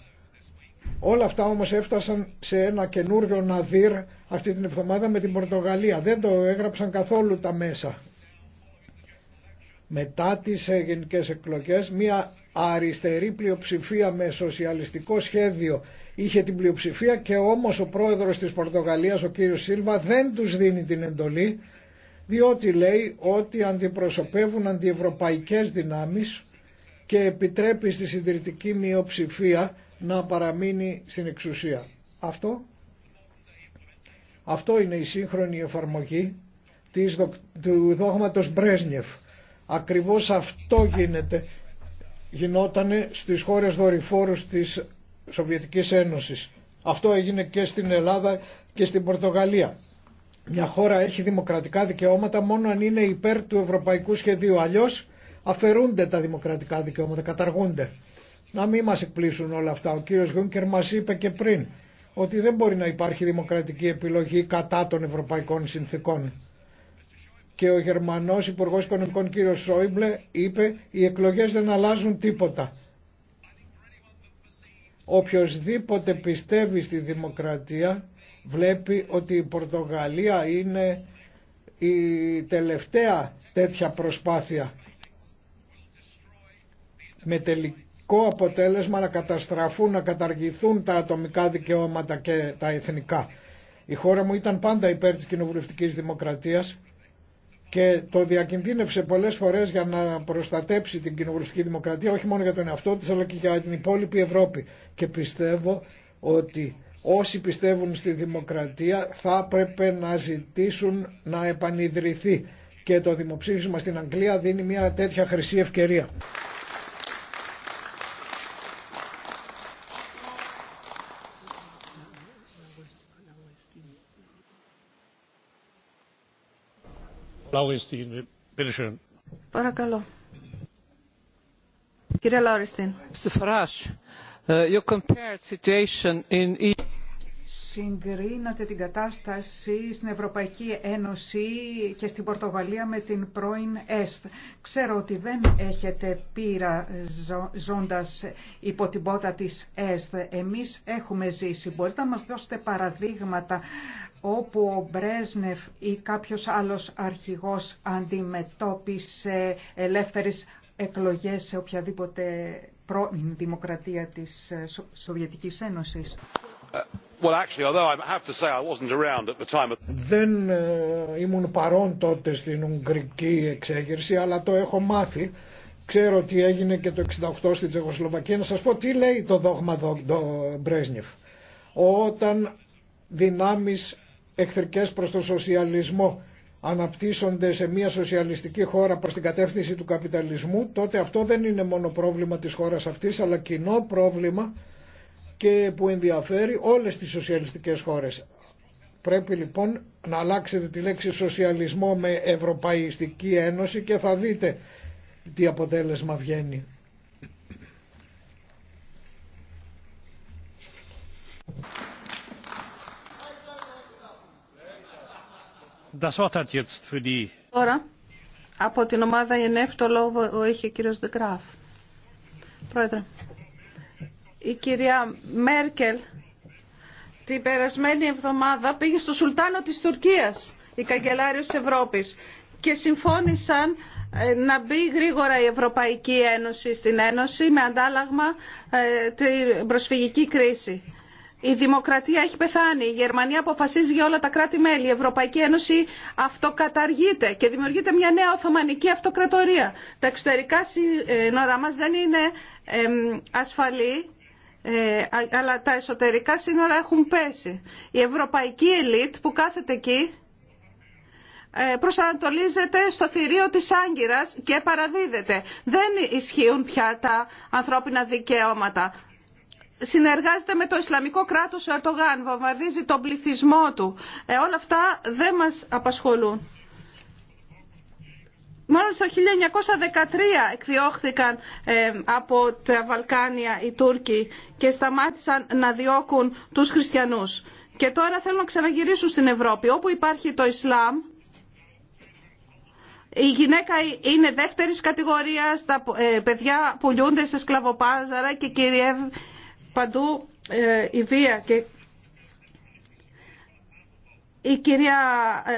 Όλα αυτά όμως έφτασαν σε ένα καινούριο ναδύρ αυτή την εβδομάδα με την Πορτογαλία. Δεν το έγραψαν καθόλου τα μέσα. Μετά τις ε, γενικέ εκλογές μια αριστερή πλειοψηφία με σοσιαλιστικό σχέδιο είχε την πλειοψηφία και όμως ο πρόεδρος της Πορτογαλίας ο κύριος Σίλβα δεν τους δίνει την εντολή διότι λέει ότι αντιπροσωπεύουν αντιευρωπαϊκές δυνάμεις και επιτρέπει στη συντηρητική μειοψηφία να παραμείνει στην εξουσία. Αυτό, αυτό είναι η σύγχρονη εφαρμογή της, του δόγματος Μπρέσνιεφ. Ακριβώς αυτό γίνεται, γινότανε στις χώρες δορυφόρους της Σοβιετικής Ένωσης. Αυτό έγινε και στην Ελλάδα και στην Πορτογαλία. Μια χώρα έχει δημοκρατικά δικαιώματα μόνο αν είναι υπέρ του ευρωπαϊκού σχεδίου. Αλλιώς αφαιρούνται τα δημοκρατικά δικαιώματα, καταργούνται. Να μην μας εκπλήσουν όλα αυτά. Ο κύριος Γιούνκερ μα είπε και πριν ότι δεν μπορεί να υπάρχει δημοκρατική επιλογή κατά των ευρωπαϊκών συνθήκων. Και ο Γερμανός υπουργό Οικονομικών κύριο Σόιμπλε είπε οι εκλογέ δεν αλλάζουν τίποτα. Οποιοςδήποτε πιστεύει στη δημοκρατία βλέπει ότι η Πορτογαλία είναι η τελευταία τέτοια προσπάθεια με τελικό αποτέλεσμα να καταστραφούν, να καταργηθούν τα ατομικά δικαιώματα και τα εθνικά. Η χώρα μου ήταν πάντα υπέρ της κοινοβουλευτικής δημοκρατίας και το διακινδύνευσε πολλές φορές για να προστατέψει την κοινοβουλευτική δημοκρατία όχι μόνο για τον εαυτό της αλλά και για την υπόλοιπη Ευρώπη. Και πιστεύω ότι όσοι πιστεύουν στη δημοκρατία θα έπρεπε να ζητήσουν να επανειδρυθεί και το δημοψήφισμα στην Αγγλία δίνει μια τέτοια χρυσή ευκαιρία. Παρακαλώ. Κύριε Λαουριστίν. Ε, you compared situation Συγκρίνατε την κατάσταση στην Ευρωπαϊκή Ένωση και στην Πορτογαλία με την πρώην ΕΣΤ. Ξέρω ότι δεν έχετε πείρα ζώντας υπό την πότα της ΕΣΤ. Εμείς έχουμε ζήσει. Μπορείτε να μας δώσετε παραδείγματα όπου ο Μπρέσνεφ ή κάποιος άλλος αρχηγός αντιμετώπισε ελεύθερες εκλογές σε οποιαδήποτε πρώην δημοκρατία της ε, Σοβιετικής Ένωσης. Δεν ήμουν παρόν τότε στην Ουγγρική εξέγερση, αλλά το έχω μάθει. Ξέρω τι έγινε και το 68 στην Τσεχοσλοβακία. Να σας πω τι λέει το δόγμα το το Όταν δυνάμεις εχθρικές προς τον σοσιαλισμό αναπτύσσονται σε μια σοσιαλιστική χώρα προς την κατεύθυνση του καπιταλισμού, τότε αυτό δεν είναι μόνο πρόβλημα της χώρας αυτής, αλλά κοινό πρόβλημα και που ενδιαφέρει όλες τις σοσιαλιστικές χώρες. Πρέπει λοιπόν να αλλάξετε τη λέξη σοσιαλισμό με Ευρωπαϊστική Ένωση και θα δείτε τι αποτέλεσμα βγαίνει. Τώρα, από την ομάδα ΕΝΕΦ το λόγο έχει ο κύριος Δεκράφ. Πρόεδρε, η κυρία Μέρκελ την περασμένη εβδομάδα πήγε στο Σουλτάνο της Τουρκίας, η καγκελάριο της Ευρώπης, και συμφώνησαν ε, να μπει γρήγορα η Ευρωπαϊκή Ένωση στην Ένωση με αντάλλαγμα ε, την προσφυγική κρίση. Η δημοκρατία έχει πεθάνει. Η Γερμανία αποφασίζει για όλα τα κράτη-μέλη. Η Ευρωπαϊκή Ένωση αυτοκαταργείται και δημιουργείται μια νέα Οθωμανική αυτοκρατορία. Τα εξωτερικά σύνορα μας δεν είναι ασφαλή, ε, αλλά τα εσωτερικά σύνορα έχουν πέσει. Η ευρωπαϊκή ελίτ που κάθεται εκεί ε, προσανατολίζεται στο θηρίο της Άγκυρας και παραδίδεται. Δεν ισχύουν πια τα ανθρώπινα δικαιώματα συνεργάζεται με το Ισλαμικό κράτος ο Ερτογάν, βομβαρδίζει τον πληθυσμό του. Ε, όλα αυτά δεν μας απασχολούν. Μόνο στο 1913 εκδιώχθηκαν ε, από τα Βαλκάνια οι Τούρκοι και σταμάτησαν να διώκουν τους χριστιανούς. Και τώρα θέλουν να ξαναγυρίσουν στην Ευρώπη. Όπου υπάρχει το Ισλάμ, η γυναίκα είναι δεύτερης κατηγορίας, τα ε, παιδιά πουλιούνται σε σκλαβοπάζαρα και κυριεύουν παντού ε, η βία και η κυρία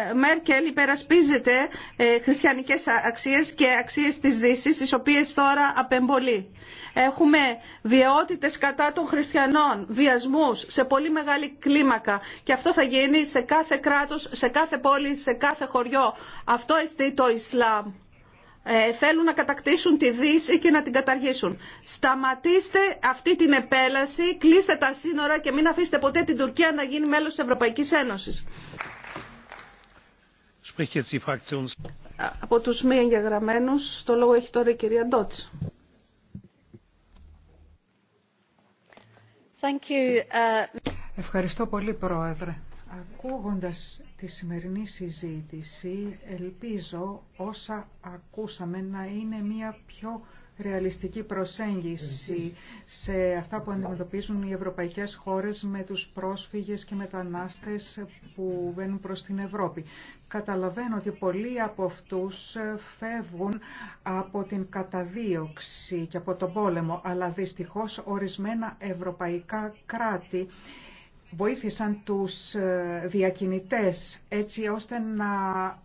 ε, Μέρκελ υπερασπίζεται ε, χριστιανικές αξίες και αξίες της Δύσης, τις οποίες τώρα απεμπολεί. Έχουμε βιαιότητες κατά των χριστιανών, βιασμούς σε πολύ μεγάλη κλίμακα και αυτό θα γίνει σε κάθε κράτος, σε κάθε πόλη, σε κάθε χωριό. Αυτό εστί το Ισλάμ. Ε, θέλουν να κατακτήσουν τη Δύση και να την καταργήσουν. Σταματήστε αυτή την επέλαση, κλείστε τα σύνορα και μην αφήσετε ποτέ την Τουρκία να γίνει μέλος της Ευρωπαϊκής Ένωσης. Από τους μη εγγεγραμμένους, το λόγο έχει τώρα η κυρία Ντότς. Uh, Ευχαριστώ πολύ, Πρόεδρε. Ακούγοντας τη σημερινή συζήτηση, ελπίζω όσα ακούσαμε να είναι μια πιο ρεαλιστική προσέγγιση σε αυτά που αντιμετωπίζουν οι ευρωπαϊκές χώρες με τους πρόσφυγες και μετανάστες που βαίνουν προς την Ευρώπη. Καταλαβαίνω ότι πολλοί από αυτούς φεύγουν από την καταδίωξη και από τον πόλεμο, αλλά δυστυχώς ορισμένα ευρωπαϊκά κράτη βοήθησαν τους ε, διακινητές έτσι ώστε να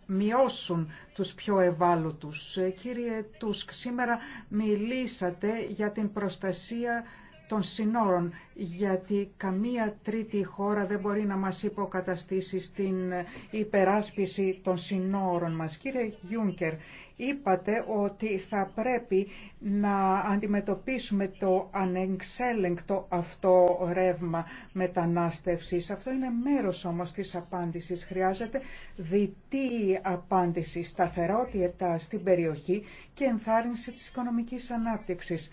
μειώσουν τους πιο ευάλωτους. Ε, κύριε Τούσκ, σήμερα μιλήσατε για την προστασία των συνόρων, γιατί καμία τρίτη χώρα δεν μπορεί να μας υποκαταστήσει στην ε, υπεράσπιση των συνόρων μας. Κύριε Γιούνκερ, Είπατε ότι θα πρέπει να αντιμετωπίσουμε το ανεξέλεγκτο αυτό ρεύμα μετανάστευσης. Αυτό είναι μέρος όμως της απάντησης. Χρειάζεται διτή απάντηση, σταθερότητα στην περιοχή και ενθάρρυνση της οικονομικής ανάπτυξης.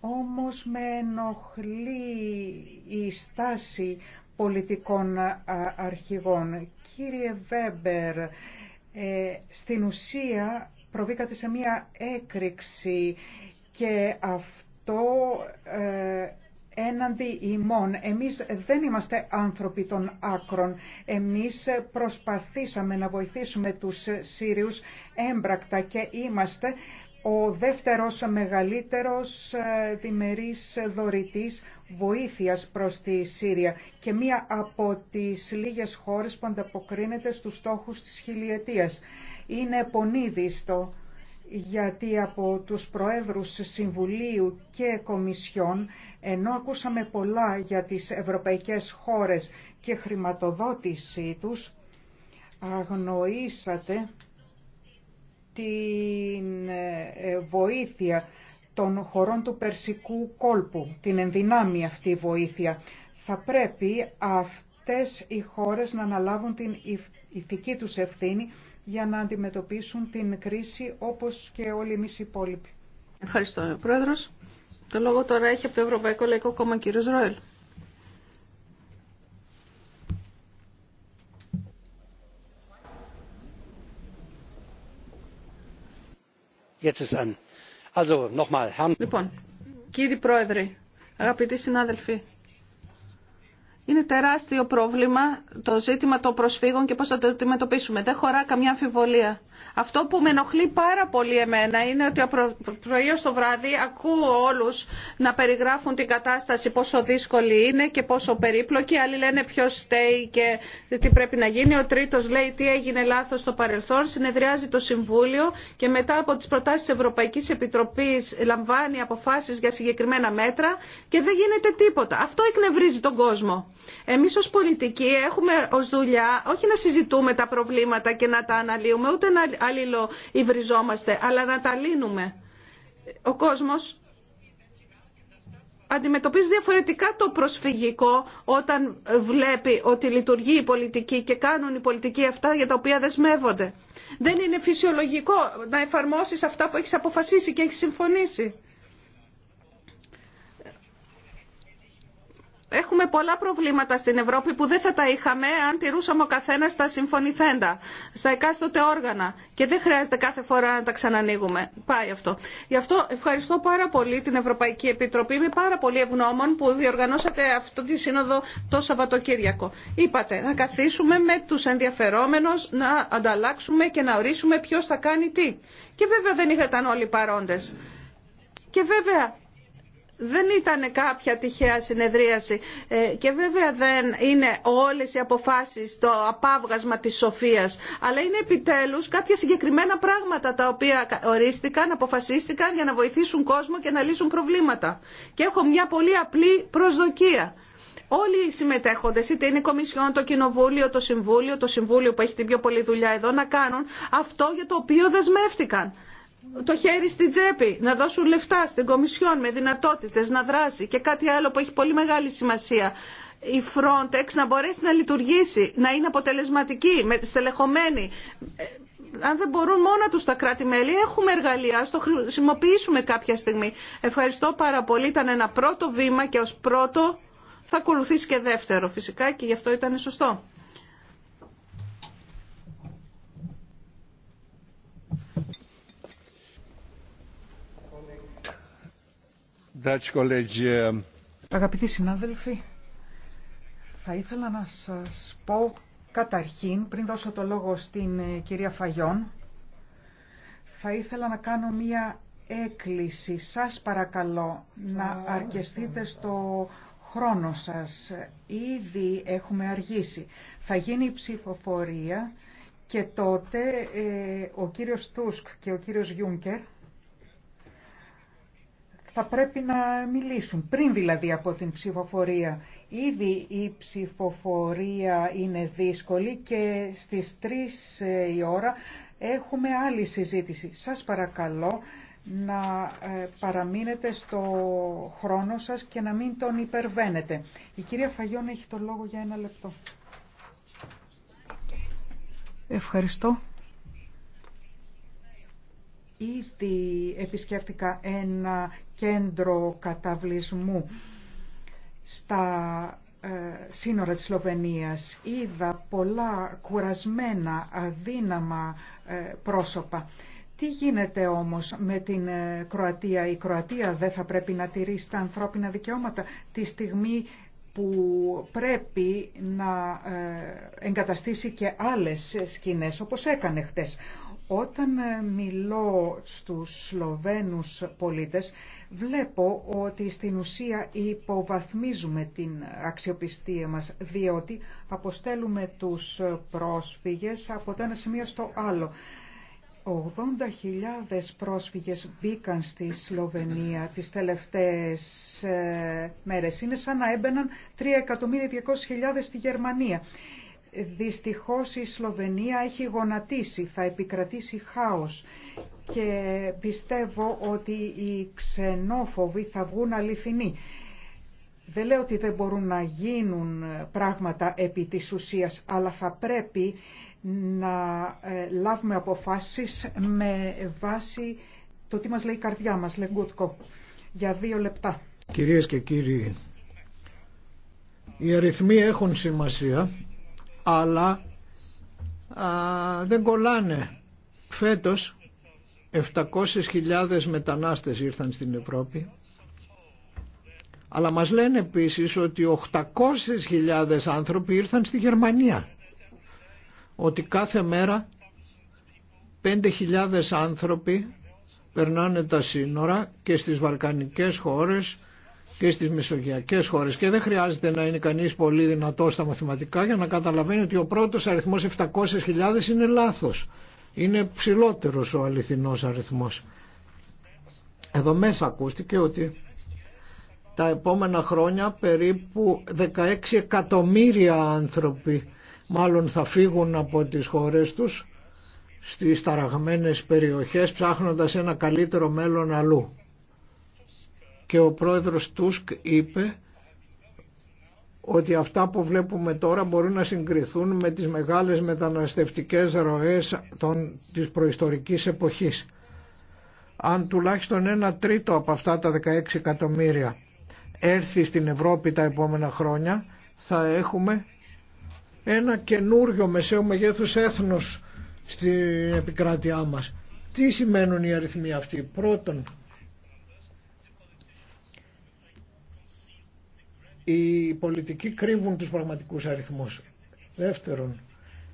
Όμως με ενοχλεί η στάση πολιτικών αρχηγών. Κύριε Βέμπερ, ε, στην ουσία προβήκατε σε μία έκρηξη και αυτό ε, έναντι ημών. Εμείς δεν είμαστε άνθρωποι των άκρων. Εμείς προσπαθήσαμε να βοηθήσουμε τους Σύριους έμπρακτα και είμαστε ο δεύτερος μεγαλύτερος ε, διμερής δωρητής βοήθειας προς τη Σύρια και μία από τις λίγες χώρες που ανταποκρίνεται στους στόχους της χιλιετίας είναι πονίδιστο γιατί από τους Προέδρους Συμβουλίου και Κομισιόν, ενώ ακούσαμε πολλά για τις ευρωπαϊκές χώρες και χρηματοδότησή τους, αγνοήσατε την ε, ε, βοήθεια των χωρών του Περσικού κόλπου, την ενδυνάμει αυτή η βοήθεια. Θα πρέπει αυτές οι χώρες να αναλάβουν την ηθική τους ευθύνη για να αντιμετωπίσουν την κρίση όπως και όλοι εμείς οι υπόλοιποι. Ευχαριστώ, Πρόεδρος. Το λόγο τώρα έχει από το Ευρωπαϊκό Λαϊκό Κόμμα κύριο Ροέλ. Λοιπόν, κύριε Πρόεδρε, αγαπητοί συνάδελφοι, είναι τεράστιο πρόβλημα το ζήτημα των προσφύγων και πώς θα το αντιμετωπίσουμε. Δεν χωρά καμιά αμφιβολία. Αυτό που με ενοχλεί πάρα πολύ εμένα είναι ότι από πρωί ως το βράδυ ακούω όλους να περιγράφουν την κατάσταση πόσο δύσκολη είναι και πόσο περίπλοκη. Άλλοι λένε ποιο στέει και τι πρέπει να γίνει. Ο τρίτος λέει τι έγινε λάθος στο παρελθόν. Συνεδριάζει το Συμβούλιο και μετά από τις προτάσεις Ευρωπαϊκής Επιτροπής λαμβάνει αποφάσεις για συγκεκριμένα μέτρα και δεν γίνεται τίποτα. Αυτό εκνευρίζει τον κόσμο. Εμείς ως πολιτικοί έχουμε ως δουλειά όχι να συζητούμε τα προβλήματα και να τα αναλύουμε, ούτε να αλληλοϊβριζόμαστε, αλλά να τα λύνουμε. Ο κόσμος αντιμετωπίζει διαφορετικά το προσφυγικό όταν βλέπει ότι λειτουργεί η πολιτική και κάνουν οι πολιτικοί αυτά για τα οποία δεσμεύονται. Δεν είναι φυσιολογικό να εφαρμόσεις αυτά που έχεις αποφασίσει και έχεις συμφωνήσει. Έχουμε πολλά προβλήματα στην Ευρώπη που δεν θα τα είχαμε αν τηρούσαμε ο καθένα στα συμφωνηθέντα, στα εκάστοτε όργανα. Και δεν χρειάζεται κάθε φορά να τα ξανανοίγουμε. Πάει αυτό. Γι' αυτό ευχαριστώ πάρα πολύ την Ευρωπαϊκή Επιτροπή. Είμαι πάρα πολύ ευγνώμων που διοργανώσατε αυτό τη σύνοδο το Σαββατοκύριακο. Είπατε να καθίσουμε με του ενδιαφερόμενου, να ανταλλάξουμε και να ορίσουμε ποιο θα κάνει τι. Και βέβαια δεν είχαν όλοι παρόντε. Και βέβαια δεν ήταν κάποια τυχαία συνεδρίαση ε, και βέβαια δεν είναι όλες οι αποφάσεις το απάβγασμα της σοφίας αλλά είναι επιτέλους κάποια συγκεκριμένα πράγματα τα οποία ορίστηκαν, αποφασίστηκαν για να βοηθήσουν κόσμο και να λύσουν προβλήματα και έχω μια πολύ απλή προσδοκία όλοι οι συμμετέχοντες, είτε είναι η Κομισιόν, το Κοινοβούλιο, το Συμβούλιο, το Συμβούλιο που έχει την πιο πολλή δουλειά εδώ, να κάνουν αυτό για το οποίο δεσμεύτηκαν το χέρι στην τσέπη, να δώσουν λεφτά στην Κομισιόν με δυνατότητες να δράσει και κάτι άλλο που έχει πολύ μεγάλη σημασία. Η Frontex να μπορέσει να λειτουργήσει, να είναι αποτελεσματική, με στελεχωμένη. Ε, αν δεν μπορούν μόνα τους τα κράτη-μέλη, έχουμε εργαλεία, ας το χρησιμοποιήσουμε κάποια στιγμή. Ευχαριστώ πάρα πολύ, ήταν ένα πρώτο βήμα και ως πρώτο θα ακολουθήσει και δεύτερο φυσικά και γι' αυτό ήταν σωστό. Ε, Αγαπητοί συνάδελφοι, θα ήθελα να σας πω καταρχήν, πριν δώσω το λόγο στην ε, κυρία Φαγιόν, θα ήθελα να κάνω μία έκκληση. Σας παρακαλώ να αρκεστείτε στο χρόνο σας. Ήδη έχουμε αργήσει. Θα γίνει η ψηφοφορία και τότε ε, ο κύριος Τούσκ και ο κύριος Γιούνκερ θα πρέπει να μιλήσουν, πριν δηλαδή από την ψηφοφορία. Ήδη η ψηφοφορία είναι δύσκολη και στις 3 ε, η ώρα έχουμε άλλη συζήτηση. Σας παρακαλώ να ε, παραμείνετε στο χρόνο σας και να μην τον υπερβαίνετε. Η κυρία Φαγιών έχει το λόγο για ένα λεπτό. Ευχαριστώ. Ήδη επισκέφτηκα ένα κέντρο καταβλισμού στα ε, σύνορα της Σλοβενίας. Είδα πολλά κουρασμένα, αδύναμα ε, πρόσωπα. Τι γίνεται όμως με την ε, Κροατία. Η Κροατία δεν θα πρέπει να τηρήσει τα ανθρώπινα δικαιώματα τη στιγμή που πρέπει να εγκαταστήσει και άλλες σκηνές όπως έκανε χτες. Όταν ε, μιλώ στους Σλοβένους πολίτες, βλέπω ότι στην ουσία υποβαθμίζουμε την αξιοπιστία μας, διότι αποστέλουμε τους πρόσφυγες από το ένα σημείο στο άλλο. 80.000 πρόσφυγες μπήκαν στη Σλοβενία τις τελευταίες ε, μέρες. Είναι σαν να έμπαιναν 3.200.000 στη Γερμανία. Δυστυχώς η Σλοβενία έχει γονατίσει, θα επικρατήσει χάος και πιστεύω ότι οι ξενόφοβοι θα βγουν αληθινοί. Δεν λέω ότι δεν μπορούν να γίνουν πράγματα επί της ουσίας, αλλά θα πρέπει να ε, λάβουμε αποφάσεις με βάση το τι μας λέει η καρδιά μας, Λεγκούτκο, για δύο λεπτά. Κυρίες και κύριοι, οι αριθμοί έχουν σημασία αλλά δεν κολλάνε. Φέτος 700.000 μετανάστες ήρθαν στην Ευρώπη αλλά μας λένε επίσης ότι 800.000 άνθρωποι ήρθαν στη Γερμανία ότι κάθε μέρα 5.000 άνθρωποι περνάνε τα σύνορα και στις βαλκανικές χώρες και στις μεσογειακές χώρες και δεν χρειάζεται να είναι κανείς πολύ δυνατός στα μαθηματικά για να καταλαβαίνει ότι ο πρώτος αριθμός 700.000 είναι λάθος. Είναι ψηλότερος ο αληθινός αριθμός. Εδώ μέσα ακούστηκε ότι τα επόμενα χρόνια περίπου 16 εκατομμύρια άνθρωποι μάλλον θα φύγουν από τις χώρες τους στις ταραγμένες περιοχές ψάχνοντας ένα καλύτερο μέλλον αλλού και ο πρόεδρος Τούσκ είπε ότι αυτά που βλέπουμε τώρα μπορούν να συγκριθούν με τις μεγάλες μεταναστευτικές ροές των, της προϊστορικής εποχής. Αν τουλάχιστον ένα τρίτο από αυτά τα 16 εκατομμύρια έρθει στην Ευρώπη τα επόμενα χρόνια, θα έχουμε ένα καινούριο μεσαίο μεγέθους έθνος στην επικράτειά μας. Τι σημαίνουν οι αριθμοί αυτοί. Πρώτον, οι πολιτικοί κρύβουν τους πραγματικούς αριθμούς. Δεύτερον,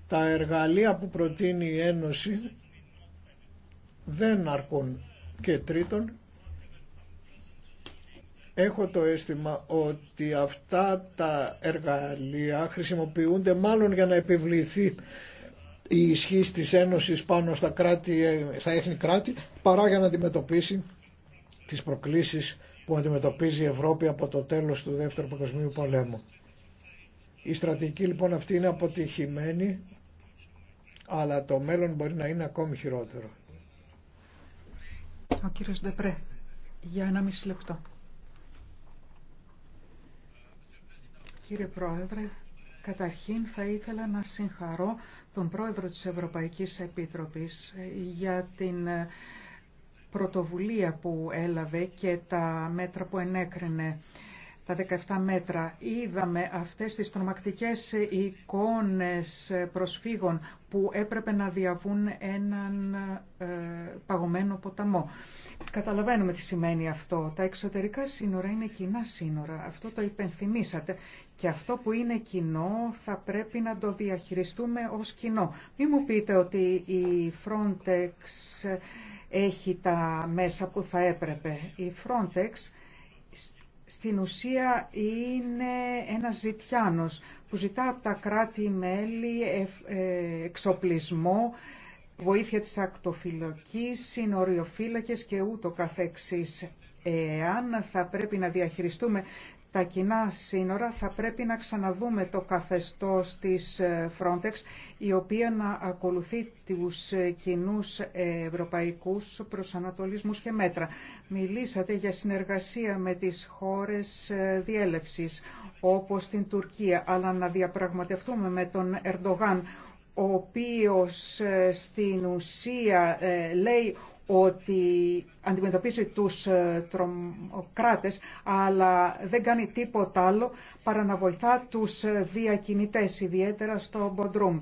τα εργαλεία που προτείνει η Ένωση δεν αρκούν. Και τρίτον, έχω το αίσθημα ότι αυτά τα εργαλεία χρησιμοποιούνται μάλλον για να επιβληθεί η ισχύ της Ένωσης πάνω στα, κράτη, στα έθνη κράτη παρά για να αντιμετωπίσει τις προκλήσεις που αντιμετωπίζει η Ευρώπη από το τέλος του Δεύτερου Παγκοσμίου Πολέμου. Η στρατηγική λοιπόν αυτή είναι αποτυχημένη, αλλά το μέλλον μπορεί να είναι ακόμη χειρότερο. Ο κύριος Ντεπρέ, για ένα μισή λεπτό. Κύριε Πρόεδρε, καταρχήν θα ήθελα να συγχαρώ τον Πρόεδρο της Ευρωπαϊκής Επίτροπης για την πρωτοβουλία που έλαβε και τα μέτρα που ενέκρινε τα 17 μέτρα. Είδαμε αυτές τις τρομακτικές εικόνες προσφύγων που έπρεπε να διαβούν έναν ε, παγωμένο ποταμό. Καταλαβαίνουμε τι σημαίνει αυτό. Τα εξωτερικά σύνορα είναι κοινά σύνορα. Αυτό το υπενθυμίσατε. Και αυτό που είναι κοινό θα πρέπει να το διαχειριστούμε ως κοινό. Μην μου πείτε ότι η Frontex έχει τα μέσα που θα έπρεπε. Η Frontex στην ουσία είναι ένας ζητιάνος που ζητά από τα κράτη-μέλη ε, εξοπλισμό, βοήθεια της ακτοφυλακής, συνοριοφύλακες και ούτω καθεξής. Εάν θα πρέπει να διαχειριστούμε τα κοινά σύνορα θα πρέπει να ξαναδούμε το καθεστώς της ε, Frontex, η οποία να ακολουθεί τους ε, κοινούς ε, ευρωπαϊκούς προσανατολισμούς και μέτρα. Μιλήσατε για συνεργασία με τις χώρες διέλευσης, όπως την Τουρκία, αλλά να διαπραγματευτούμε με τον Ερντογάν, ο οποίος στην ουσία λέει ότι αντιμετωπίζει τους ε, τρομοκράτες, αλλά δεν κάνει τίποτα άλλο παρά να βοηθά τους ε, διακινητές, ιδιαίτερα στο Μποντρούμ.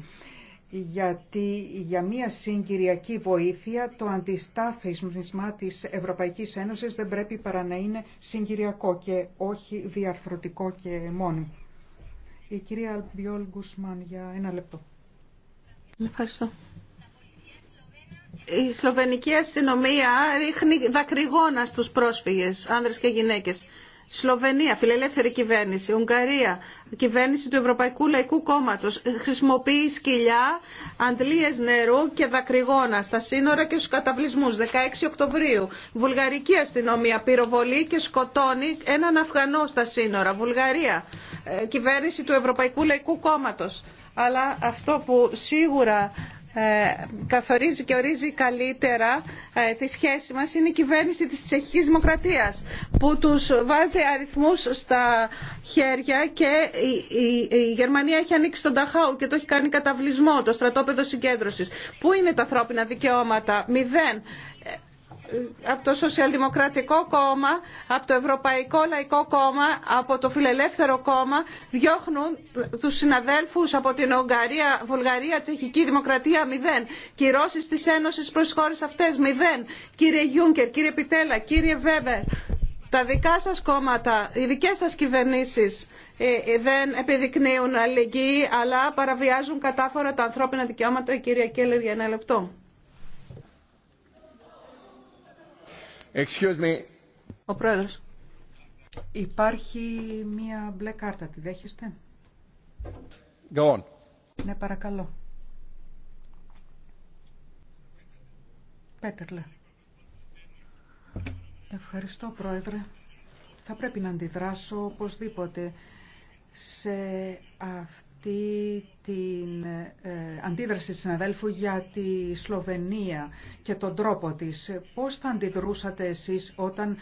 Γιατί για μια συγκυριακή βοήθεια το αντιστάθμισμα της Ευρωπαϊκής Ένωσης δεν πρέπει παρά να είναι συγκυριακό και όχι διαρθρωτικό και μόνο. Η κυρία Αλμπιόλ για ένα λεπτό. Ευχαριστώ η Σλοβενική αστυνομία ρίχνει δακρυγόνα στους πρόσφυγες, άνδρες και γυναίκες. Σλοβενία, φιλελεύθερη κυβέρνηση, Ουγγαρία, κυβέρνηση του Ευρωπαϊκού Λαϊκού Κόμματος, χρησιμοποιεί σκυλιά, αντλίες νερού και δακρυγόνα στα σύνορα και στους καταβλισμούς, 16 Οκτωβρίου. Βουλγαρική αστυνομία πυροβολεί και σκοτώνει έναν Αφγανό στα σύνορα, Βουλγαρία, ε, κυβέρνηση του Ευρωπαϊκού Λαϊκού Κόμματος. Αλλά αυτό που σίγουρα ε, καθορίζει και ορίζει καλύτερα ε, τη σχέση μας είναι η κυβέρνηση της Τσεχικής Δημοκρατίας που τους βάζει αριθμούς στα χέρια και η Γερμανία έχει ανοίξει τον Ταχάου και το έχει κάνει καταβλισμό, το στρατόπεδο συγκέντρωσης. Πού είναι τα ανθρώπινα δικαιώματα, μηδέν από το Σοσιαλδημοκρατικό Κόμμα, από το Ευρωπαϊκό Λαϊκό Κόμμα, από το Φιλελεύθερο Κόμμα διώχνουν τους συναδέλφους από την Ουγγαρία, Βουλγαρία, Τσεχική Δημοκρατία μηδέν. Κυρώσεις της Ένωσης προς χώρες αυτές μηδέν. Κύριε Γιούγκερ, κύριε Πιτέλα, κύριε Βέμπερ. Τα δικά σας κόμματα, οι δικές σας κυβερνήσεις ε, ε, δεν επιδεικνύουν αλληλεγγύη αλλά παραβιάζουν κατάφορα τα ανθρώπινα δικαιώματα. Κύριε Κέλλερ, για ένα λεπτό. Excuse me. Ο πρόεδρος. Υπάρχει μία μπλε κάρτα, τη δέχεστε. Go on. Ναι, παρακαλώ. Πέτερλε. Ευχαριστώ, Πρόεδρε. Θα πρέπει να αντιδράσω οπωσδήποτε σε αυτή αυτή την ε, αντίδραση συναδέλφου για τη Σλοβενία και τον τρόπο της. Πώς θα αντιδρούσατε εσείς όταν,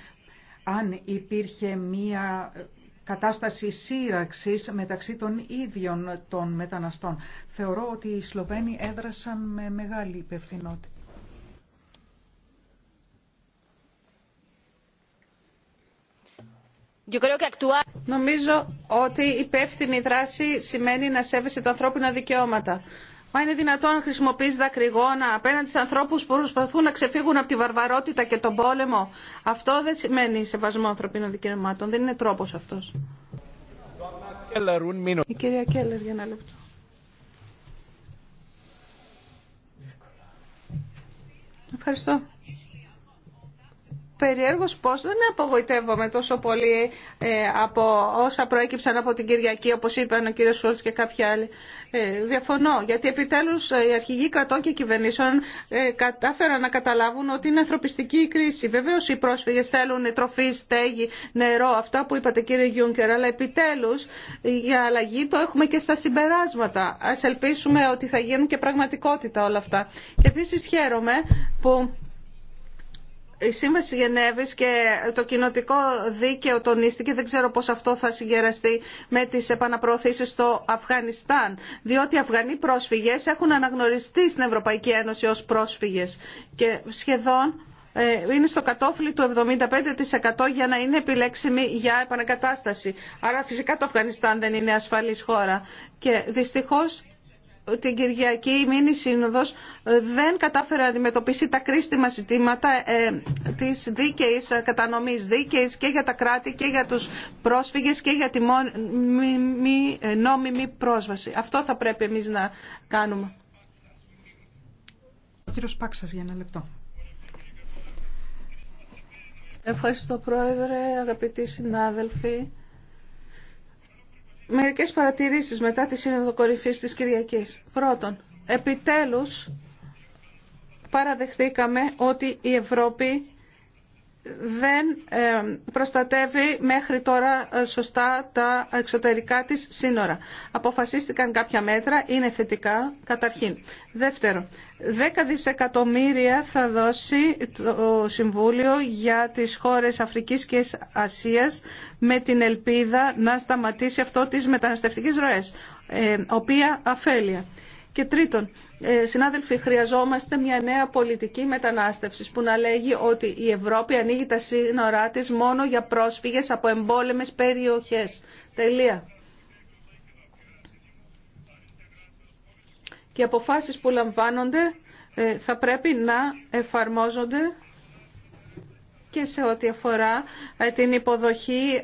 αν υπήρχε μία ε, κατάσταση σύραξης μεταξύ των ίδιων των μεταναστών. Θεωρώ ότι οι Σλοβαίνοι έδρασαν με μεγάλη υπευθυνότητα. Νομίζω ότι υπεύθυνη δράση σημαίνει να σέβεσαι τα ανθρώπινα δικαιώματα. Μα είναι δυνατόν να χρησιμοποιεί δακρυγόνα απέναντι σε ανθρώπου που προσπαθούν να ξεφύγουν από τη βαρβαρότητα και τον πόλεμο. Αυτό δεν σημαίνει σεβασμό ανθρωπίνων δικαιωμάτων. Δεν είναι τρόπο αυτό. Η κυρία Κέλλερ, για ένα λεπτό. Ευχαριστώ περίεργος πώς δεν απογοητεύομαι τόσο πολύ ε, από όσα προέκυψαν από την Κυριακή, όπως είπαν ο κύριος Σόλτς και κάποιοι άλλοι. Ε, διαφωνώ, γιατί επιτέλους ε, οι αρχηγοί κρατών και κυβερνήσεων κατάφεραν να καταλάβουν ότι είναι ανθρωπιστική η κρίση. Βεβαίως οι πρόσφυγες θέλουν τροφή, στέγη, νερό, αυτά που είπατε κύριε Γιούνκερ, αλλά επιτέλους για αλλαγή το έχουμε και στα συμπεράσματα. Ας ελπίσουμε ότι θα γίνουν και πραγματικότητα όλα αυτά. Και επίσης χαίρομαι που η Σύμβαση Γενέβης και το κοινοτικό δίκαιο τονίστηκε, δεν ξέρω πώς αυτό θα συγκεραστεί με τις επαναπροωθήσεις στο Αφγανιστάν, διότι οι Αφγανοί πρόσφυγες έχουν αναγνωριστεί στην Ευρωπαϊκή Ένωση ως πρόσφυγες και σχεδόν ε, είναι στο κατόφλι του 75% για να είναι επιλέξιμη για επανακατάσταση. Άρα φυσικά το Αφγανιστάν δεν είναι ασφαλής χώρα και δυστυχώς την Κυριακή η Μήνη Σύνοδος δεν κατάφερε να αντιμετωπίσει τα κρίσιμα ζητήματα ε, της δίκαιης κατανομής δίκαιης και για τα κράτη και για τους πρόσφυγες και για τη ε, νόμιμη πρόσβαση. Αυτό θα πρέπει εμείς να κάνουμε. κύριος για ένα λεπτό. Ευχαριστώ Πρόεδρε, αγαπητοί συνάδελφοι. Μερικές παρατηρήσεις μετά τη Σύνοδο Κορυφής της Κυριακής. Πρώτον, επιτέλους παραδεχθήκαμε ότι η Ευρώπη δεν ε, προστατεύει μέχρι τώρα ε, σωστά τα εξωτερικά της σύνορα. Αποφασίστηκαν κάποια μέτρα, είναι θετικά καταρχήν. Δεύτερο, 10 δισεκατομμύρια θα δώσει το Συμβούλιο για τις χώρες Αφρικής και Ασίας με την ελπίδα να σταματήσει αυτό τις μεταναστευτικές ροές, ε, οποία αφέλεια. Και τρίτον, ε, συνάδελφοι, χρειαζόμαστε μια νέα πολιτική μετανάστευσης που να λέγει ότι η Ευρώπη ανοίγει τα σύνορά της μόνο για πρόσφυγες από εμπόλεμες περιοχές. Τελεία. Και αποφάσεις που λαμβάνονται ε, θα πρέπει να εφαρμόζονται και σε ό,τι αφορά ε, την υποδοχή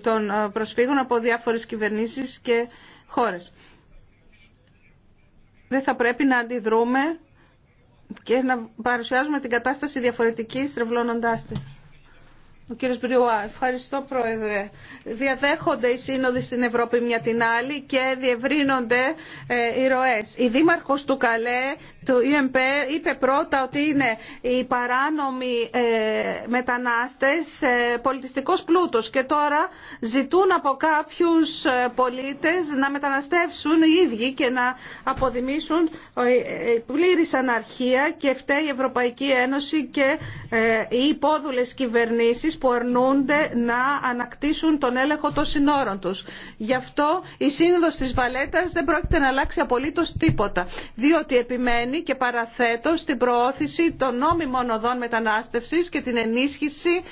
των προσφύγων από διάφορες κυβερνήσεις και χώρες δεν θα πρέπει να αντιδρούμε και να παρουσιάζουμε την κατάσταση διαφορετική στρεβλώνοντάς τη. Ο κύριος Μπριουά, ευχαριστώ Πρόεδρε. Διαδέχονται οι σύνοδοι στην Ευρώπη μια την άλλη και διευρύνονται ε, οι ροές. Η δήμαρχος του Καλέ, του Ι.Μ.Π. είπε πρώτα ότι είναι οι παράνομοι ε, μετανάστες ε, πολιτιστικός πλούτος και τώρα ζητούν από κάποιους πολίτες να μεταναστεύσουν οι ίδιοι και να αποδημήσουν πλήρης αναρχία και φταίει η Ευρωπαϊκή Ένωση και οι υπόδουλες κυβερνήσεις που αρνούνται να ανακτήσουν τον έλεγχο των συνόρων τους. Γι' αυτό η σύνοδος της Βαλέτας δεν πρόκειται να αλλάξει απολύτως τίποτα, διότι επιμένει και παραθέτω στην προώθηση των νόμιμων οδών μετανάστευσης και την ενίσχυση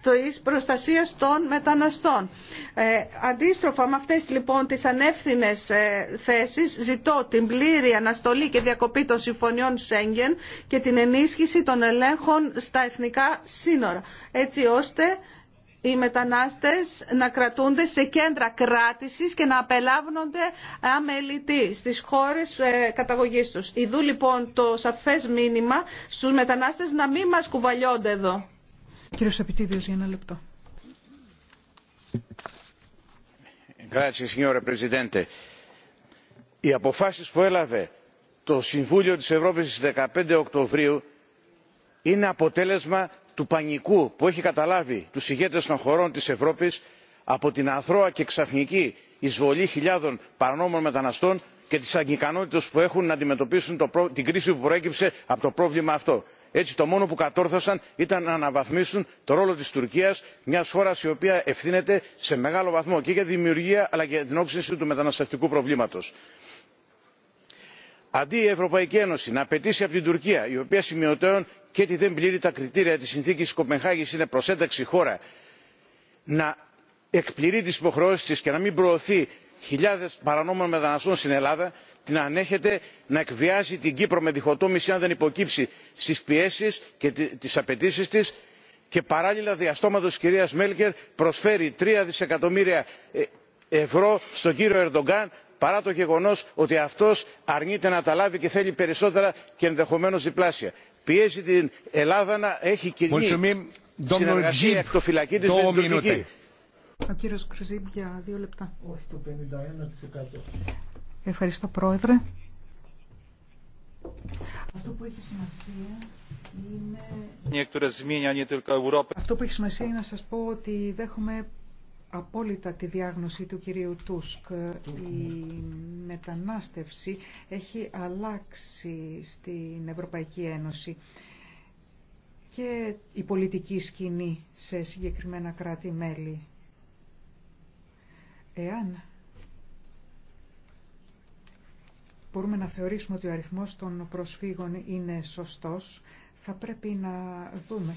της προστασίας των μεταναστών. Ε, αντίστροφα με αυτές λοιπόν τις ανεύθυνες ε, θέσεις ζητώ την πλήρη αναστολή και διακοπή των συμφωνιών Σέγγεν και την ενίσχυση των ελέγχων στα εθνικά σύνορα έτσι ώστε οι μετανάστες να κρατούνται σε κέντρα κράτησης και να απελάβνονται αμελητοί στις χώρες ε, καταγωγής τους. Ιδού λοιπόν το σαφές μήνυμα στους μετανάστες να μην μας κουβαλιώνται εδώ. Κύριος Σαπιτίδιος, για ένα λεπτό. Οι αποφάσεις που έλαβε το Συμβούλιο της Ευρώπης στις 15 Οκτωβρίου είναι αποτέλεσμα του πανικού που έχει καταλάβει τους ηγέτες των χωρών της Ευρώπης από την αθρώα και ξαφνική εισβολή χιλιάδων παρανόμων μεταναστών και τις ανικανότητες που έχουν να αντιμετωπίσουν την κρίση που προέκυψε από το πρόβλημα αυτό έτσι το μόνο που κατόρθωσαν ήταν να αναβαθμίσουν το ρόλο της τουρκίας μιας χώρας η οποία ευθύνεται σε μεγάλο βαθμό και για τη δημιουργία αλλά και για την όξυνση του μεταναστευτικού προβλήματος. αντί η ευρωπαϊκή ένωση να απαιτήσει από την τουρκία η οποία σημειωτέων και ότι δεν πληρεί τα κριτήρια της συνθήκης της κοπενχάγης είναι προς ένταξη χώρα να εκπληρεί τις υποχρεώσεις της και να μην προωθεί χιλιάδες παρανόμων μεταναστών στην ελλάδα την ανέχεται να εκβιάζει την κύπρο με διχοτόμηση αν δεν υποκύψει στις πιέσεις και τις απαιτήσεις της και παράλληλα διαστόματος της κυρίας Μέλκερ προσφέρει 3 δισεκατομμύρια ε, ευρώ στον κύριο ερντογκάν παρά το γεγονός ότι αυτός αρνείται να τα λάβει και θέλει περισσότερα και ενδεχομένως διπλάσια. πιέζει την ελλάδα να έχει κοινή συνεργασία εκτοφυλακή της με την τουρκική. Ευχαριστώ Πρόεδρε. Αυτό που έχει σημασία είναι... Αυτό που έχει σημασία είναι να σας πω ότι δέχομαι απόλυτα τη διάγνωση του κυρίου Τούσκ. Η μετανάστευση έχει αλλάξει στην Ευρωπαϊκή Ένωση και η πολιτική σκηνή σε συγκεκριμένα κράτη-μέλη. Εάν μπορούμε να θεωρήσουμε ότι ο αριθμός των προσφύγων είναι σωστός, θα πρέπει να δούμε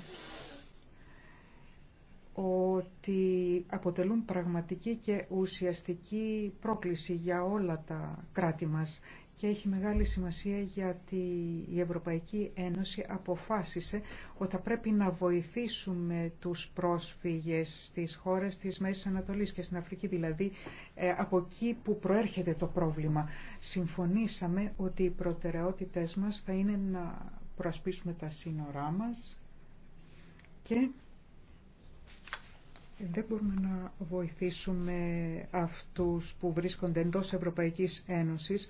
ότι αποτελούν πραγματική και ουσιαστική πρόκληση για όλα τα κράτη μας και έχει μεγάλη σημασία γιατί η Ευρωπαϊκή Ένωση αποφάσισε ότι θα πρέπει να βοηθήσουμε τους πρόσφυγες στις χώρες της Μέσης Ανατολής και στην Αφρική, δηλαδή ε, από εκεί που προέρχεται το πρόβλημα. Συμφωνήσαμε ότι οι προτεραιότητες μας θα είναι να προασπίσουμε τα σύνορά μας και ε, δεν μπορούμε να βοηθήσουμε αυτούς που βρίσκονται εντός Ευρωπαϊκής Ένωσης,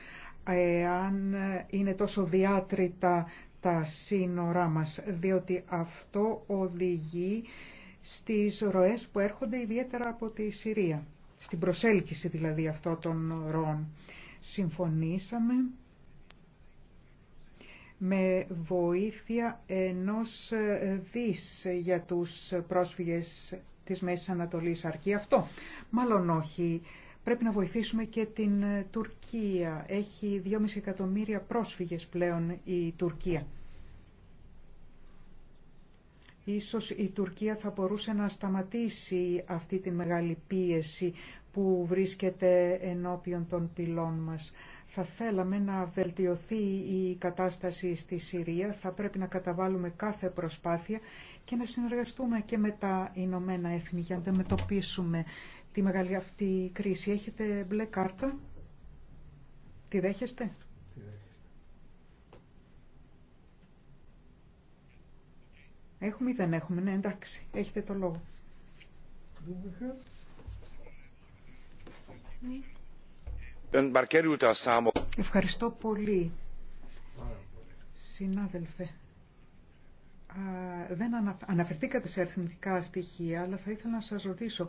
εάν είναι τόσο διάτρητα τα σύνορά μας, διότι αυτό οδηγεί στις ροές που έρχονται ιδιαίτερα από τη Συρία, στην προσέλκυση δηλαδή αυτών των ροών. Συμφωνήσαμε με βοήθεια ενός δις για τους πρόσφυγες της Μέσης Ανατολής. Αρκεί αυτό. Μάλλον όχι. Πρέπει να βοηθήσουμε και την ε, Τουρκία. Έχει 2,5 εκατομμύρια πρόσφυγες πλέον η Τουρκία. Ίσως η Τουρκία θα μπορούσε να σταματήσει αυτή τη μεγάλη πίεση που βρίσκεται ενώπιον των πυλών μας. Θα θέλαμε να βελτιωθεί η κατάσταση στη Συρία, θα πρέπει να καταβάλουμε κάθε προσπάθεια και να συνεργαστούμε και με τα Ηνωμένα Έθνη για να αντιμετωπίσουμε τη μεγάλη αυτή κρίση. Έχετε μπλε κάρτα. Τη δέχεστε. Έχουμε ή δεν έχουμε. Ναι, εντάξει. Έχετε το λόγο. Ευχαριστώ πολύ, συνάδελφε. Δεν αναφερθήκατε σε αριθμητικά στοιχεία, αλλά θα ήθελα να σας ρωτήσω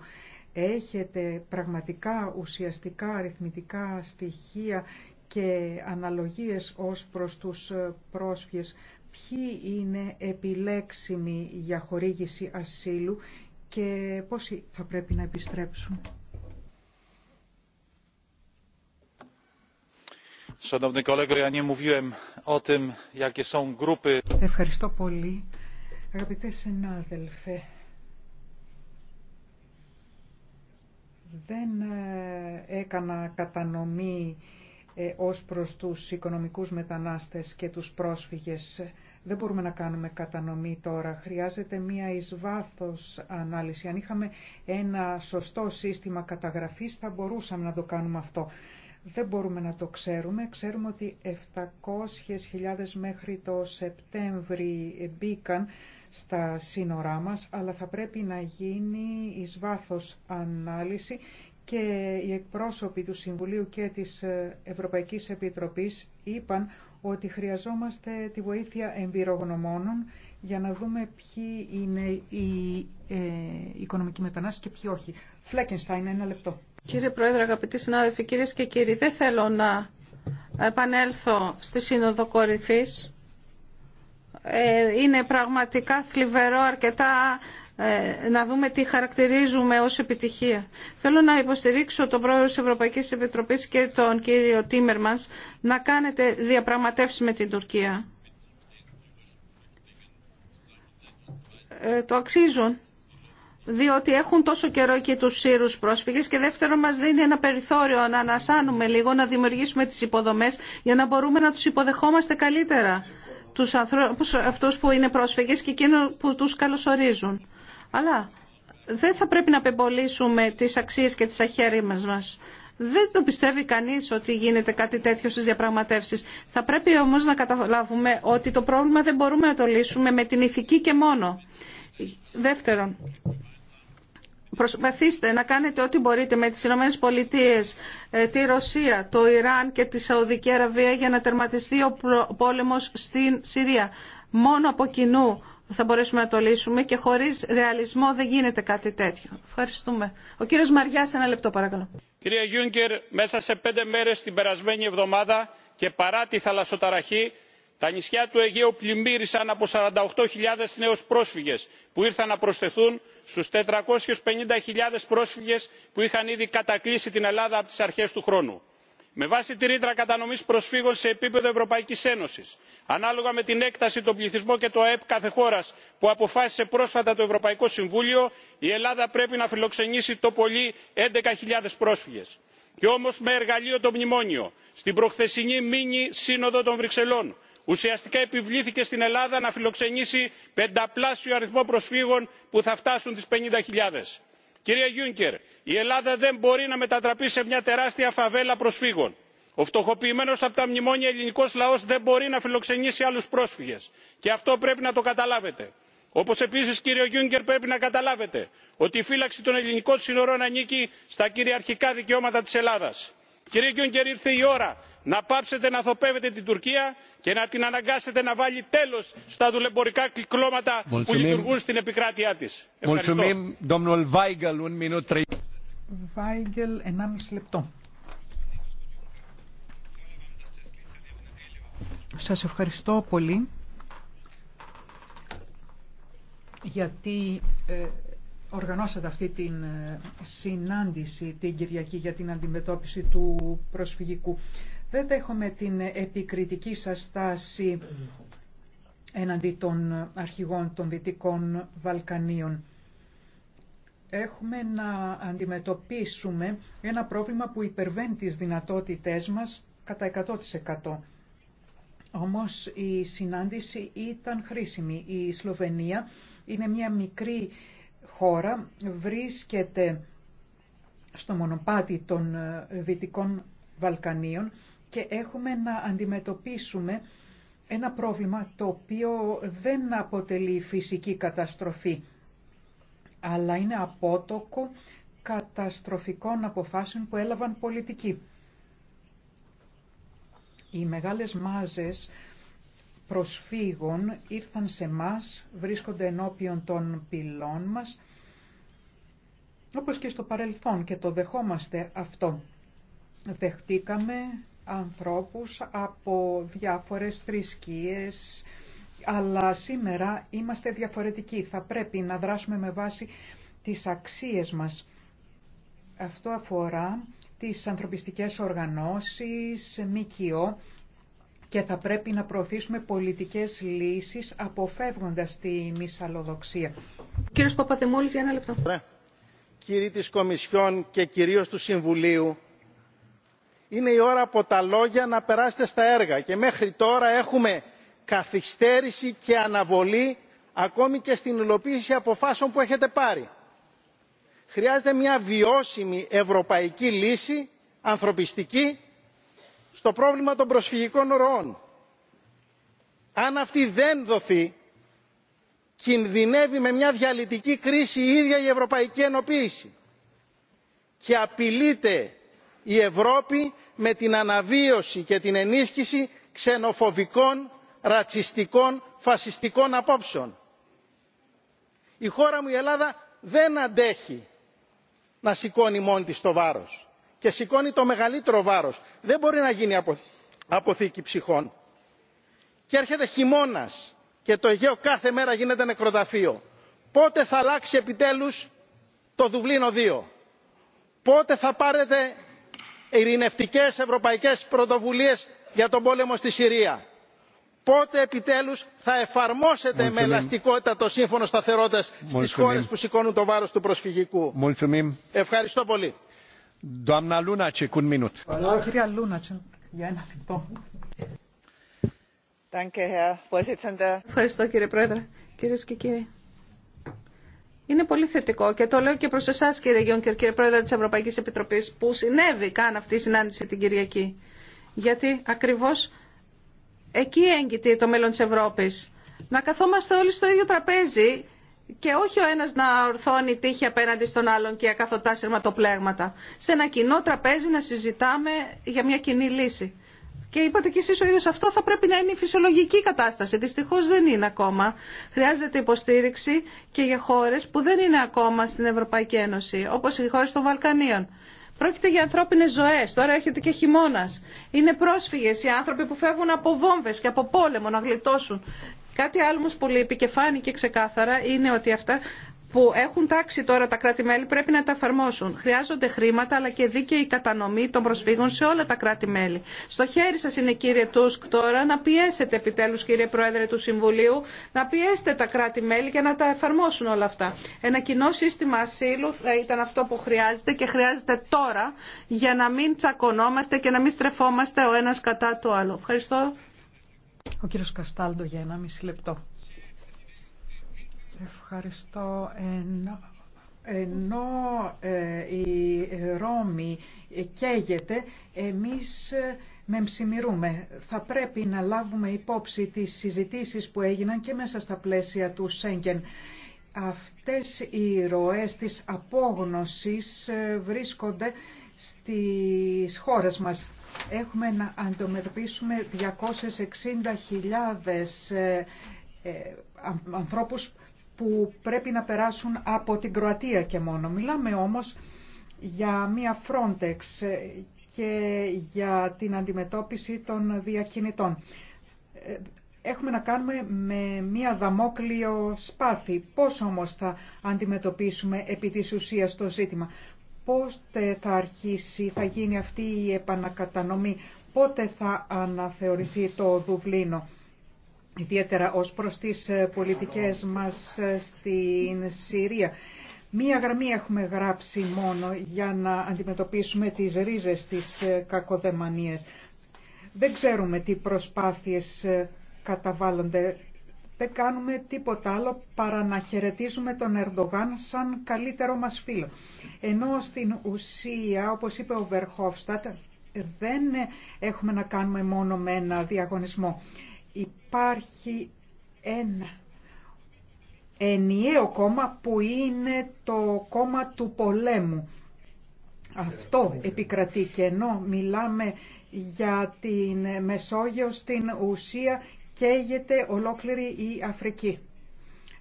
έχετε πραγματικά ουσιαστικά αριθμητικά στοιχεία και αναλογίες ως προς τους ε, πρόσφυγες, ποιοι είναι επιλέξιμοι για χορήγηση ασύλου και πόσοι θα πρέπει να επιστρέψουν. Ευχαριστώ πολύ. Αγαπητέ συνάδελφε, δεν ε, έκανα κατανομή ε, ως προς τους οικονομικούς μετανάστες και τους πρόσφυγες. Δεν μπορούμε να κάνουμε κατανομή τώρα. Χρειάζεται μία εις βάθος ανάλυση. Αν είχαμε ένα σωστό σύστημα καταγραφής θα μπορούσαμε να το κάνουμε αυτό. Δεν μπορούμε να το ξέρουμε. Ξέρουμε ότι 700.000 μέχρι το Σεπτέμβρη μπήκαν στα σύνορά μας, αλλά θα πρέπει να γίνει εις βάθος ανάλυση και οι εκπρόσωποι του Συμβουλίου και της Ευρωπαϊκής Επιτροπής είπαν ότι χρειαζόμαστε τη βοήθεια εμπειρογνωμόνων για να δούμε ποιοι είναι οι ε, οικονομικοί μετανάστες και ποιοι όχι. Φλέκενστάιν, ένα λεπτό. Κύριε Πρόεδρε, αγαπητοί συνάδελφοι, κυρίες και κύριοι, δεν θέλω να επανέλθω στη Σύνοδο Κορυφής ε, είναι πραγματικά θλιβερό αρκετά ε, να δούμε τι χαρακτηρίζουμε ως επιτυχία. Θέλω να υποστηρίξω τον πρόεδρο της Ευρωπαϊκής Επιτροπής και τον κύριο Τίμερμανς να κάνετε διαπραγματεύσεις με την Τουρκία. Ε, το αξίζουν διότι έχουν τόσο καιρό εκεί τους Σύρους πρόσφυγες και δεύτερον μας δίνει ένα περιθώριο να ανασάνουμε λίγο, να δημιουργήσουμε τις υποδομές για να μπορούμε να τους υποδεχόμαστε καλύτερα τους ανθρώπους αυτούς που είναι πρόσφυγες και εκείνους που τους καλωσορίζουν. Αλλά δεν θα πρέπει να απεμπολίσουμε τις αξίες και τις αχαίριμες μας. Δεν το πιστεύει κανείς ότι γίνεται κάτι τέτοιο στις διαπραγματεύσεις. Θα πρέπει όμως να καταλάβουμε ότι το πρόβλημα δεν μπορούμε να το λύσουμε με την ηθική και μόνο. Δεύτερον, Προσπαθήστε να κάνετε ό,τι μπορείτε με τις Ηνωμένες Πολιτείες, ε, τη Ρωσία, το Ιράν και τη Σαουδική Αραβία για να τερματιστεί ο πόλεμος στην Συρία. Μόνο από κοινού θα μπορέσουμε να το λύσουμε και χωρίς ρεαλισμό δεν γίνεται κάτι τέτοιο. Ευχαριστούμε. Ο κύριος Μαριάς, ένα λεπτό παρακαλώ. Κύριε Γιούγκερ, μέσα σε πέντε μέρες την περασμένη εβδομάδα και παρά τη θαλασσοταραχή τα νησιά του αιγαίου πλημμύρισαν από 48.000 νέους πρόσφυγες που ήρθαν να προσθεθούν στους 450.000 πρόσφυγες που είχαν ήδη κατακλείσει την Ελλάδα από τις αρχές του χρόνου. Με βάση τη ρήτρα κατανομής προσφύγων σε επίπεδο Ευρωπαϊκής Ένωσης, ανάλογα με την έκταση, τον πληθυσμό και το ΑΕΠ κάθε χώρας που αποφάσισε πρόσφατα το Ευρωπαϊκό Συμβούλιο, η Ελλάδα πρέπει να φιλοξενήσει το πολύ 11.000 πρόσφυγες. Και όμως με εργαλείο το μνημόνιο, στην προχθεσινή μίνι σύνοδο των Βρυξελών, ουσιαστικά επιβλήθηκε στην ελλάδα να φιλοξενήσει πενταπλάσιο αριθμό προσφύγων που θα φτάσουν τις. πενήντα χιλιάδες κύριε juncker η ελλάδα δεν μπορεί να μετατραπεί σε μια τεράστια φαβέλα προσφύγων. ο φτωχοποιημένος από τα μνημόνια ελληνικός λαός δεν μπορεί να φιλοξενήσει άλλους πρόσφυγες και αυτό πρέπει να το καταλάβετε. όπως επίσης κύριε juncker πρέπει να καταλάβετε ότι η φύλαξη των ελληνικών σύνορων ανήκει στα κυριαρχικά δικαιώματα της ελλάδας. κύριε juncker ήρθε η ώρα να πάψετε να θοπεύετε την τουρκία και να την αναγκάσετε να βάλει τέλος στα δουλεμπορικά κυκλώματα που λειτουργούν στην επικράτειά της. Σας ευχαριστώ πολύ γιατί ε, οργανώσατε αυτή την ε, συνάντηση την Κυριακή για την αντιμετώπιση του προσφυγικού. Δεν δέχομαι την επικριτική σας στάση εναντί των αρχηγών των Δυτικών Βαλκανίων. Έχουμε να αντιμετωπίσουμε ένα πρόβλημα που υπερβαίνει τις δυνατότητές μας κατά 100%. Όμως η συνάντηση ήταν χρήσιμη. Η Σλοβενία είναι μια μικρή χώρα, βρίσκεται στο μονοπάτι των Δυτικών Βαλκανίων και έχουμε να αντιμετωπίσουμε ένα πρόβλημα το οποίο δεν αποτελεί φυσική καταστροφή, αλλά είναι απότοκο καταστροφικών αποφάσεων που έλαβαν πολιτικοί. Οι μεγάλες μάζες προσφύγων ήρθαν σε μας, βρίσκονται ενώπιον των πυλών μας, όπως και στο παρελθόν και το δεχόμαστε αυτό. Δεχτήκαμε ανθρώπους από διάφορες θρησκείες, αλλά σήμερα είμαστε διαφορετικοί. Θα πρέπει να δράσουμε με βάση τις αξίες μας. Αυτό αφορά τις ανθρωπιστικές οργανώσεις, ΜΚΟ και θα πρέπει να προωθήσουμε πολιτικές λύσεις αποφεύγοντας τη μυσαλλοδοξία. Κύριος Παπαδεμόλης, για ένα λεπτό. Ναι. Κύριοι της Κομισιόν και κυρίως του Συμβουλίου, είναι η ώρα από τα λόγια να περάσετε στα έργα και μέχρι τώρα έχουμε καθυστέρηση και αναβολή ακόμη και στην υλοποίηση αποφάσεων που έχετε πάρει. χρειάζεται μια βιώσιμη ευρωπαϊκή λύση ανθρωπιστική στο πρόβλημα των προσφυγικών ροών. αν αυτή δεν δοθεί κινδυνεύει με μια διαλυτική κρίση η ίδια η ευρωπαϊκή ενοποίηση και απειλείται η ευρώπη με την αναβίωση και την ενίσχυση ξενοφοβικών ρατσιστικών φασιστικών απόψεων. η χώρα μου η ελλάδα δεν αντέχει να σηκώνει μόνη της το βάρος και σηκώνει το μεγαλύτερο βάρος. δεν μπορεί να γίνει αποθήκη ψυχών. και έρχεται χειμώνας και το αιγαίο κάθε μέρα γίνεται νεκροταφείο. πότε θα αλλάξει επιτέλους το δουβλίνο 2. πότε θα πάρετε ειρηνευτικές ευρωπαϊκές πρωτοβουλίες για τον πόλεμο στη Συρία. Πότε επιτέλους θα εφαρμόσετε με ελαστικότητα το σύμφωνο σταθερότητας στις χώρες που σηκώνουν το βάρος του προσφυγικού. Ευχαριστώ πολύ. Ευχαριστώ κύριε Πρόεδρε. και είναι πολύ θετικό και το λέω και προς εσά, κύριε Γιόνκερ, κύριε Πρόεδρε της Ευρωπαϊκής Επιτροπής που συνέβη καν αυτή η συνάντηση την Κυριακή. Γιατί ακριβώς εκεί έγκυται το μέλλον της Ευρώπης. Να καθόμαστε όλοι στο ίδιο τραπέζι και όχι ο ένας να ορθώνει τύχη απέναντι στον άλλον και ακαθωτά σειρματοπλέγματα. Σε ένα κοινό τραπέζι να συζητάμε για μια κοινή λύση. Και είπατε κι εσείς ο ίδιος αυτό θα πρέπει να είναι η φυσιολογική κατάσταση. Δυστυχώς δεν είναι ακόμα. Χρειάζεται υποστήριξη και για χώρες που δεν είναι ακόμα στην Ευρωπαϊκή Ένωση, όπως οι χώρες των Βαλκανίων. Πρόκειται για ανθρώπινες ζωές. Τώρα έρχεται και χειμώνα. Είναι πρόσφυγες οι άνθρωποι που φεύγουν από βόμβες και από πόλεμο να γλιτώσουν. Κάτι άλλο που λείπει και φάνηκε ξεκάθαρα είναι ότι αυτά που έχουν τάξει τώρα τα κράτη-μέλη πρέπει να τα εφαρμόσουν. Χρειάζονται χρήματα αλλά και δίκαιη κατανομή των προσφύγων σε όλα τα κράτη-μέλη. Στο χέρι σα, είναι κύριε Τούσκ τώρα να πιέσετε επιτέλου, κύριε Πρόεδρε του Συμβουλίου να πιέσετε τα κράτη-μέλη και να τα εφαρμόσουν όλα αυτά. Ένα κοινό σύστημα ασύλου θα ήταν αυτό που χρειάζεται και χρειάζεται τώρα για να μην τσακωνόμαστε και να μην στρεφόμαστε ο ένα κατά το άλλο. Ευχαριστώ. Ο κύριος Καστάλντο για ένα μισή λεπτό. Ευχαριστώ. Ενώ, ενώ ε, η Ρώμη καίγεται, εμείς ε, με Θα πρέπει να λάβουμε υπόψη τις συζητήσεις που έγιναν και μέσα στα πλαίσια του Σέγγεν. Αυτές οι ροές της απόγνωσης ε, βρίσκονται στις χώρες μας. Έχουμε να αντιμετωπίσουμε 260.000 ε, ανθρώπους που πρέπει να περάσουν από την Κροατία και μόνο. Μιλάμε όμως για μία Frontex και για την αντιμετώπιση των διακινητών. Ε, έχουμε να κάνουμε με μία δαμόκλειο σπάθη. Πώς όμως θα αντιμετωπίσουμε επί της ουσίας το ζήτημα. Πότε θα αρχίσει, θα γίνει αυτή η επανακατανομή. Πότε θα αναθεωρηθεί το Δουβλίνο ιδιαίτερα ως προς τις ε, πολιτικές μας ε, στην Συρία. Μία γραμμή έχουμε γράψει μόνο για να αντιμετωπίσουμε τις ρίζες της ε, κακοδεμανίας. Δεν ξέρουμε τι προσπάθειες καταβάλλονται. Δεν κάνουμε τίποτα άλλο παρά να χαιρετίζουμε τον Ερντογάν σαν καλύτερο μας φίλο. Ενώ στην ουσία, όπως είπε ο Βερχόφστατ, δεν έχουμε να κάνουμε μόνο με ένα διαγωνισμό υπάρχει ένα ενιαίο κόμμα που είναι το κόμμα του πολέμου. Αυτό επικρατεί και ενώ μιλάμε για την Μεσόγειο στην ουσία καίγεται ολόκληρη η Αφρική.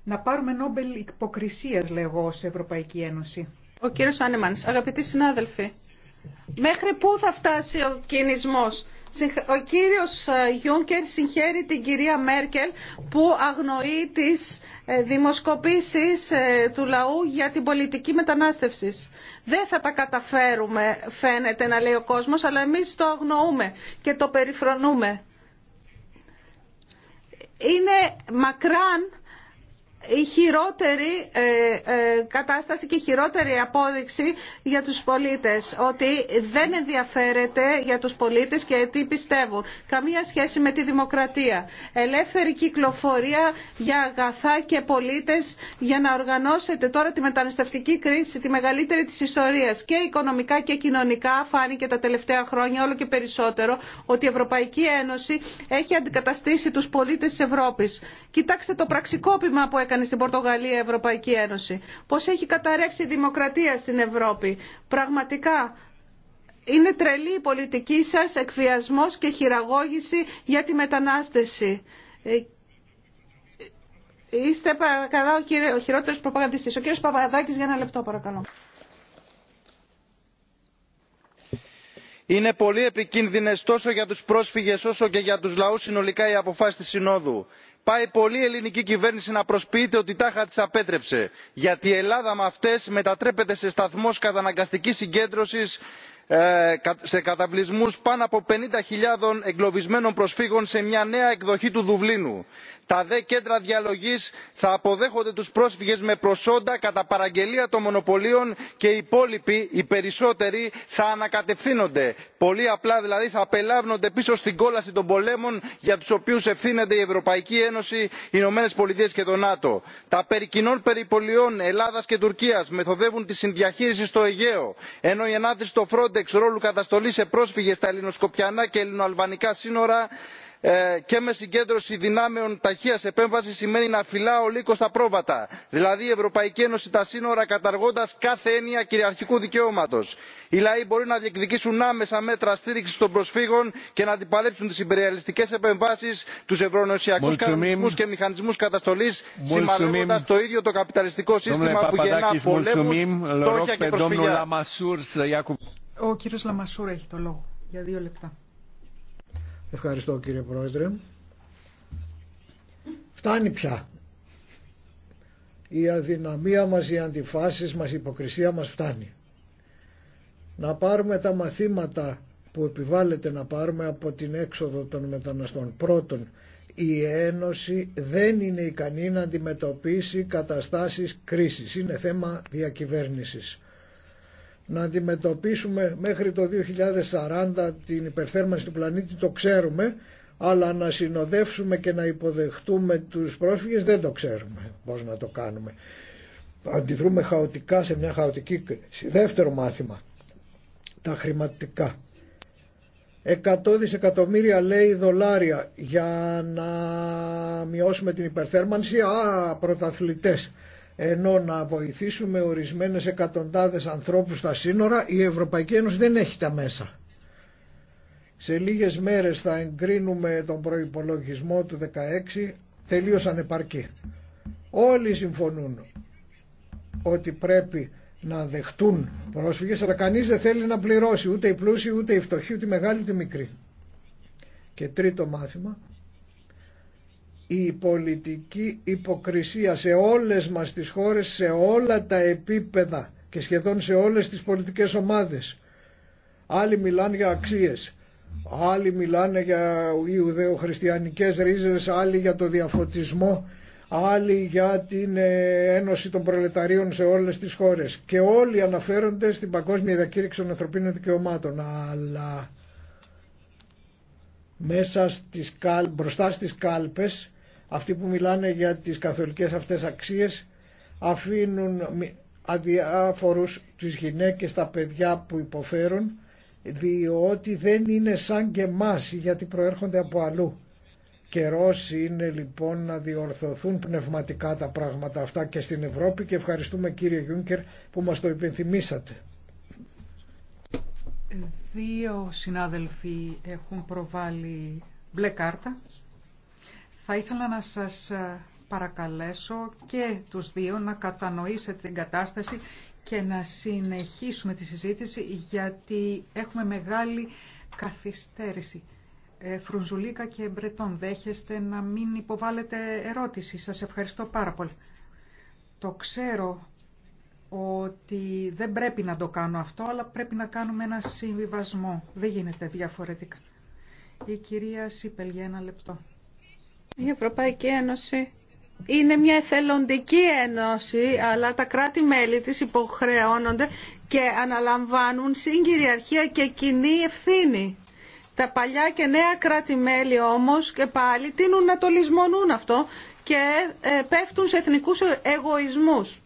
Να πάρουμε νόμπελ υποκρισίας λέγω ως Ευρωπαϊκή Ένωση. Ο κύριος Άνεμανς, αγαπητοί συνάδελφοι, μέχρι πού θα φτάσει ο κινησμός ο κύριος ε, Γιούνκερ συγχαίρει την κυρία Μέρκελ που αγνοεί τις ε, δημοσκοπήσεις ε, του λαού για την πολιτική μετανάστευση. Δεν θα τα καταφέρουμε φαίνεται να λέει ο κόσμος, αλλά εμείς το αγνοούμε και το περιφρονούμε. Είναι μακράν η χειρότερη ε, ε, κατάσταση και η χειρότερη απόδειξη για τους πολίτες ότι δεν ενδιαφέρεται για τους πολίτες και τι πιστεύουν. Καμία σχέση με τη δημοκρατία. Ελεύθερη κυκλοφορία για αγαθά και πολίτες για να οργανώσετε τώρα τη μεταναστευτική κρίση, τη μεγαλύτερη της ιστορίας και οικονομικά και κοινωνικά φάνηκε τα τελευταία χρόνια όλο και περισσότερο ότι η Ευρωπαϊκή Ένωση έχει αντικαταστήσει τους πολίτες της Ευρώπης. Κοιτάξτε το πραξικόπημα που έκανε στην Πορτογαλία η Ευρωπαϊκή Ένωση. Πώς έχει καταρρεύσει η δημοκρατία στην Ευρώπη. Πραγματικά είναι τρελή η πολιτική σας εκφιασμός και χειραγώγηση για τη μετανάστευση. Ε, είστε παρακαλώ ο, κύριε, ο χειρότερος προπαγανδιστής. Ο κύριος Παπαδάκης για ένα λεπτό παρακαλώ. είναι πολύ επικίνδυνες τόσο για τους πρόσφυγες όσο και για τους λαούς συνολικά η αποφάσεις της συνόδου πάει πολύ η ελληνική κυβέρνηση να προσποιείται ότι τάχα τις απέτρεψε γιατί η ελλάδα με αυτές μετατρέπεται σε σταθμός καταναγκαστικής συγκέντρωσης ε, σε καταβλισμούς πάνω από πενήντα εγκλωβισμένων προσφύγων σε μια νέα εκδοχή του δουβλίνου τα δε κέντρα διαλογής θα αποδέχονται τους πρόσφυγες με προσόντα κατά παραγγελία των μονοπωλίων και οι υπόλοιποι οι περισσότεροι θα ανακατευθύνονται πολύ απλά δηλαδή θα απελάβνονται πίσω στην κόλαση των πολέμων για τους οποίους ευθύνεται η ευρωπαϊκή ένωση οι ηνωμένες πολιτείες και το νατο. τα περί κοινών περιπολιών ελλάδας και τουρκίας μεθοδεύουν τη συνδιαχείριση στο αιγαίο ενώ η ανάθεση στο frontex ρόλου καταστολή σε πρόσφυγες στα ελληνοσκοπιανά και ελληνοαλβανικά σύνορα ε, και με συγκέντρωση δυνάμεων ταχεία επέμβαση σημαίνει να φυλά ο λύκος τα πρόβατα δηλαδή η ευρωπαϊκή ένωση τα σύνορα καταργώντα κάθε έννοια κυριαρχικού δικαιώματο. οι λαοί μπορεί να διεκδικήσουν άμεσα μέτρα στήριξη των προσφύγων και να αντιπαλέψουν τι υπεριαλιστικέ επεμβάσει του ευρωνοσιακού κανονισμού και μηχανισμού καταστολή σημαδεύοντα το ίδιο το καπιταλιστικό σύστημα που γεννά πολέμου φτώχεια και προσφυγιά. Ευχαριστώ κύριε Πρόεδρε. Φτάνει πια. Η αδυναμία μας, οι αντιφάσεις μας, η υποκρισία μας φτάνει. Να πάρουμε τα μαθήματα που επιβάλλεται να πάρουμε από την έξοδο των μεταναστών. Πρώτον, η Ένωση δεν είναι ικανή να αντιμετωπίσει καταστάσεις κρίσης. Είναι θέμα διακυβέρνησης να αντιμετωπίσουμε μέχρι το 2040 την υπερθέρμανση του πλανήτη το ξέρουμε αλλά να συνοδεύσουμε και να υποδεχτούμε τους πρόσφυγες δεν το ξέρουμε πώς να το κάνουμε. Αντιδρούμε χαοτικά σε μια χαοτική κρίση. Δεύτερο μάθημα, τα χρηματικά. 100 δισεκατομμύρια λέει δολάρια για να μειώσουμε την υπερθέρμανση, α, πρωταθλητές ενώ να βοηθήσουμε ορισμένες εκατοντάδες ανθρώπους στα σύνορα η Ευρωπαϊκή Ένωση δεν έχει τα μέσα. Σε λίγες μέρες θα εγκρίνουμε τον προϋπολογισμό του 16 τελείως ανεπαρκή. Όλοι συμφωνούν ότι πρέπει να δεχτούν πρόσφυγες, αλλά κανείς δεν θέλει να πληρώσει ούτε οι πλούσιοι, ούτε οι φτωχοί, ούτε οι μεγάλοι, ούτε Και τρίτο μάθημα, η πολιτική υποκρισία σε όλες μας τις χώρες, σε όλα τα επίπεδα και σχεδόν σε όλες τις πολιτικές ομάδες. Άλλοι μιλάνε για αξίες, άλλοι μιλάνε για ιουδαιοχριστιανικές ρίζες, άλλοι για το διαφωτισμό, άλλοι για την ε, ένωση των προλεταρίων σε όλες τις χώρες. Και όλοι αναφέρονται στην παγκόσμια διακήρυξη των ανθρωπίνων δικαιωμάτων. Αλλά μέσα μπροστά στις κάλπες αυτοί που μιλάνε για τις καθολικές αυτές αξίες αφήνουν αδιάφορους τις γυναίκες, τα παιδιά που υποφέρουν διότι δεν είναι σαν και εμάς γιατί προέρχονται από αλλού. Καιρός είναι λοιπόν να διορθωθούν πνευματικά τα πράγματα αυτά και στην Ευρώπη και ευχαριστούμε κύριε Γιούνκερ που μας το υπενθυμίσατε. Δύο συνάδελφοι έχουν προβάλει μπλε κάρτα. Θα ήθελα να σας ε, παρακαλέσω και τους δύο να κατανοήσετε την κατάσταση και να συνεχίσουμε τη συζήτηση γιατί έχουμε μεγάλη καθυστέρηση. Ε, Φρουνζουλίκα και Μπρετών, δέχεστε να μην υποβάλλετε ερώτηση. Σας ευχαριστώ πάρα πολύ. Το ξέρω ότι δεν πρέπει να το κάνω αυτό, αλλά πρέπει να κάνουμε ένα συμβιβασμό. Δεν γίνεται διαφορετικά. Η κυρία Σίπελ για ένα λεπτό. Η Ευρωπαϊκή Ένωση είναι μια εθελοντική ένωση, αλλά τα κράτη-μέλη της υποχρεώνονται και αναλαμβάνουν συγκυριαρχία και κοινή ευθύνη. Τα παλιά και νέα κράτη-μέλη όμως και πάλι τείνουν να το λησμονούν αυτό και ε, πέφτουν σε εθνικούς εγωισμούς.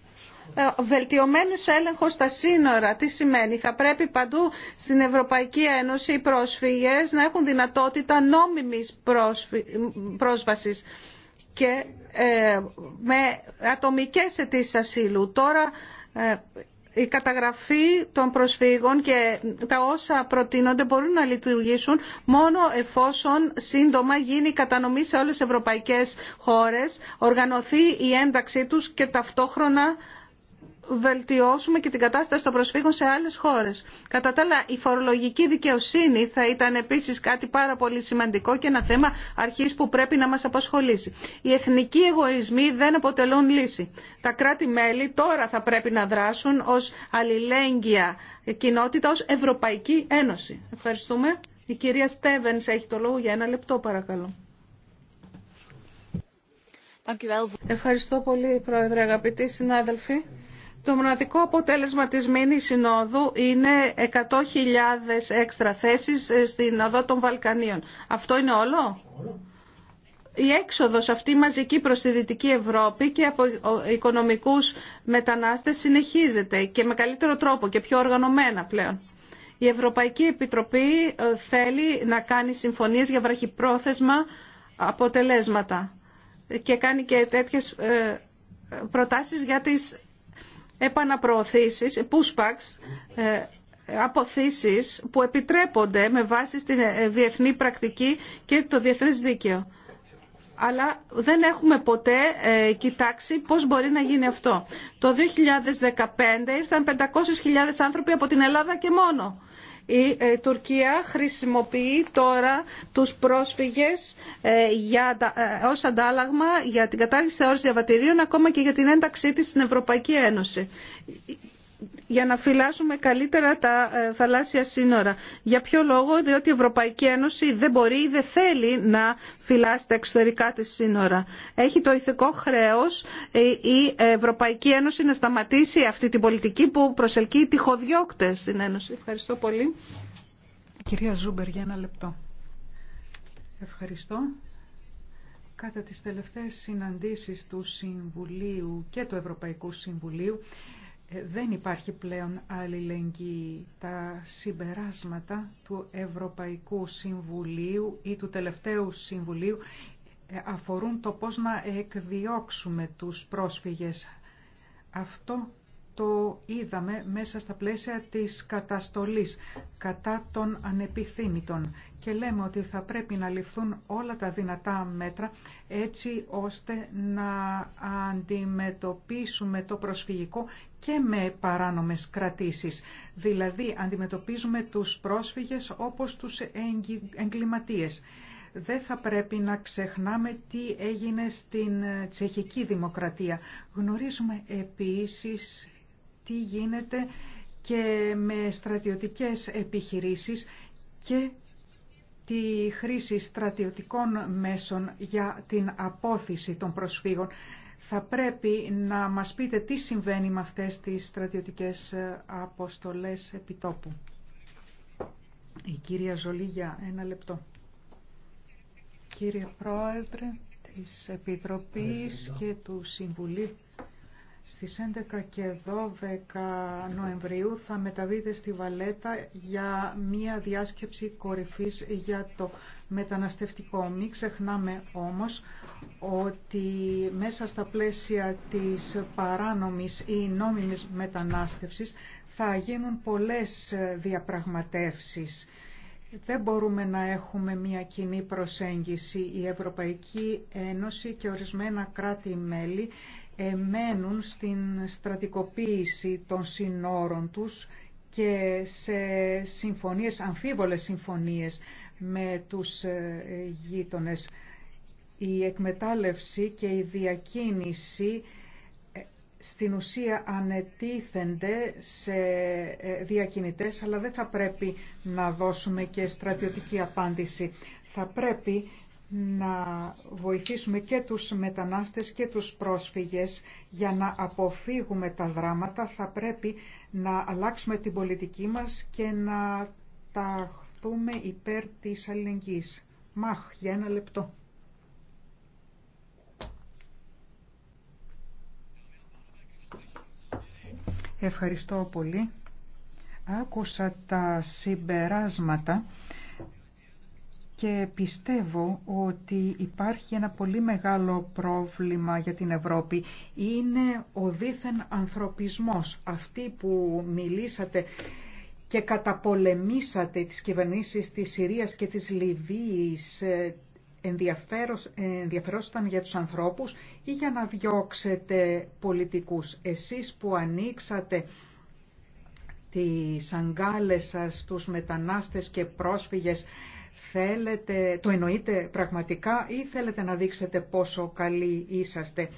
Ε, βελτιωμένος έλεγχος στα σύνορα. Τι σημαίνει, θα πρέπει παντού στην Ευρωπαϊκή Ένωση οι πρόσφυγες να έχουν δυνατότητα νόμιμης πρόσβασης και ε, με ατομικές αιτήσεις ασύλου. Τώρα ε, η καταγραφή των προσφύγων και τα όσα προτείνονται μπορούν να λειτουργήσουν μόνο εφόσον σύντομα γίνει η κατανομή σε όλες τις ευρωπαϊκές χώρες, οργανωθεί η ένταξή τους και ταυτόχρονα βελτιώσουμε και την κατάσταση των προσφύγων σε άλλες χώρες. Κατά τα άλλα, η φορολογική δικαιοσύνη θα ήταν επίσης κάτι πάρα πολύ σημαντικό και ένα θέμα αρχής που πρέπει να μας απασχολήσει. Οι εθνικοί εγωισμοί δεν αποτελούν λύση. Τα κράτη-μέλη τώρα θα πρέπει να δράσουν ως αλληλέγγυα κοινότητα, ως Ευρωπαϊκή Ένωση. Ευχαριστούμε. Η κυρία Στέβενς έχει το λόγο για ένα λεπτό παρακαλώ. Ευχαριστώ πολύ, Πρόεδρε, αγαπητοί συνάδελφοι. Το μοναδικό αποτέλεσμα της μήνης συνόδου είναι 100.000 έξτρα θέσεις ε, στην οδό των Βαλκανίων. Αυτό είναι όλο. Η έξοδος αυτή μαζική προς τη Δυτική Ευρώπη και από οικονομικούς μετανάστες συνεχίζεται και με καλύτερο τρόπο και πιο οργανωμένα πλέον. Η Ευρωπαϊκή Επιτροπή ε, θέλει να κάνει συμφωνίες για βραχυπρόθεσμα αποτελέσματα και κάνει και τέτοιες ε, προτάσεις για τις επαναπροωθήσεις, pushbacks, ε, αποθήσεις που επιτρέπονται με βάση τη ε, διεθνή πρακτική και το διεθνές δίκαιο. Αλλά δεν έχουμε ποτέ ε, κοιτάξει πώς μπορεί να γίνει αυτό. Το 2015 ήρθαν 500.000 άνθρωποι από την Ελλάδα και μόνο. Η ε, Τουρκία χρησιμοποιεί τώρα τους πρόσφυγες ε, για, ε, ως αντάλλαγμα για την κατάργηση θεώρησης διαβατηρίων ακόμα και για την ένταξή της στην Ευρωπαϊκή Ένωση για να φυλάσσουμε καλύτερα τα ε, θαλάσσια σύνορα. Για ποιο λόγο, διότι η Ευρωπαϊκή Ένωση δεν μπορεί ή δεν θέλει να φυλάσει τα εξωτερικά της σύνορα. Έχει το ηθικό χρέος ε, η Ευρωπαϊκή Ένωση να σταματήσει αυτή την πολιτική που προσελκύει τυχοδιώκτες στην Ένωση. Ευχαριστώ πολύ. Κυρία Ζούμπερ, για ένα λεπτό. Ευχαριστώ. Κατά τις τελευταίες συναντήσεις του Συμβουλίου και του Ευρωπαϊκού Συμβουλίου, ε, δεν υπάρχει πλέον αλληλεγγύη. Τα συμπεράσματα του Ευρωπαϊκού Συμβουλίου ή του τελευταίου Συμβουλίου ε, αφορούν το πώς να εκδιώξουμε τους πρόσφυγες. Αυτό το είδαμε μέσα στα πλαίσια της καταστολής κατά των ανεπιθύμητων και λέμε ότι θα πρέπει να ληφθούν όλα τα δυνατά μέτρα έτσι ώστε να αντιμετωπίσουμε το προσφυγικό και με παράνομες κρατήσεις. Δηλαδή αντιμετωπίζουμε τους πρόσφυγες όπως τους εγκληματίες. Δεν θα πρέπει να ξεχνάμε τι έγινε στην ε, τσεχική δημοκρατία. Γνωρίζουμε επίσης τι γίνεται και με στρατιωτικές επιχειρήσεις και τη χρήση στρατιωτικών μέσων για την απόθυση των προσφύγων. Θα πρέπει να μας πείτε τι συμβαίνει με αυτές τις στρατιωτικές ε, αποστολές επιτόπου. Η κυρία Ζολίγια, ένα λεπτό. Κύριε Πρόεδρε της Επιτροπής και του Συμβουλίου, στις 11 και 12 Νοεμβρίου θα μεταβείτε στη Βαλέτα για μία διάσκεψη κορυφής για το μεταναστευτικό. Μην ξεχνάμε όμως ότι μέσα στα πλαίσια της παράνομης ή νόμιμης μετανάστευσης θα γίνουν πολλές διαπραγματεύσεις. Δεν μπορούμε να έχουμε μια κοινή προσέγγιση. Η Ευρωπαϊκή Ένωση και ορισμένα κράτη-μέλη εμένουν στην στρατικοποίηση των συνόρων τους και σε συμφωνίες, αμφίβολες συμφωνίες με τους ε, γείτονες. Η εκμετάλλευση και η διακίνηση ε, στην ουσία ανετίθενται σε ε, διακινητές, αλλά δεν θα πρέπει να δώσουμε και στρατιωτική απάντηση. Θα πρέπει να βοηθήσουμε και τους μετανάστες και τους πρόσφυγες για να αποφύγουμε τα δράματα θα πρέπει να αλλάξουμε την πολιτική μας και να ταχθούμε υπέρ της αλληλεγγύης. Μαχ, για ένα λεπτό. Ευχαριστώ πολύ. Άκουσα τα συμπεράσματα και πιστεύω ότι υπάρχει ένα πολύ μεγάλο πρόβλημα για την Ευρώπη. Είναι ο δίθεν ανθρωπισμός. Αυτοί που μιλήσατε και καταπολεμήσατε τις κυβερνήσεις της Συρίας και της Λιβύης ε, ενδιαφέρονταν ε, για τους ανθρώπους ή για να διώξετε πολιτικούς. Εσείς που ανοίξατε τις αγκάλες σας, τους μετανάστες και πρόσφυγες, θέλετε, το εννοείτε πραγματικά ή θέλετε να δείξετε πόσο καλοί είσαστε.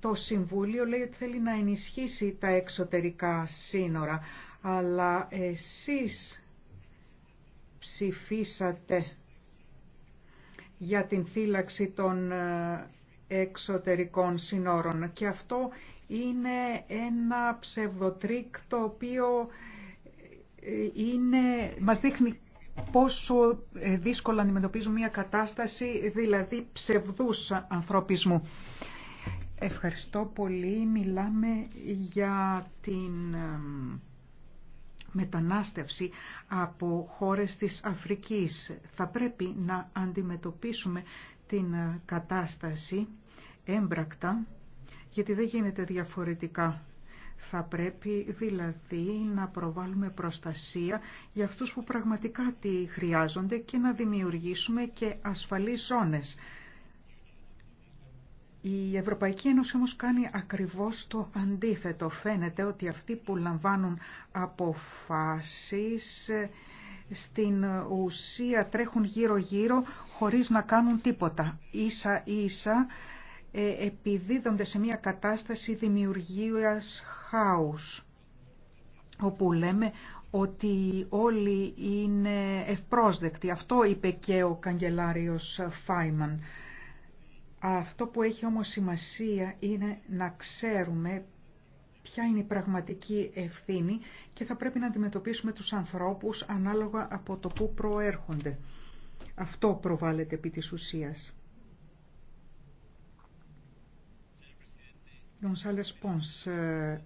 Το Συμβούλιο λέει ότι θέλει να ενισχύσει τα εξωτερικά σύνορα, αλλά εσείς ψηφίσατε για την θύλαξη των ε, εξωτερικών σύνορων και αυτό είναι ένα ψευδοτρίκ το οποίο ε, είναι, μας δείχνει πόσο ε, δύσκολα αντιμετωπίζουν μια κατάσταση, δηλαδή ψευδούς ανθρωπισμού. Ευχαριστώ πολύ. Μιλάμε για την μετανάστευση από χώρες της Αφρικής. Θα πρέπει να αντιμετωπίσουμε την ε, κατάσταση έμπρακτα, γιατί δεν γίνεται διαφορετικά. Θα πρέπει δηλαδή να προβάλλουμε προστασία για αυτούς που πραγματικά τη χρειάζονται και να δημιουργήσουμε και ασφαλείς ζώνες. Η Ευρωπαϊκή Ένωση όμως κάνει ακριβώς το αντίθετο. Φαίνεται ότι αυτοί που λαμβάνουν αποφάσεις ε, στην ουσία τρέχουν γύρω-γύρω χωρίς να κάνουν τίποτα. Ίσα-ίσα ε, επιδίδονται σε μια κατάσταση δημιουργίας χάους, όπου λέμε ότι όλοι είναι ευπρόσδεκτοι. Αυτό είπε και ο καγκελάριος Φάιμαν. Αυτό που έχει όμως σημασία είναι να ξέρουμε ποια είναι η πραγματική ευθύνη και θα πρέπει να αντιμετωπίσουμε τους ανθρώπους ανάλογα από το που προέρχονται. Αυτό προβάλλεται επί της ουσίας. Δυστυχώ Πόνς, ε,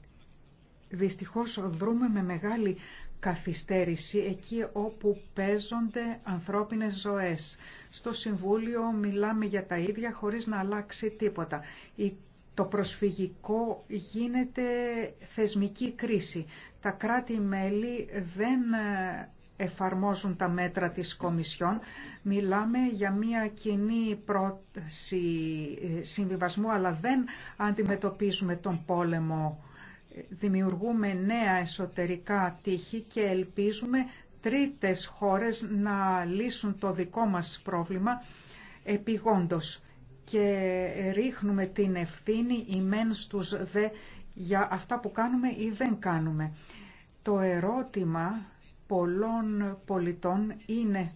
δυστυχώς δρούμε με μεγάλη καθυστέρηση εκεί όπου παίζονται ανθρώπινες ζωές. Στο Συμβούλιο μιλάμε για τα ίδια χωρίς να αλλάξει τίποτα. Το προσφυγικό γίνεται θεσμική κρίση. Τα κράτη-μέλη δεν ε, εφαρμόζουν τα μέτρα της Κομισιόν. Μιλάμε για μια κοινή πρόταση ε, συμβιβασμού, αλλά δεν αντιμετωπίζουμε τον πόλεμο. Δημιουργούμε νέα εσωτερικά τείχη και ελπίζουμε τρίτες χώρες να λύσουν το δικό μας πρόβλημα επιγόντως και ρίχνουμε την ευθύνη ημέν τους δε για αυτά που κάνουμε ή δεν κάνουμε. Το ερώτημα πολλών πολιτών είναι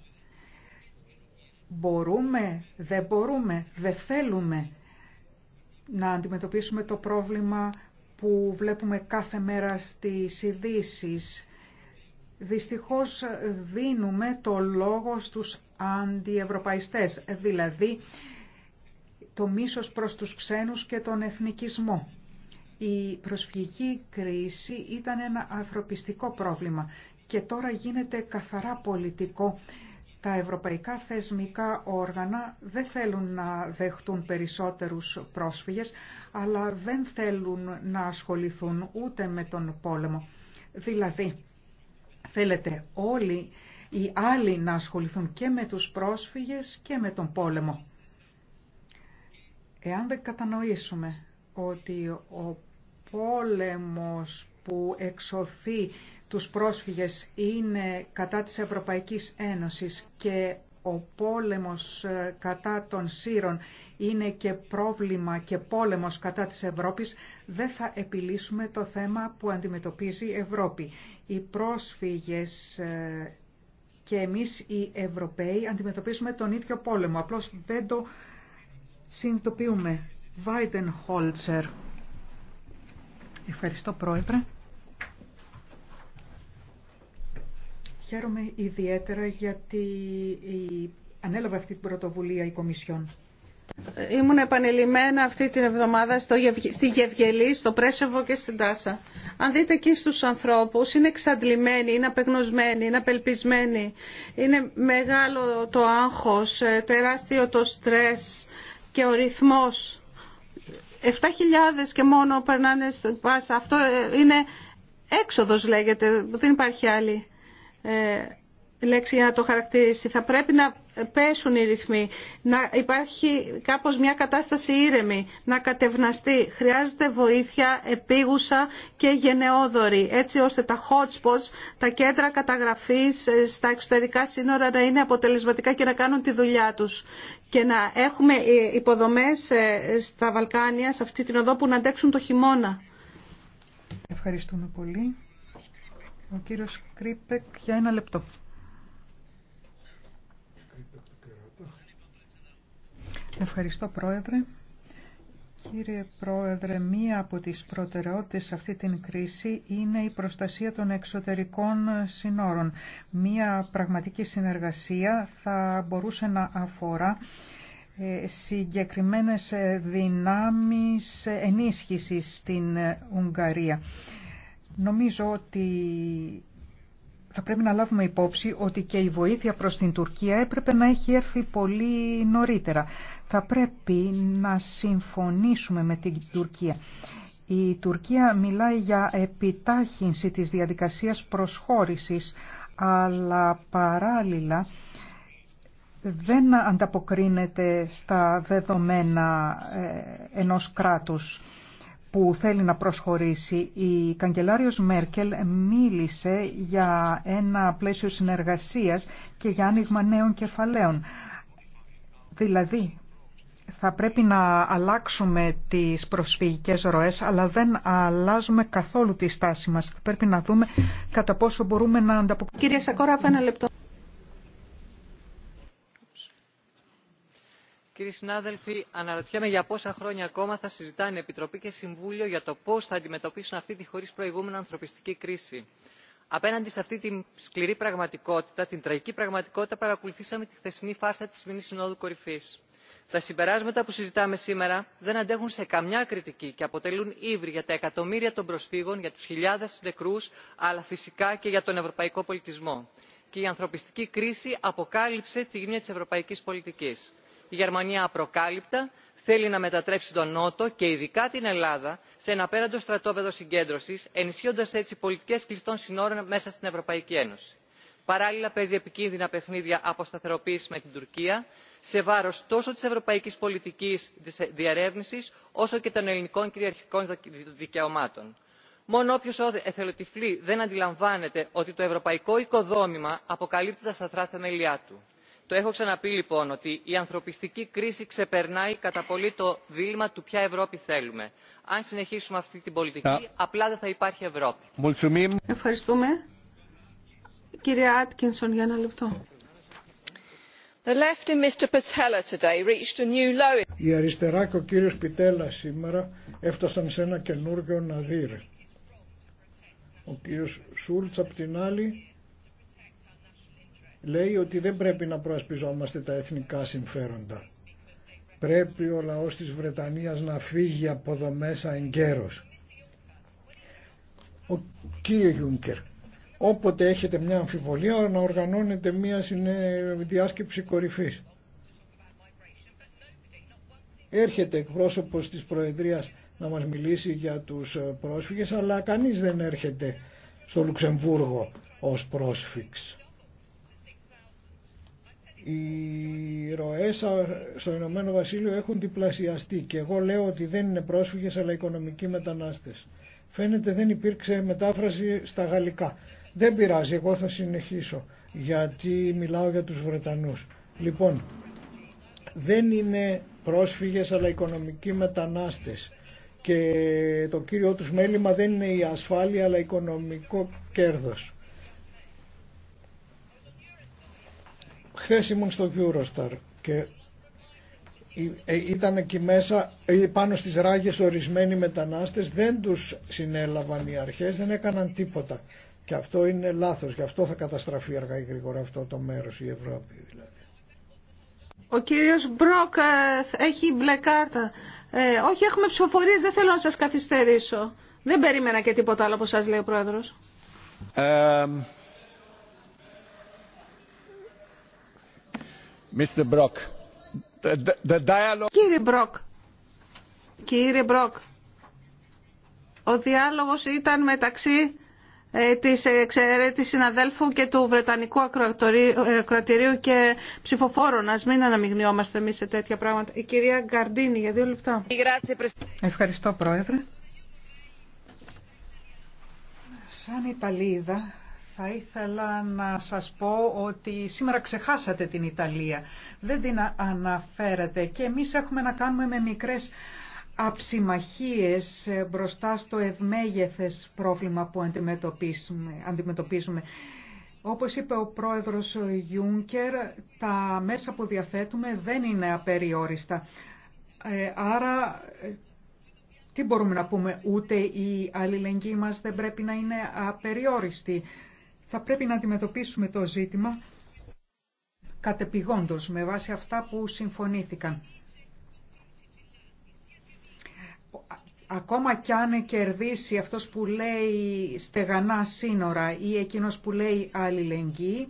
μπορούμε, δεν μπορούμε, δεν θέλουμε να αντιμετωπίσουμε το πρόβλημα που βλέπουμε κάθε μέρα στις ειδήσει. Δυστυχώς δίνουμε το λόγο στους αντιευρωπαϊστές, δηλαδή το μίσος προς τους ξένους και τον εθνικισμό. Η προσφυγική κρίση ήταν ένα ανθρωπιστικό πρόβλημα και τώρα γίνεται καθαρά πολιτικό. Τα ευρωπαϊκά θεσμικά όργανα δεν θέλουν να δεχτούν περισσότερους πρόσφυγες, αλλά δεν θέλουν να ασχοληθούν ούτε με τον πόλεμο. Δηλαδή, θέλετε όλοι οι άλλοι να ασχοληθούν και με τους πρόσφυγες και με τον πόλεμο. Εάν δεν κατανοήσουμε ότι ο πόλεμος που εξωθεί τους πρόσφυγες είναι κατά της Ευρωπαϊκής Ένωσης και ο πόλεμος ε, κατά των Σύρων είναι και πρόβλημα και πόλεμος κατά της Ευρώπης, δεν θα επιλύσουμε το θέμα που αντιμετωπίζει η Ευρώπη. Οι πρόσφυγες ε, και εμείς οι Ευρωπαίοι αντιμετωπίζουμε τον ίδιο πόλεμο, απλώς δεν το συνειδητοποιούμε. Βάιντεν Χόλτσερ. Ευχαριστώ Πρόεδρε. Χαίρομαι ιδιαίτερα γιατί ανέλαβε αυτή την πρωτοβουλία η Κομισιόν. Ήμουν επανειλημμένα αυτή την εβδομάδα στο, στη Γευγελή, στο Πρέσεβο και στην Τάσα. Αν δείτε εκεί στους ανθρώπους, είναι εξαντλημένοι, είναι απεγνωσμένοι, είναι απελπισμένοι. Είναι μεγάλο το άγχος, ε, τεράστιο το στρες και ο ρυθμός. 7.000 και μόνο περνάνε στην Πάσα. Αυτό ε, είναι έξοδος λέγεται, δεν υπάρχει άλλη. Ε, λέξη για να το χαρακτηρίσει. Θα πρέπει να πέσουν οι ρυθμοί, να υπάρχει κάπως μια κατάσταση ήρεμη, να κατευναστεί. Χρειάζεται βοήθεια επίγουσα και γενναιόδορη, έτσι ώστε τα hot spots, τα κέντρα καταγραφής ε, στα εξωτερικά σύνορα να είναι αποτελεσματικά και να κάνουν τη δουλειά τους. Και να έχουμε ε, υποδομές στα Βαλκάνια, σε αυτή την οδό που να αντέξουν το χειμώνα. Ευχαριστούμε πολύ. Ο κύριος Κρίπεκ για ένα λεπτό. Ευχαριστώ Πρόεδρε. Κύριε Πρόεδρε, μία από τις προτεραιότητες σε αυτή την κρίση είναι η προστασία των εξωτερικών συνόρων. Μία πραγματική συνεργασία θα μπορούσε να αφορά ε, συγκεκριμένες δυνάμεις ενίσχυσης στην Ουγγαρία Νομίζω ότι θα πρέπει να λάβουμε υπόψη ότι και η βοήθεια προς την Τουρκία έπρεπε να έχει έρθει πολύ νωρίτερα. Θα πρέπει να συμφωνήσουμε με την Τουρκία. Η Τουρκία μιλάει για επιτάχυνση της διαδικασίας προσχώρησης, αλλά παράλληλα δεν ανταποκρίνεται στα δεδομένα ε, ενός κράτους που θέλει να προσχωρήσει. Η καγκελάριος Μέρκελ μίλησε για ένα πλαίσιο συνεργασίας και για άνοιγμα νέων κεφαλαίων. Δηλαδή, θα πρέπει να αλλάξουμε τις προσφυγικές ροές, αλλά δεν αλλάζουμε καθόλου τη στάση μας. Πρέπει να δούμε κατά πόσο μπορούμε να ανταποκριθούμε. Κυρία Σακόρα, ένα λεπτό. Κύριοι συνάδελφοι, αναρωτιέμαι για πόσα χρόνια ακόμα θα συζητάνε Επιτροπή και Συμβούλιο για το πώ θα αντιμετωπίσουν αυτή τη χωρί προηγούμενο ανθρωπιστική κρίση. Απέναντι σε αυτή τη σκληρή πραγματικότητα, την τραγική πραγματικότητα, παρακολουθήσαμε τη χθεσινή φάρσα τη σημερινή Συνόδου Κορυφή. Τα συμπεράσματα που συζητάμε σήμερα δεν αντέχουν σε καμιά κριτική και αποτελούν ύβρι για τα εκατομμύρια των προσφύγων, για του χιλιάδε νεκρού, αλλά φυσικά και για τον ευρωπαϊκό πολιτισμό. Και η ανθρωπιστική κρίση αποκάλυψε τη γνία τη ευρωπαϊκή πολιτική η γερμανία απροκάλυπτα θέλει να μετατρέψει τον νότο και ειδικά την ελλάδα σε ένα απέραντο στρατόπεδο συγκέντρωσης ενισχύοντας έτσι πολιτικές κλειστών συνόρων μέσα στην ευρωπαϊκή ένωση. παράλληλα παίζει επικίνδυνα παιχνίδια αποσταθεροποίησης με την τουρκία σε βάρος τόσο της ευρωπαϊκής πολιτικής διερεύνησης όσο και των ελληνικών κυριαρχικών δικαιωμάτων. μόνο όποιος εθελοτυφλεί δεν αντιλαμβάνεται ότι το ευρωπαϊκό οικοδόμημα αποκαλύπτεται τα σταθρά θεμέλια του το έχω ξαναπεί λοιπόν ότι η ανθρωπιστική κρίση ξεπερνάει κατά πολύ το δίλημα του ποια ευρώπη θέλουμε. αν συνεχίσουμε αυτή την πολιτική απλά δεν θα υπάρχει ευρώπη. Ευχαριστούμε. Κύριε Άτκινσον για ένα λεπτό. Η αριστερά και ο κύριος Πιτέλα σήμερα έφτασαν σε ένα καινούργιο ναδύρ. Ο κύριος Σούλτς απ' την άλλη λέει ότι δεν πρέπει να προασπιζόμαστε τα εθνικά συμφέροντα. Πρέπει ο λαός της Βρετανίας να φύγει από εδώ μέσα εγκαίρος. Ο κύριε Γιούνκερ, όποτε έχετε μια αμφιβολία να οργανώνετε μια διάσκεψη κορυφής. Έρχεται εκπρόσωπος της Προεδρίας να μας μιλήσει για τους ε, πρόσφυγες, αλλά κανείς δεν έρχεται στο Λουξεμβούργο ως πρόσφυξ οι ροές στο Ηνωμένο Βασίλειο έχουν διπλασιαστεί και εγώ λέω ότι δεν είναι πρόσφυγες αλλά οικονομικοί μετανάστες. Φαίνεται δεν υπήρξε μετάφραση στα γαλλικά. Δεν πειράζει, εγώ θα συνεχίσω γιατί μιλάω για τους Βρετανούς. Λοιπόν, δεν είναι πρόσφυγες αλλά οικονομικοί μετανάστες και το κύριο τους μέλημα δεν είναι η ασφάλεια αλλά οικονομικό κέρδος. Χθε ήμουν στο Eurostar και ε, ήταν εκεί μέσα ε, πάνω στις ράγες ορισμένοι μετανάστες δεν τους συνέλαβαν οι αρχές δεν έκαναν τίποτα και αυτό είναι λάθος γι' αυτό θα καταστραφεί αργά ή γρήγορα αυτό το μέρος η Ευρώπη δηλαδή ο κύριος Μπρόκ ε, έχει μπλε κάρτα ε, όχι έχουμε ψηφοφορίες δεν θέλω να σας καθυστερήσω δεν περίμενα και τίποτα άλλο όπως σας λέει ο πρόεδρος Κύριε Μπροκ, ο διάλογος ήταν μεταξύ ε, της εξαιρέτης συναδέλφου και του Βρετανικού ε, Ακροατηρίου και ψηφοφόρων. Ας μην αναμειγνιόμαστε εμείς σε τέτοια πράγματα. Η κυρία Γκαρντίνη για δύο λεπτά. Ευχαριστώ Πρόεδρε. Σαν Ιταλίδα θα ήθελα να σας πω ότι σήμερα ξεχάσατε την Ιταλία. Δεν την αναφέρατε και εμείς έχουμε να κάνουμε με μικρές αψιμαχίες ε, μπροστά στο ευμέγεθες πρόβλημα που αντιμετωπίζουμε. αντιμετωπίζουμε. Όπως είπε ο πρόεδρος Γιούνκερ, τα μέσα που διαθέτουμε δεν είναι απεριόριστα. Ε, άρα ε, τι μπορούμε να πούμε, ούτε η αλληλεγγύη μας δεν πρέπει να είναι απεριόριστη. Θα πρέπει να αντιμετωπίσουμε το ζήτημα κατεπηγόντως με βάση αυτά που συμφωνήθηκαν. Ακόμα κι αν κερδίσει αυτός που λέει στεγανά σύνορα ή εκείνος που λέει αλληλεγγύη,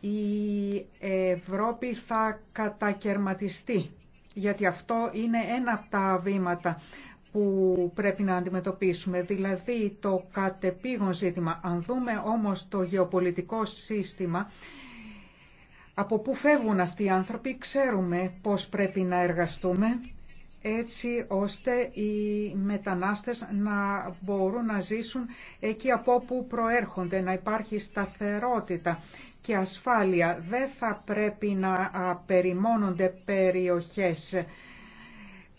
η Ευρώπη θα κατακαιρματιστεί, γιατί αυτό είναι ένα από τα βήματα που πρέπει να αντιμετωπίσουμε, δηλαδή το κατεπήγον ζήτημα. Αν δούμε όμως το γεωπολιτικό σύστημα, από πού φεύγουν αυτοί οι άνθρωποι, ξέρουμε πώς πρέπει να εργαστούμε, έτσι ώστε οι μετανάστες να μπορούν να ζήσουν εκεί από όπου προέρχονται, να υπάρχει σταθερότητα και ασφάλεια. Δεν θα πρέπει να απεριμόνονται περιοχές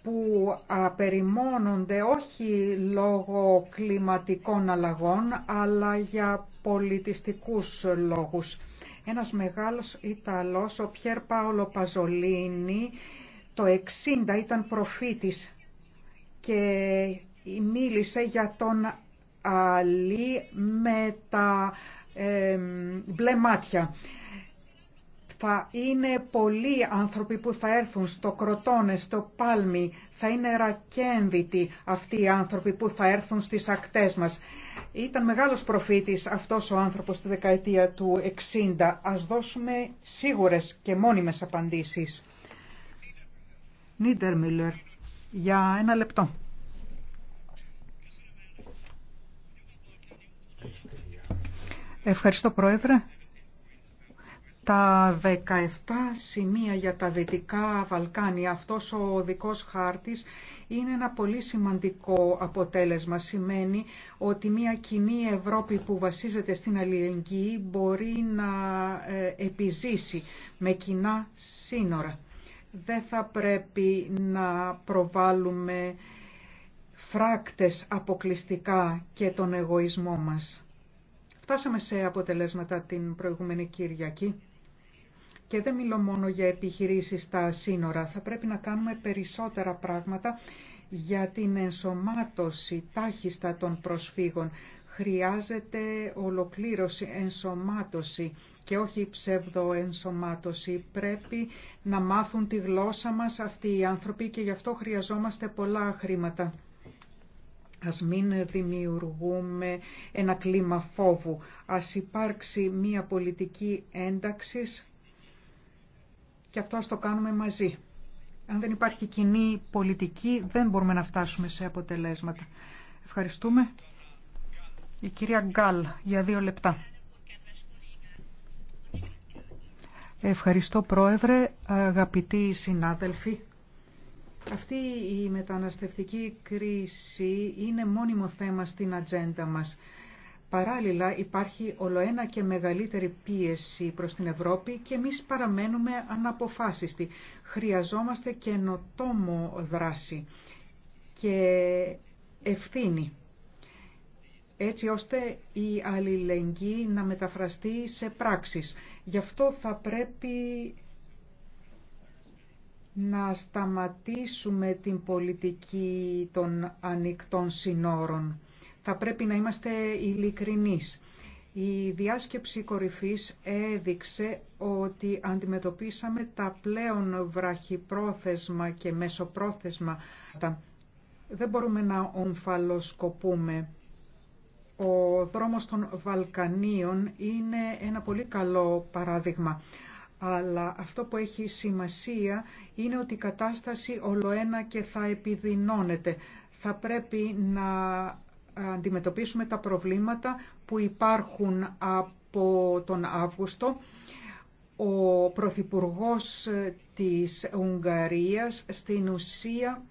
που απεριμόνονται όχι λόγω κλιματικών αλλαγών, αλλά για πολιτιστικούς λόγους. Ένας μεγάλος Ιταλός, ο Πιέρ Πάολο Παζολίνη, το 60 ήταν προφήτης και μίλησε για τον Αλή με τα ε, μπλε μάτια θα είναι πολλοί άνθρωποι που θα έρθουν στο Κροτόνε, στο Πάλμι, θα είναι ρακένδυτοι αυτοί οι άνθρωποι που θα έρθουν στις ακτές μας. Ήταν μεγάλος προφήτης αυτός ο άνθρωπος στη δεκαετία του 60. Ας δώσουμε σίγουρες και μόνιμες απαντήσεις. Νίτερ Μίλλερ, για ένα λεπτό. Ευχαριστώ Πρόεδρε τα 17 σημεία για τα Δυτικά Βαλκάνια, αυτός ο δικός χάρτης είναι ένα πολύ σημαντικό αποτέλεσμα. Σημαίνει ότι μια κοινή Ευρώπη που βασίζεται στην αλληλεγγύη μπορεί να ε, επιζήσει με κοινά σύνορα. Δεν θα πρέπει να προβάλλουμε φράκτες αποκλειστικά και τον εγωισμό μας. Φτάσαμε σε αποτελέσματα την προηγούμενη Κυριακή και δεν μιλώ μόνο για επιχειρήσεις στα σύνορα. Θα πρέπει να κάνουμε περισσότερα πράγματα για την ενσωμάτωση τάχιστα των προσφύγων. Χρειάζεται ολοκλήρωση, ενσωμάτωση και όχι ψευδοενσωμάτωση. Πρέπει να μάθουν τη γλώσσα μας αυτοί οι άνθρωποι και γι' αυτό χρειαζόμαστε πολλά χρήματα. Ας μην δημιουργούμε ένα κλίμα φόβου. Ας υπάρξει μία πολιτική ένταξης και αυτό ας το κάνουμε μαζί. Αν δεν υπάρχει κοινή πολιτική, δεν μπορούμε να φτάσουμε σε αποτελέσματα. Ευχαριστούμε. Η κυρία Γκάλ για δύο λεπτά. Ευχαριστώ Πρόεδρε, αγαπητοί συνάδελφοι. Αυτή η μεταναστευτική κρίση είναι μόνιμο θέμα στην ατζέντα μας. Παράλληλα υπάρχει ολοένα και μεγαλύτερη πίεση προς την Ευρώπη και εμείς παραμένουμε αναποφάσιστοι. Χρειαζόμαστε καινοτόμο δράση και ευθύνη έτσι ώστε η αλληλεγγύη να μεταφραστεί σε πράξεις. Γι' αυτό θα πρέπει να σταματήσουμε την πολιτική των ανοιχτών συνόρων θα πρέπει να είμαστε ειλικρινείς. Η διάσκεψη κορυφής έδειξε ότι αντιμετωπίσαμε τα πλέον βραχυπρόθεσμα και μεσοπρόθεσμα. Δεν μπορούμε να ομφαλοσκοπούμε. Ο δρόμος των Βαλκανίων είναι ένα πολύ καλό παράδειγμα. Αλλά αυτό που έχει σημασία είναι ότι η κατάσταση ολοένα και θα επιδεινώνεται. Θα πρέπει να αντιμετωπίσουμε τα προβλήματα που υπάρχουν από τον Αύγουστο. Ο Πρωθυπουργός της Ουγγαρίας στην ουσία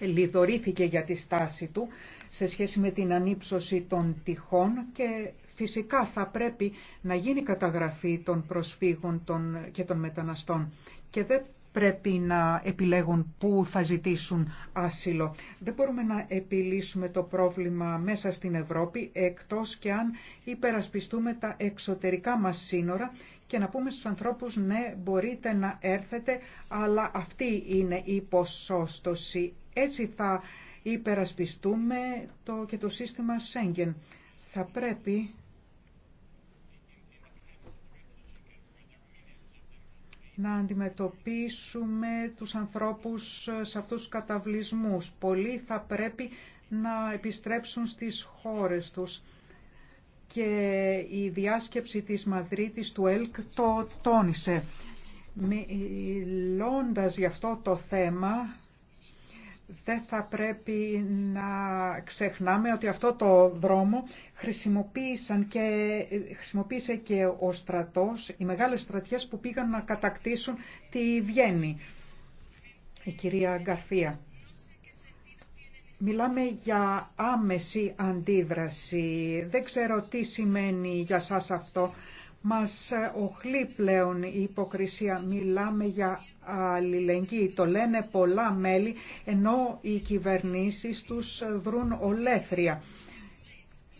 λιδωρήθηκε για τη στάση του σε σχέση με την ανύψωση των τυχών και φυσικά θα πρέπει να γίνει καταγραφή των προσφύγων και των μεταναστών και δεν πρέπει να επιλέγουν πού θα ζητήσουν άσυλο. Δεν μπορούμε να επιλύσουμε το πρόβλημα μέσα στην Ευρώπη, εκτός και αν υπερασπιστούμε τα εξωτερικά μας σύνορα και να πούμε στους ανθρώπους ναι μπορείτε να έρθετε, αλλά αυτή είναι η ποσόστοση. Έτσι θα υπερασπιστούμε το, και το σύστημα Σέγγεν. Θα πρέπει να αντιμετωπίσουμε τους ανθρώπους σε αυτούς τους καταβλισμούς. Πολλοί θα πρέπει να επιστρέψουν στις χώρες τους. Και η διάσκεψη της Μαδρίτης του ΕΛΚ το τόνισε. Μιλώντα γι' αυτό το θέμα, δεν θα πρέπει να ξεχνάμε ότι αυτό το δρόμο χρησιμοποίησαν και, χρησιμοποίησε και ο στρατός, οι μεγάλες στρατιές που πήγαν να κατακτήσουν τη Βιέννη. Η κυρία Γκαρθία. Μιλάμε για άμεση αντίδραση. Δεν ξέρω τι σημαίνει για σας αυτό. Μας οχλεί πλέον η υποκρισία. Μιλάμε για αλληλεγγύη. Το λένε πολλά μέλη, ενώ οι κυβερνήσεις τους δρούν ολέθρια.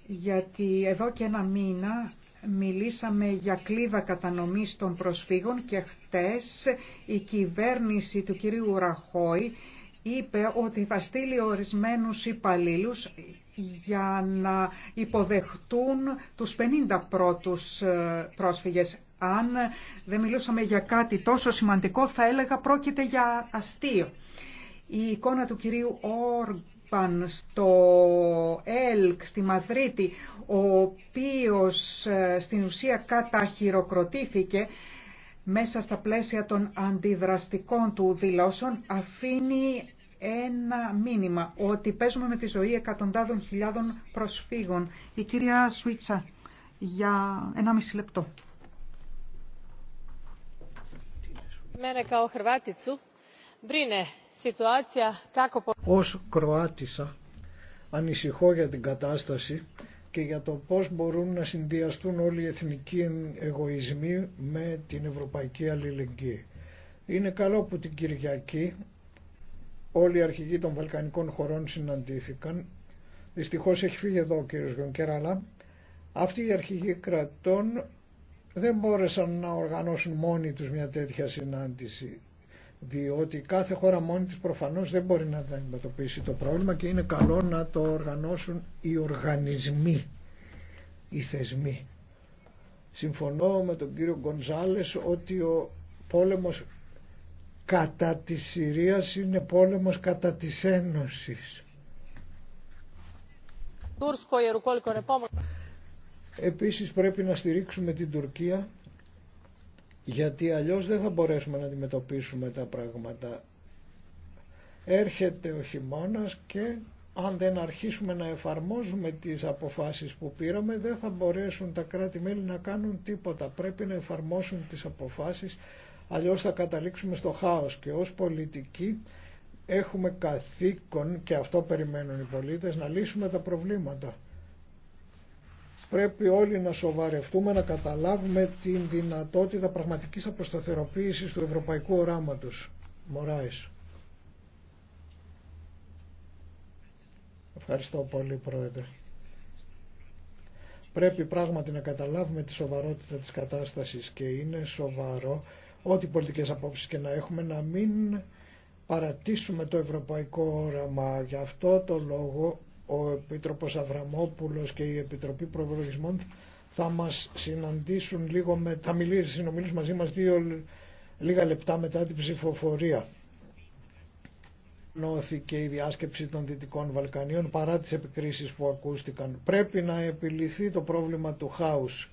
Γιατί εδώ και ένα μήνα μιλήσαμε για κλίδα κατανομής των προσφύγων και χτες η κυβέρνηση του κυρίου Ραχώη είπε ότι θα στείλει ορισμένους υπαλλήλους για να υποδεχτούν τους 50 πρώτους ε, πρόσφυγες. Αν δεν μιλούσαμε για κάτι τόσο σημαντικό θα έλεγα πρόκειται για αστείο. Η εικόνα του κυρίου Όρμπαν στο ΕΛΚ στη Μαδρίτη, ο οποίος ε, στην ουσία καταχειροκροτήθηκε μέσα στα πλαίσια των αντιδραστικών του δηλώσεων, αφήνει ένα μήνυμα ότι παίζουμε με τη ζωή εκατοντάδων χιλιάδων προσφύγων. Η κυρία Σουίτσα για ένα μισή λεπτό. mene kao hrvaticu brine situacija kako... Ως κροάτισα ανησυχώ για την κατάσταση και για το πώς μπορούν να συνδυαστούν όλοι οι εθνικοί εγωισμοί με την ευρωπαϊκή αλληλεγγύη. Είναι καλό που την Κυριακή όλοι οι αρχηγοί των Βαλκανικών χωρών συναντήθηκαν. Δυστυχώς έχει φύγει εδώ ο κύριος Γιονκέρα, αλλά αυτοί οι αρχηγοί κρατών δεν μπόρεσαν να οργανώσουν μόνοι τους μια τέτοια συνάντηση διότι κάθε χώρα μόνη της προφανώς δεν μπορεί να τα αντιμετωπίσει το πρόβλημα και είναι καλό να το οργανώσουν οι οργανισμοί, οι θεσμοί. Συμφωνώ με τον κύριο Γκονζάλες ότι ο πόλεμος κατά της Συρίας είναι πόλεμος κατά της Ένωσης. Επίσης πρέπει να στηρίξουμε την Τουρκία γιατί αλλιώς δεν θα μπορέσουμε να αντιμετωπίσουμε τα πράγματα. Έρχεται ο χειμώνα και αν δεν αρχίσουμε να εφαρμόζουμε τις αποφάσεις που πήραμε δεν θα μπορέσουν τα κράτη-μέλη να κάνουν τίποτα. Πρέπει να εφαρμόσουν τις αποφάσεις αλλιώς θα καταλήξουμε στο χάος και ως πολιτικοί έχουμε καθήκον και αυτό περιμένουν οι πολίτες να λύσουμε τα προβλήματα πρέπει όλοι να σοβαρευτούμε, να καταλάβουμε την δυνατότητα πραγματικής αποσταθεροποίησης του ευρωπαϊκού οράματος. Μωράης. Ευχαριστώ πολύ Πρόεδρε. Πρέπει πράγματι να καταλάβουμε τη σοβαρότητα της κατάστασης και είναι σοβαρό ό,τι πολιτικές απόψεις και να έχουμε να μην παρατήσουμε το ευρωπαϊκό όραμα. Γι' αυτό το λόγο ο Επίτροπος Αβραμόπουλος και η Επιτροπή Προπολογισμών θα μας συναντήσουν λίγο με, συνομιλήσουν μαζί μας δύο λίγα λεπτά μετά την ψηφοφορία. Νόθηκε η διάσκεψη των Δυτικών Βαλκανίων παρά τις επικρίσεις που ακούστηκαν. Πρέπει να επιληθεί το πρόβλημα του χάους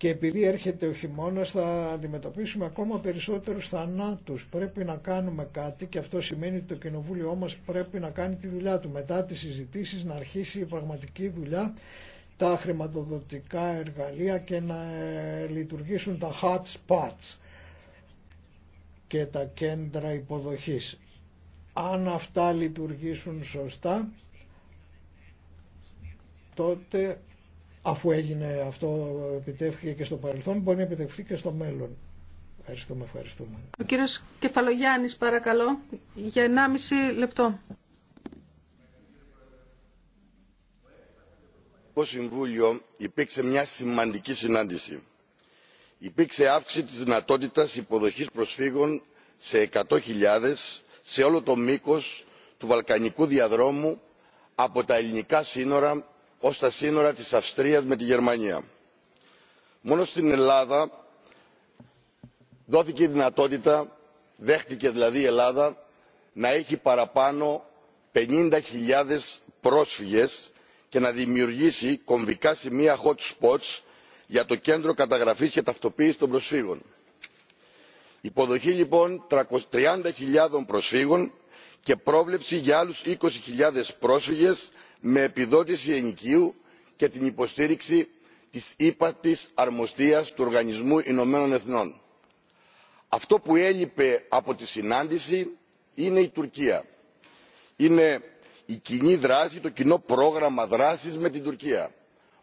και επειδή έρχεται ο χειμώνας θα αντιμετωπίσουμε ακόμα περισσότερους θανάτους. Πρέπει να κάνουμε κάτι και αυτό σημαίνει ότι το κοινοβούλιο μα πρέπει να κάνει τη δουλειά του. Μετά τις συζητήσει να αρχίσει η πραγματική δουλειά, τα χρηματοδοτικά εργαλεία και να ε, λειτουργήσουν τα hot spots και τα κέντρα υποδοχής. Αν αυτά λειτουργήσουν σωστά, τότε αφού έγινε αυτό επιτεύχθηκε και στο παρελθόν μπορεί να επιτευχθεί και στο μέλλον. Ευχαριστούμε, ευχαριστούμε. Ο κύριος Κεφαλογιάννης παρακαλώ για 1,5 λεπτό. Το Συμβούλιο υπήρξε μια σημαντική συνάντηση. Υπήρξε αύξηση της δυνατότητας υποδοχής προσφύγων σε 100.000 σε όλο το μήκος του Βαλκανικού διαδρόμου από τα ελληνικά σύνορα ως τα σύνορα της Αυστρίας με τη Γερμανία. Μόνο στην Ελλάδα δόθηκε η δυνατότητα, δέχτηκε δηλαδή η Ελλάδα, να έχει παραπάνω 50.000 πρόσφυγες και να δημιουργήσει κομβικά σημεία hot spots για το κέντρο καταγραφής και ταυτοποίησης των προσφύγων. Υποδοχή λοιπόν 30.000 προσφύγων και πρόβλεψη για άλλους 20.000 πρόσφυγες με επιδότηση ενοικίου και την υποστήριξη της ύπατης αρμοστίας του οργανισμού ηνωμένων εθνών. αυτό που έλειπε από τη συνάντηση είναι η τουρκία. είναι η κοινή δράση το κοινό πρόγραμμα δράσης με την τουρκία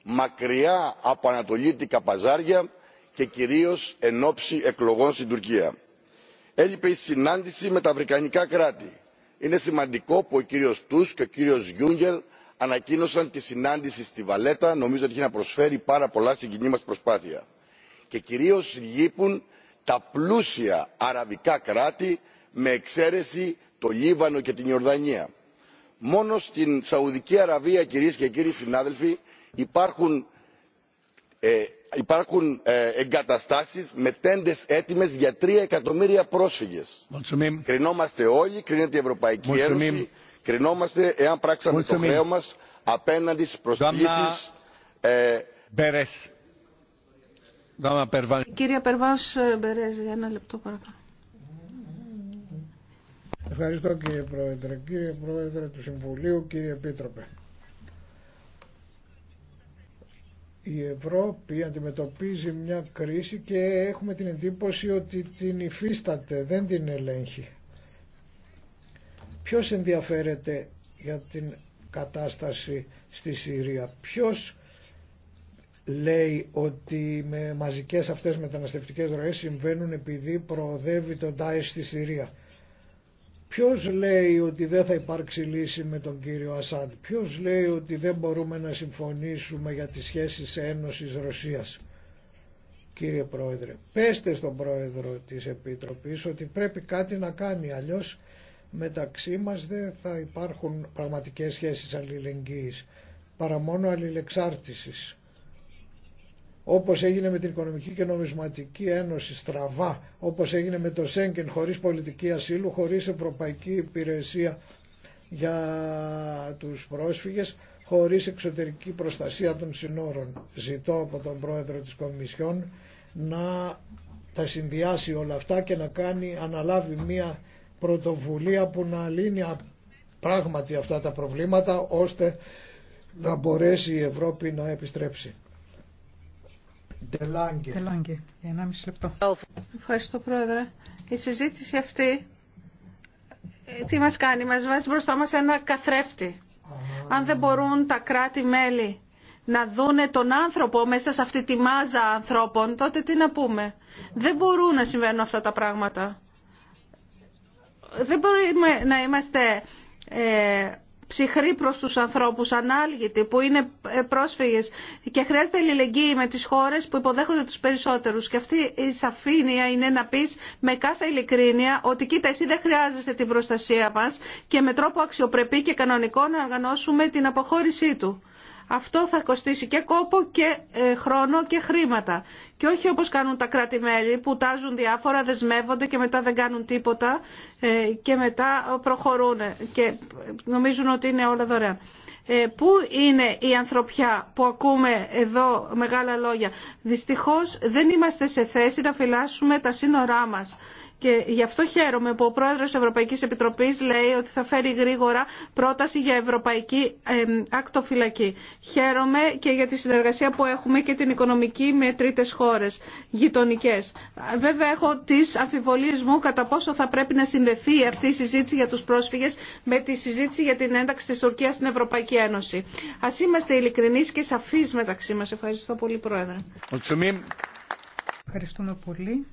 μακριά από ανατολίτικα παζάρια και κυρίως εν ώψη εκλογών στην τουρκία. έλειπε η συνάντηση με τα αφρικανικά κράτη. είναι σημαντικό που ο κύριος Τούς και ο κύριος γιούνκερ ανακοίνωσαν τη συνάντηση στη βαλέτα νομίζω ότι έχει να προσφέρει πάρα πολλά στην κοινή μας προσπάθεια και κυρίως λείπουν τα πλούσια αραβικά κράτη με εξαίρεση το λίβανο και την ιορδανία. μόνο στην σαουδική αραβία κυρίες και κύριοι συνάδελφοι υπάρχουν, εγκαταστάσει εγκαταστάσεις με τέντες έτοιμες για τρία εκατομμύρια πρόσφυγες. κρινόμαστε όλοι κρίνεται η ευρωπαϊκή ένωση κρινόμαστε εάν πράξαμε το χρέο μα απέναντι στι προσπίσει. Κύριε Περβάς ε, Μπερέζ, ένα λεπτό παρακαλώ. Ευχαριστώ κύριε Πρόεδρε. Κύριε Πρόεδρε του Συμβουλίου, κύριε Επίτροπε. Η Ευρώπη αντιμετωπίζει μια κρίση και έχουμε την εντύπωση ότι την υφίσταται, δεν την ελέγχει. Ποιος ενδιαφέρεται για την κατάσταση στη Συρία, ποιος λέει ότι με μαζικές αυτές μεταναστευτικές ροές συμβαίνουν επειδή προοδεύει τον τάες στη Συρία. Ποιος λέει ότι δεν θα υπάρξει λύση με τον κύριο Ασάντ. Ποιος λέει ότι δεν μπορούμε να συμφωνήσουμε για τις σχέσεις Ένωσης Ρωσίας. Κύριε Πρόεδρε, πέστε στον Πρόεδρο της Επιτροπής ότι πρέπει κάτι να κάνει, αλλιώς μεταξύ μας δεν θα υπάρχουν πραγματικές σχέσεις αλληλεγγύης παρά μόνο αλληλεξάρτησης όπως έγινε με την Οικονομική και Νομισματική Ένωση στραβά, όπως έγινε με το Σέγγεν χωρίς πολιτική ασύλου, χωρίς ευρωπαϊκή υπηρεσία για τους πρόσφυγες, χωρίς εξωτερική προστασία των συνόρων. Ζητώ από τον πρόεδρο της Κομισιόν να τα συνδυάσει όλα αυτά και να κάνει, αναλάβει μία πρωτοβουλία που να λύνει πράγματι αυτά τα προβλήματα ώστε να μπορέσει η Ευρώπη να επιστρέψει. λεπτό. Ευχαριστώ Πρόεδρε. Η συζήτηση αυτή ε, τι μας κάνει, μας βάζει μπροστά μας ένα καθρέφτη. Αν δεν μπορούν τα κράτη-μέλη να δούνε τον άνθρωπο μέσα σε αυτή τη μάζα ανθρώπων, τότε τι να πούμε. Δεν μπορούν να συμβαίνουν αυτά τα πράγματα δεν μπορούμε να είμαστε ε, ψυχροί προς τους ανθρώπους, ανάλγητοι, που είναι ε, πρόσφυγες και χρειάζεται αλληλεγγύη με τις χώρες που υποδέχονται τους περισσότερους. Και αυτή η σαφήνεια είναι να πεις με κάθε ειλικρίνεια ότι κοίτα εσύ δεν χρειάζεσαι την προστασία μας και με τρόπο αξιοπρεπή και κανονικό να οργανώσουμε την αποχώρησή του. Αυτό θα κοστίσει και κόπο και ε, χρόνο και χρήματα. Και όχι όπως κάνουν τα κράτη-μέλη που τάζουν διάφορα, δεσμεύονται και μετά δεν κάνουν τίποτα ε, και μετά προχωρούν και νομίζουν ότι είναι όλα δωρεάν. Ε, πού είναι η ανθρωπιά που ακούμε εδώ μεγάλα λόγια. Δυστυχώς δεν είμαστε σε θέση να φυλάσσουμε τα σύνορά μας και γι' αυτό χαίρομαι που ο πρόεδρο τη Ευρωπαϊκή Επιτροπή λέει ότι θα φέρει γρήγορα πρόταση για ευρωπαϊκή ακτοφυλακή. Χαίρομαι και για τη συνεργασία που έχουμε και την οικονομική με τρίτε χώρε γειτονικέ. Βέβαια έχω τι αμφιβολίε μου κατά πόσο θα πρέπει να συνδεθεί αυτή η συζήτηση για του πρόσφυγε με τη συζήτηση για την ένταξη τη Τουρκία στην Ευρωπαϊκή Ένωση. Α είμαστε ειλικρινεί και σαφεί μεταξύ μα. Ευχαριστώ πολύ Πρόεδρε. Ευχαριστούμε πολύ.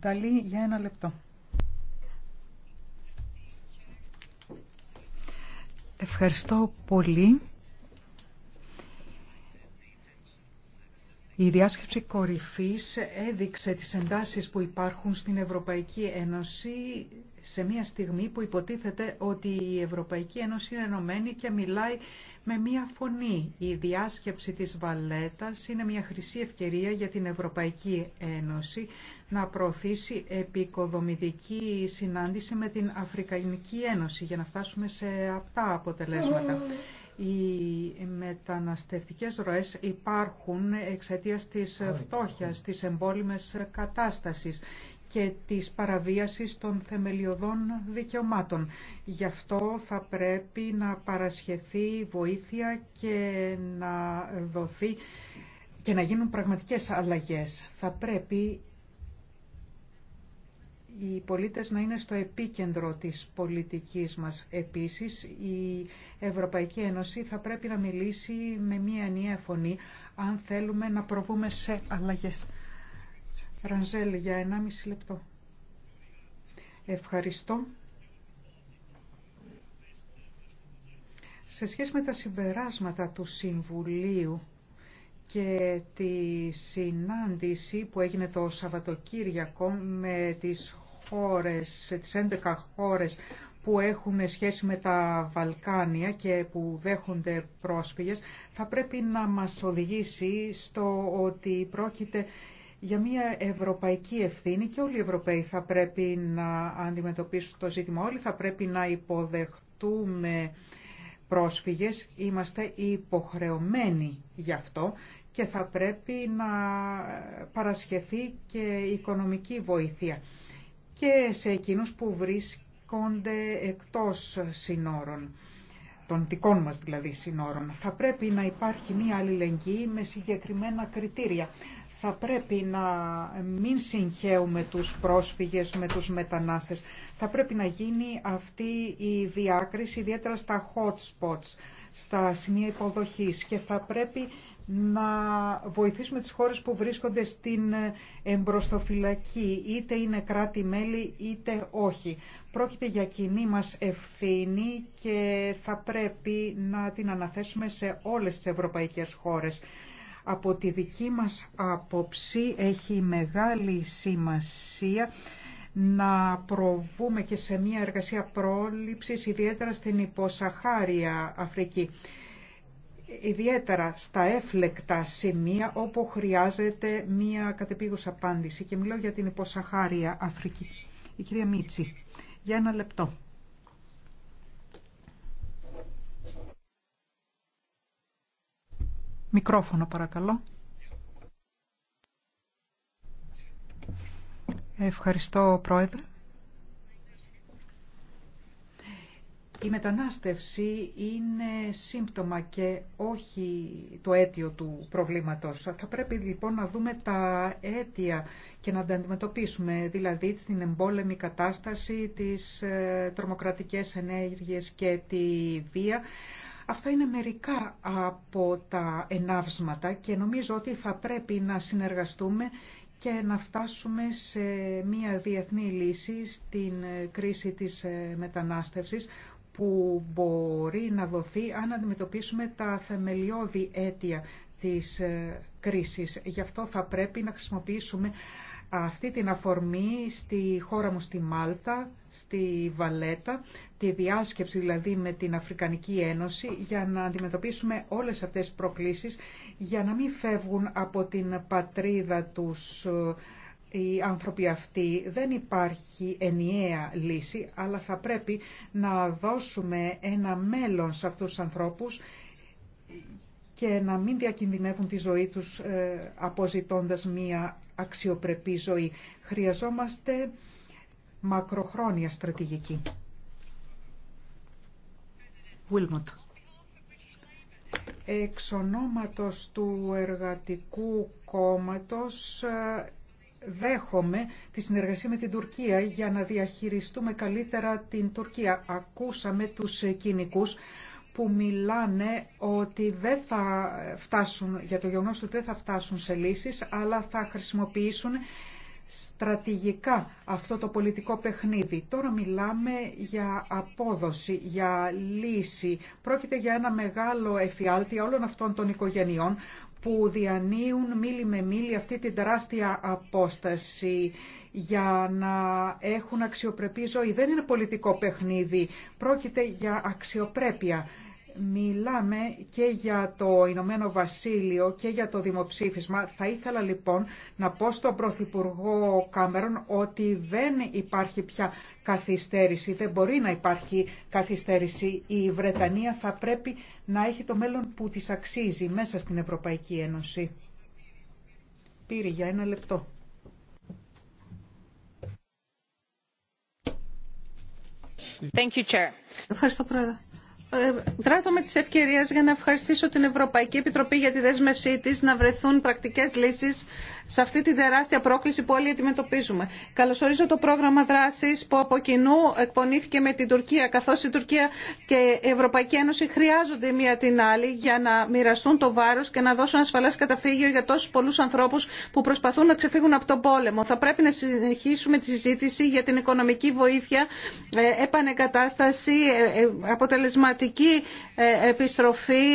Νταλή για ένα λεπτό. Ευχαριστώ πολύ. Η διάσκεψη κορυφής έδειξε τις εντάσεις που υπάρχουν στην Ευρωπαϊκή Ένωση σε μια στιγμή που υποτίθεται ότι η Ευρωπαϊκή Ένωση είναι ενωμένη και μιλάει με μια φωνή. Η διάσκεψη της Βαλέτας είναι μια χρυσή ευκαιρία για την Ευρωπαϊκή Ένωση να προωθήσει επικοδομητική συνάντηση με την Αφρικανική Ένωση για να φτάσουμε σε αυτά αποτελέσματα. Οι μεταναστευτικές ροές υπάρχουν εξαιτίας της φτώχειας, της εμπόλυμες κατάστασης και της παραβίασης των θεμελιωδών δικαιωμάτων. Γι' αυτό θα πρέπει να παρασχεθεί βοήθεια και να δοθεί και να γίνουν πραγματικές αλλαγές. Θα πρέπει οι πολίτες να είναι στο επίκεντρο της πολιτικής μας. Επίσης, η Ευρωπαϊκή Ένωση θα πρέπει να μιλήσει με μία ενιαία φωνή, αν θέλουμε να προβούμε σε αλλαγές. Ρανζέλ, για 1,5 λεπτό. Ευχαριστώ. Σε σχέση με τα συμπεράσματα του Συμβουλίου και τη συνάντηση που έγινε το Σαββατοκύριακο με τις χώρες, τις 11 χώρες που έχουν σχέση με τα Βαλκάνια και που δέχονται πρόσφυγες θα πρέπει να μας οδηγήσει στο ότι πρόκειται για μια ευρωπαϊκή ευθύνη και όλοι οι Ευρωπαίοι θα πρέπει να αντιμετωπίσουν το ζήτημα. Όλοι θα πρέπει να υποδεχτούμε πρόσφυγες, είμαστε υποχρεωμένοι γι' αυτό και θα πρέπει να παρασχεθεί και οικονομική βοήθεια και σε εκείνους που βρίσκονται εκτός συνόρων, των δικών μας δηλαδή συνόρων. Θα πρέπει να υπάρχει μία αλληλεγγύη με συγκεκριμένα κριτήρια. Θα πρέπει να μην συγχαίουμε τους πρόσφυγες με τους μετανάστες. Θα πρέπει να γίνει αυτή η διάκριση ιδιαίτερα στα hot spots, στα σημεία υποδοχής και θα πρέπει να βοηθήσουμε τις χώρες που βρίσκονται στην ε, εμπροστοφυλακή, είτε είναι κράτη-μέλη είτε όχι. Πρόκειται για κοινή μας ευθύνη και θα πρέπει να την αναθέσουμε σε όλες τις ευρωπαϊκές χώρες. Από τη δική μας άποψη έχει μεγάλη σημασία να προβούμε και σε μια εργασία πρόληψης, ιδιαίτερα στην υποσαχάρια Αφρική ιδιαίτερα στα έφλεκτα σημεία όπου χρειάζεται μία κατεπίγουσα απάντηση και μιλώ για την υποσαχάρια Αφρική. Η κυρία Μίτσι, για ένα λεπτό. Μικρόφωνο παρακαλώ. Ευχαριστώ Πρόεδρε. Η μετανάστευση είναι σύμπτωμα και όχι το αίτιο του προβλήματος. Θα πρέπει λοιπόν να δούμε τα αίτια και να τα αντιμετωπίσουμε, δηλαδή την εμπόλεμη κατάσταση, τις ε, τρομοκρατικές ενέργειες και τη βία. Αυτά είναι μερικά από τα ενάυσματα και νομίζω ότι θα πρέπει να συνεργαστούμε και να φτάσουμε σε μια διεθνή λύση στην κρίση της ε, μετανάστευσης, που μπορεί να δοθεί αν αντιμετωπίσουμε τα θεμελιώδη αίτια της ε, κρίσης. Γι' αυτό θα πρέπει να χρησιμοποιήσουμε αυτή την αφορμή στη χώρα μου στη Μάλτα, στη Βαλέτα, τη διάσκεψη δηλαδή με την Αφρικανική Ένωση για να αντιμετωπίσουμε όλες αυτές τις προκλήσεις για να μην φεύγουν από την πατρίδα τους ε, οι άνθρωποι αυτοί δεν υπάρχει ενιαία λύση, αλλά θα πρέπει να δώσουμε ένα μέλλον σε αυτούς τους ανθρώπους και να μην διακινδυνεύουν τη ζωή τους ε, αποζητώντας μία αξιοπρεπή ζωή. Χρειαζόμαστε μακροχρόνια στρατηγική. Wilmot. Εξ του Εργατικού Κόμματος ε, δέχομαι τη συνεργασία με την Τουρκία για να διαχειριστούμε καλύτερα την Τουρκία. Ακούσαμε τους κοινικούς που μιλάνε ότι δεν θα φτάσουν, για το γεγονός ότι δεν θα φτάσουν σε λύσεις, αλλά θα χρησιμοποιήσουν στρατηγικά αυτό το πολιτικό παιχνίδι. Τώρα μιλάμε για απόδοση, για λύση. Πρόκειται για ένα μεγάλο εφιάλτη όλων αυτών των οικογενειών που διανύουν μίλη με μίλη αυτή την τεράστια απόσταση για να έχουν αξιοπρεπή ζωή. Δεν είναι πολιτικό παιχνίδι, πρόκειται για αξιοπρέπεια Μιλάμε και για το Ηνωμένο Βασίλειο και για το δημοψήφισμα. Θα ήθελα λοιπόν να πω στον Πρωθυπουργό Κάμερον ότι δεν υπάρχει πια καθυστέρηση, δεν μπορεί να υπάρχει καθυστέρηση. Η Βρετανία θα πρέπει να έχει το μέλλον που της αξίζει μέσα στην Ευρωπαϊκή Ένωση. Πήρε για ένα λεπτό. Thank you, Chair. Ευχαριστώ, ε, δράτω με τις ευκαιρίες για να ευχαριστήσω την Ευρωπαϊκή Επιτροπή για τη δέσμευσή της να βρεθούν πρακτικές λύσεις σε αυτή τη τεράστια πρόκληση που όλοι αντιμετωπίζουμε. Καλωσορίζω το πρόγραμμα δράση που από κοινού εκπονήθηκε με την Τουρκία, καθώ η Τουρκία και η Ευρωπαϊκή Ένωση χρειάζονται μία την άλλη για να μοιραστούν το βάρο και να δώσουν ασφαλέ καταφύγιο για τόσου πολλού ανθρώπου που προσπαθούν να ξεφύγουν από τον πόλεμο. Θα πρέπει να συνεχίσουμε τη συζήτηση για την οικονομική βοήθεια, ε, επανεκατάσταση, ε, ε, αποτελεσματική επιστροφή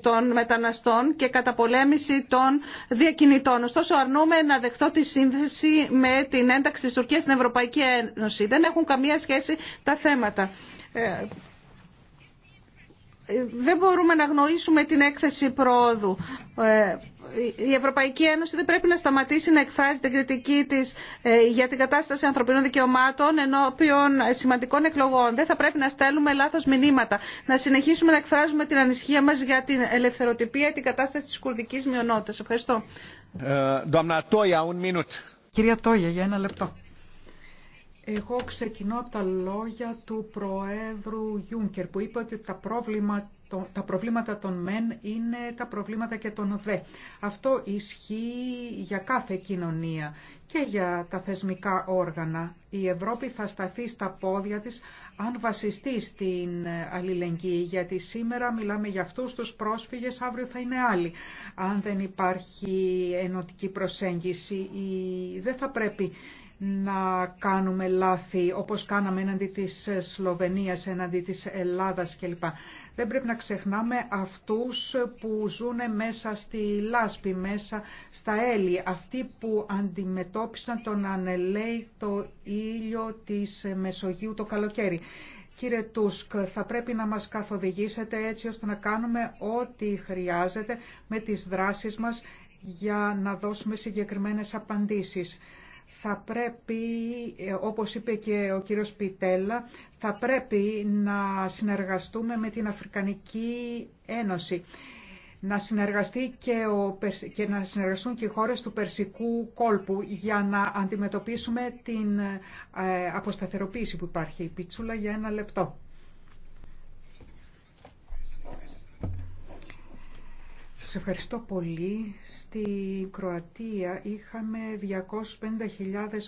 των μεταναστών και καταπολέμηση των διακινητών αρνούμε να δεχτώ τη σύνδεση με την ένταξη της Τουρκίας στην Ευρωπαϊκή Ένωση. Δεν έχουν καμία σχέση τα θέματα. Ε, δεν μπορούμε να γνωρίσουμε την έκθεση πρόοδου. Ε, η Ευρωπαϊκή Ένωση δεν πρέπει να σταματήσει να εκφράζει την κριτική της ε, για την κατάσταση ανθρωπίνων δικαιωμάτων ενώπιον σημαντικών εκλογών. Δεν θα πρέπει να στέλνουμε λάθο μηνύματα. Να συνεχίσουμε να εκφράζουμε την ανησυχία μα για την ελευθεροτυπία και την κατάσταση τη κουρδική μειονότητα. Ευχαριστώ. Ε, Κυρία Τόγια, για ένα λεπτό. Εγώ ξεκινώ από τα λόγια του Προέδρου Γιούνκερ που είπε ότι τα, πρόβλημα, τα προβλήματα των μεν είναι τα προβλήματα και των δε. Αυτό ισχύει για κάθε κοινωνία και για τα θεσμικά όργανα. Η Ευρώπη θα σταθεί στα πόδια της αν βασιστεί στην αλληλεγγύη, γιατί σήμερα μιλάμε για αυτούς τους πρόσφυγες, αύριο θα είναι άλλοι. Αν δεν υπάρχει ενωτική προσέγγιση, δεν θα πρέπει να κάνουμε λάθη όπως κάναμε έναντι της Σλοβενίας, έναντι της Ελλάδας κλπ. Δεν πρέπει να ξεχνάμε αυτούς που ζουν μέσα στη λάσπη, μέσα στα έλλη, αυτοί που αντιμετώπισαν τον το ήλιο της Μεσογείου το καλοκαίρι. Κύριε Τούσκ, θα πρέπει να μας καθοδηγήσετε έτσι ώστε να κάνουμε ό,τι χρειάζεται με τις δράσεις μας για να δώσουμε συγκεκριμένες απαντήσεις θα πρέπει, ε, όπως είπε και ο κύριος Πιτέλα, θα πρέπει να συνεργαστούμε με την Αφρικανική Ένωση. Να, συνεργαστεί και, ο, και να συνεργαστούν και οι χώρες του Περσικού κόλπου για να αντιμετωπίσουμε την ε, αποσταθεροποίηση που υπάρχει. Πιτσούλα για ένα λεπτό. Σας ευχαριστώ πολύ. Στη Κροατία είχαμε 250.000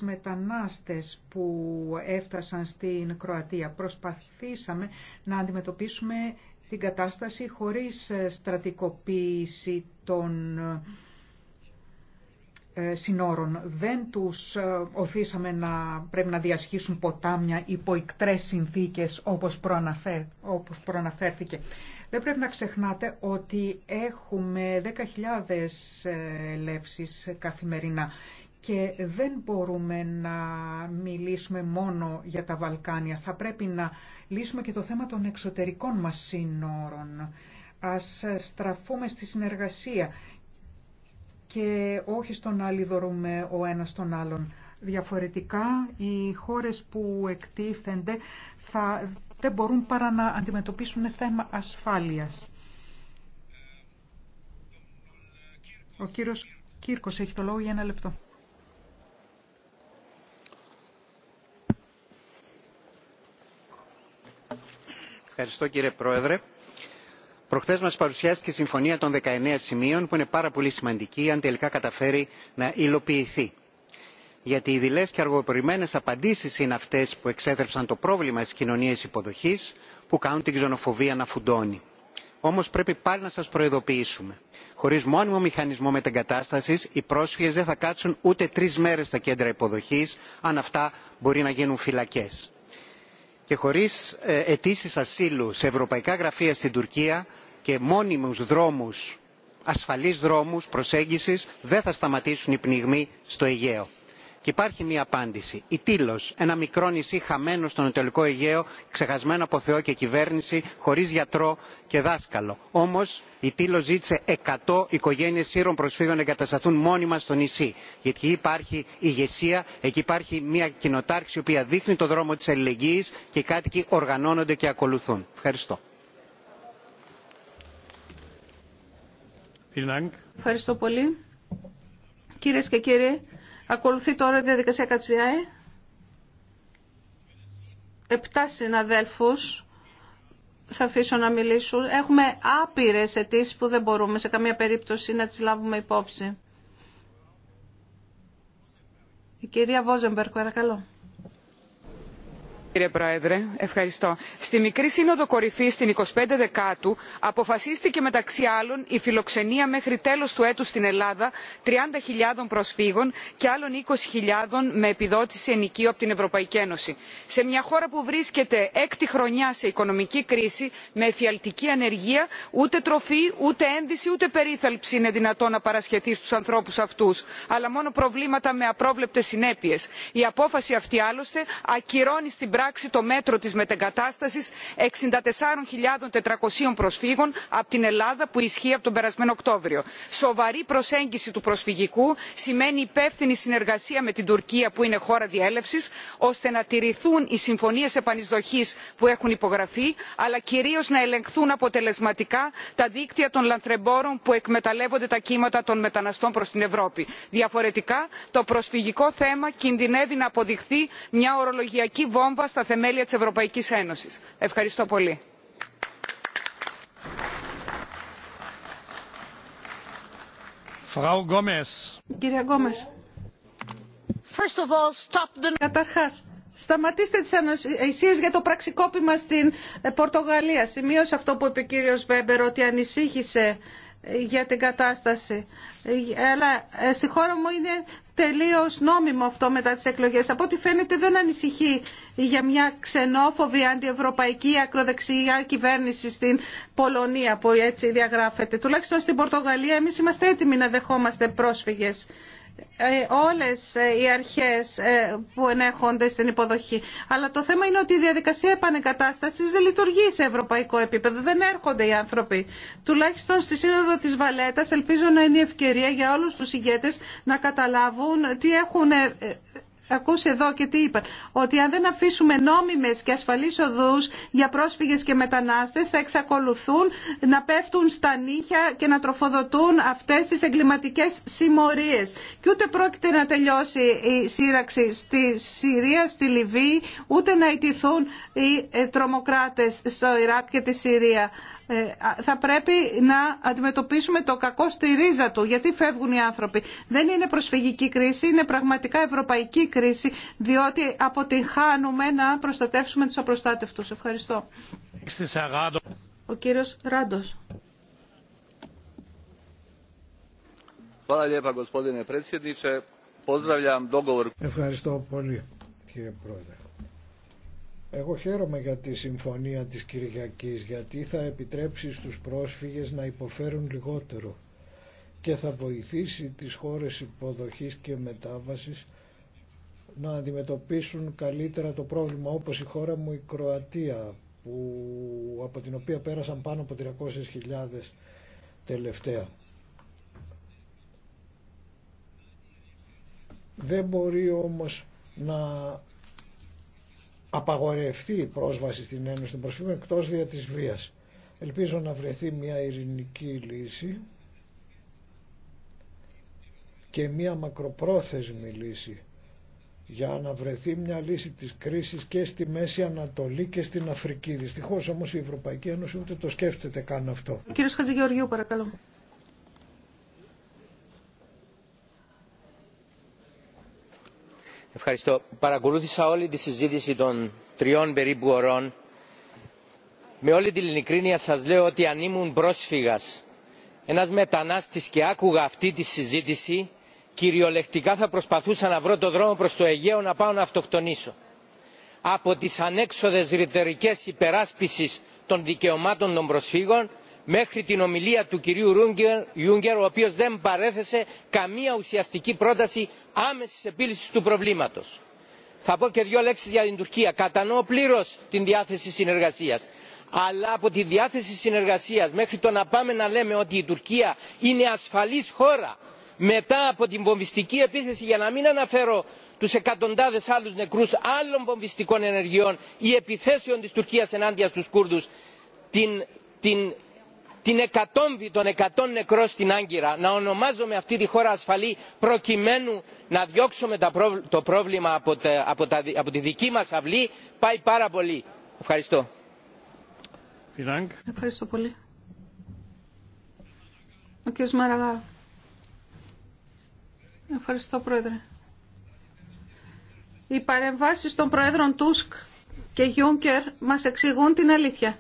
μετανάστες που έφτασαν στην Κροατία. Προσπαθήσαμε να αντιμετωπίσουμε την κατάσταση χωρίς ε, στρατικοποίηση των ε, συνόρων. Δεν τους ε, οθήσαμε να πρέπει να διασχίσουν ποτάμια υπό εκτρές συνθήκες όπως, όπως προαναφέρθηκε. Δεν πρέπει να ξεχνάτε ότι έχουμε 10.000 ε, λέψεις καθημερινά και δεν μπορούμε να μιλήσουμε μόνο για τα Βαλκάνια. Θα πρέπει να λύσουμε και το θέμα των εξωτερικών μας σύνορων. Ας στραφούμε στη συνεργασία και όχι στο να λιδωρούμε ο ένας τον άλλον. Διαφορετικά, οι χώρες που εκτίθενται θα δεν μπορούν παρά να αντιμετωπίσουν θέμα ασφάλειας. Ο κύριος Κύρκος έχει το λόγο για ένα λεπτό. Ευχαριστώ κύριε Πρόεδρε. Προχθέ μα παρουσιάστηκε η Συμφωνία των 19 Σημείων που είναι πάρα πολύ σημαντική αν τελικά καταφέρει να υλοποιηθεί γιατί οι δειλές και αργοπορημένες απαντήσεις είναι αυτές που εξέθρεψαν το πρόβλημα στις κοινωνίες υποδοχής που κάνουν την ξενοφοβία να φουντώνει. Όμως πρέπει πάλι να σας προειδοποιήσουμε. Χωρίς μόνιμο μηχανισμό μετεγκατάστασης, οι πρόσφυγες δεν θα κάτσουν ούτε τρεις μέρες στα κέντρα υποδοχής, αν αυτά μπορεί να γίνουν φυλακές. Και χωρίς ε, αιτήσει ασύλου σε ευρωπαϊκά γραφεία στην Τουρκία και μόνιμους δρόμους, ασφαλείς δρόμους προσέγγισης, δεν θα σταματήσουν οι πνιγμοί στο Αιγαίο. Και υπάρχει μία απάντηση. Η Τήλος, ένα μικρό νησί χαμένο στον Ανατολικό Αιγαίο, ξεχασμένο από Θεό και κυβέρνηση, χωρίς γιατρό και δάσκαλο. Όμως η Τήλος ζήτησε 100 οικογένειες Σύρων προσφύγων να εγκατασταθούν μόνιμα στο νησί. Γιατί εκεί υπάρχει ηγεσία, εκεί υπάρχει μία κοινοτάρξη η οποία δείχνει το δρόμο της αλληλεγγύης και οι κάτοικοι οργανώνονται και ακολουθούν. Ευχαριστώ. Ακολουθεί τώρα η διαδικασία Κατσιάη. Επτά συναδέλφους θα αφήσω να μιλήσουν. Έχουμε άπειρες αιτήσει που δεν μπορούμε σε καμία περίπτωση να τις λάβουμε υπόψη. Η κυρία Βόζεμπερκ, παρακαλώ κύριε Πρόεδρε. Στη Μικρή Σύνοδο Κορυφή την 25 Δεκάτου αποφασίστηκε μεταξύ άλλων η φιλοξενία μέχρι τέλο του έτου στην Ελλάδα 30.000 προσφύγων και άλλων 20.000 με επιδότηση ενοικίου από την Ευρωπαϊκή Ένωση. Σε μια χώρα που βρίσκεται έκτη χρονιά σε οικονομική κρίση με εφιαλτική ανεργία, ούτε τροφή, ούτε ένδυση, ούτε περίθαλψη είναι δυνατό να παρασχεθεί στου ανθρώπου αυτού, αλλά μόνο προβλήματα με απρόβλεπτε συνέπειε. Η απόφαση αυτή άλλωστε ακυρώνει στην αλλάξει το μέτρο της μετεγκατάστασης 64.400 προσφύγων από την ελλάδα που ισχύει από τον περασμένο οκτώβριο. σοβαρή προσέγγιση του προσφυγικού σημαίνει υπεύθυνη συνεργασία με την τουρκία που είναι χώρα διέλευσης ώστε να τηρηθούν οι συμφωνίες επανεισδοχής που έχουν υπογραφεί αλλά κυρίως να ελεγχθούν αποτελεσματικά τα δίκτυα των λανθρεμπόρων που εκμεταλλεύονται τα κύματα των μεταναστών προς την ευρώπη. διαφορετικά το προσφυγικό θέμα κινδυνεύει να αποδειχθεί μια ορολογιακή βόμβα στα θεμέλια της Ευρωπαϊκής Ένωσης. Ευχαριστώ πολύ. Κυρία καταρχάς, σταματήστε τις ανοησίες για το πραξικόπημα στην ε, Πορτογαλία. Σημείωσε αυτό που είπε ο κύριος Βέμπερ ότι ανησύχησε για την κατάσταση. Αλλά ε, στη χώρα μου είναι τελείως νόμιμο αυτό μετά τις εκλογές. Από ό,τι φαίνεται δεν ανησυχεί για μια ξενόφοβη αντιευρωπαϊκή ακροδεξιά κυβέρνηση στην Πολωνία που έτσι διαγράφεται. Τουλάχιστον στην Πορτογαλία εμείς είμαστε έτοιμοι να δεχόμαστε πρόσφυγες. Ε, όλες ε, οι αρχές ε, που ενέχονται στην υποδοχή. Αλλά το θέμα είναι ότι η διαδικασία επανεκατάστασης δεν λειτουργεί σε ευρωπαϊκό επίπεδο. Δεν έρχονται οι άνθρωποι. Τουλάχιστον στη Σύνοδο της Βαλέτας ελπίζω να είναι η ευκαιρία για όλους τους ηγέτες να καταλάβουν τι έχουν ακούσε εδώ και τι είπα, ότι αν δεν αφήσουμε νόμιμες και ασφαλείς οδού για πρόσφυγες και μετανάστες θα εξακολουθούν να πέφτουν στα νύχια και να τροφοδοτούν αυτές τις εγκληματικέ συμμορίες. Και ούτε πρόκειται να τελειώσει η σύραξη στη Συρία, στη Λιβύη, ούτε να ιτηθούν οι τρομοκράτες στο Ιράκ και τη Συρία. Ε, θα πρέπει να αντιμετωπίσουμε το κακό στη ρίζα του. Γιατί φεύγουν οι άνθρωποι. Δεν είναι προσφυγική κρίση, είναι πραγματικά ευρωπαϊκή κρίση, διότι αποτυγχάνουμε να προστατεύσουμε τους απροστάτευτους. Ευχαριστώ. Ο κύριος Ράντος. Ευχαριστώ πολύ κύριε Πρόεδρε. Εγώ χαίρομαι για τη συμφωνία της Κυριακής γιατί θα επιτρέψει στους πρόσφυγες να υποφέρουν λιγότερο και θα βοηθήσει τις χώρες υποδοχής και μετάβασης να αντιμετωπίσουν καλύτερα το πρόβλημα όπως η χώρα μου η Κροατία που, από την οποία πέρασαν πάνω από 300.000 τελευταία. Δεν μπορεί όμως να απαγορευτεί η πρόσβαση στην Ένωση των Προσφύγων εκτός δια της βίας. Ελπίζω να βρεθεί μια ειρηνική λύση και μια μακροπρόθεσμη λύση για να βρεθεί μια λύση της κρίσης και στη Μέση Ανατολή και στην Αφρική. Δυστυχώς όμως η Ευρωπαϊκή Ένωση ούτε το σκέφτεται καν αυτό. Κύριος Χατζηγεωργίου παρακαλώ. Ευχαριστώ. Παρακολούθησα όλη τη συζήτηση των τριών περίπου ωρών. Με όλη την ειλικρίνεια σας λέω ότι αν ήμουν πρόσφυγας, ένας μετανάστης και άκουγα αυτή τη συζήτηση, κυριολεκτικά θα προσπαθούσα να βρω το δρόμο προς το Αιγαίο να πάω να αυτοκτονήσω. Από τις ανέξοδες ρητορικές υπεράσπισης των δικαιωμάτων των προσφύγων μέχρι την ομιλία του κυρίου Juncker, ο οποίος δεν παρέθεσε καμία ουσιαστική πρόταση άμεσης επίλυσης του προβλήματος. Θα πω και δύο λέξεις για την Τουρκία. Κατανοώ πλήρως την διάθεση συνεργασίας. Αλλά από τη διάθεση συνεργασίας μέχρι το να πάμε να λέμε ότι η Τουρκία είναι ασφαλής χώρα μετά από την βομβιστική επίθεση, για να μην αναφέρω τους εκατοντάδες άλλους νεκρούς άλλων βομβιστικών ενεργειών ή επιθέσεων της Τουρκίας ενάντια στους Κούρδους, την, την εκατόμβη των εκατόν νεκρών στην άγκυρα να ονομάζουμε αυτή τη χώρα ασφαλή προκειμένου να διώξουμε το πρόβλημα από τη δική μας αυλή πάει πάρα πολύ. Ευχαριστώ. Ευχαριστώ πολύ. Ο κύριος Ευχαριστώ Πρόεδρε. Οι παρεμβάσεις των Πρόεδρων Τούσκ και Γιούνκερ μας εξηγούν την αλήθεια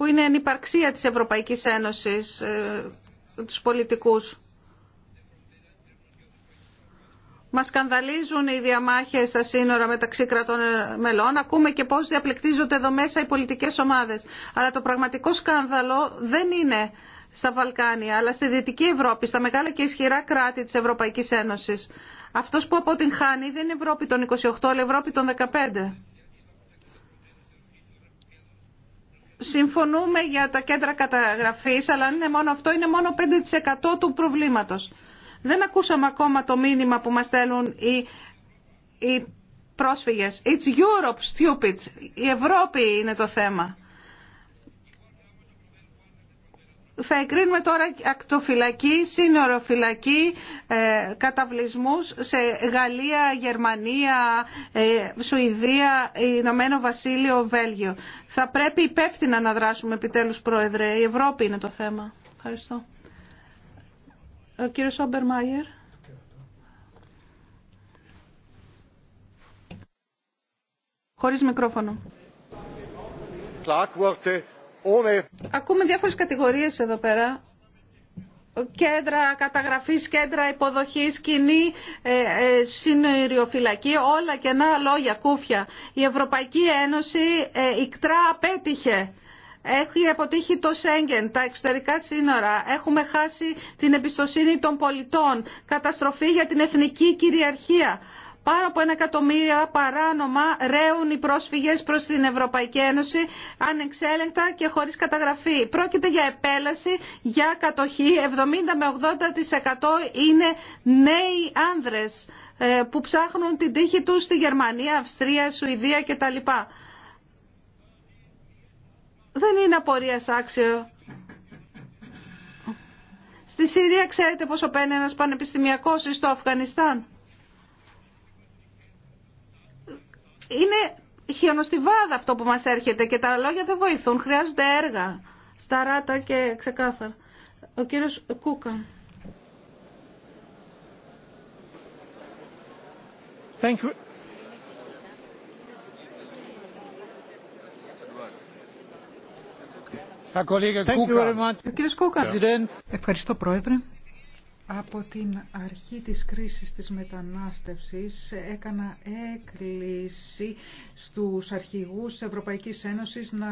που είναι η υπαρξία της Ευρωπαϊκής Ένωσης, ε, τους πολιτικούς. Μας σκανδαλίζουν οι διαμάχες στα σύνορα μεταξύ κρατών ε, μελών. Ακούμε και πώς διαπληκτίζονται εδώ μέσα οι πολιτικές ομάδες. Αλλά το πραγματικό σκάνδαλο δεν είναι στα Βαλκάνια, αλλά στη Δυτική Ευρώπη, στα μεγάλα και ισχυρά κράτη της Ευρωπαϊκής Ένωσης. Αυτός που αποτυγχάνει δεν είναι Ευρώπη των 28, αλλά Ευρώπη των 15. συμφωνούμε για τα κέντρα καταγραφής, αλλά είναι μόνο αυτό, είναι μόνο 5% του προβλήματος. Δεν ακούσαμε ακόμα το μήνυμα που μας στέλνουν οι, οι πρόσφυγες. It's Europe, stupid. Η Ευρώπη είναι το θέμα. θα εκρίνουμε τώρα ακτοφυλακή, σύνοροφυλακή, ε, καταβλισμούς σε Γαλλία, Γερμανία, ε, Σουηδία, Ηνωμένο Βασίλειο, Βέλγιο. Θα πρέπει υπεύθυνα να δράσουμε επιτέλους, Πρόεδρε. Η Ευρώπη είναι το θέμα. Ευχαριστώ. Ο κύριος Χωρίς μικρόφωνο. Ακούμε διάφορες κατηγορίες εδώ πέρα. Κέντρα καταγραφής, κέντρα υποδοχής, κοινή ε, ε όλα και να λόγια, κούφια. Η Ευρωπαϊκή Ένωση ε, ικτρά απέτυχε. Έχει αποτύχει το Σέγγεν, τα εξωτερικά σύνορα. Έχουμε χάσει την εμπιστοσύνη των πολιτών. Καταστροφή για την εθνική κυριαρχία. Πάνω από ένα εκατομμύριο παράνομα ρέουν οι πρόσφυγες προς την Ευρωπαϊκή Ένωση ανεξέλεγκτα και χωρίς καταγραφή. Πρόκειται για επέλαση, για κατοχή. 70 με 80% είναι νέοι άνδρες ε, που ψάχνουν την τύχη τους στη Γερμανία, Αυστρία, Σουηδία κτλ. Δεν είναι απορία άξιο. Στη Συρία ξέρετε πόσο παίρνει ένας πανεπιστημιακός ή στο Αφγανιστάν. είναι χιονοστιβάδα αυτό που μας έρχεται και τα λόγια δεν βοηθούν. Χρειάζονται έργα, σταράτα και ξεκάθαρα. Ο κύριος Κούκα. Thank you. Ευχαριστώ Πρόεδρε. Από την αρχή της κρίσης της μετανάστευσης έκανα έκκληση στους αρχηγούς Ευρωπαϊκής Ένωσης να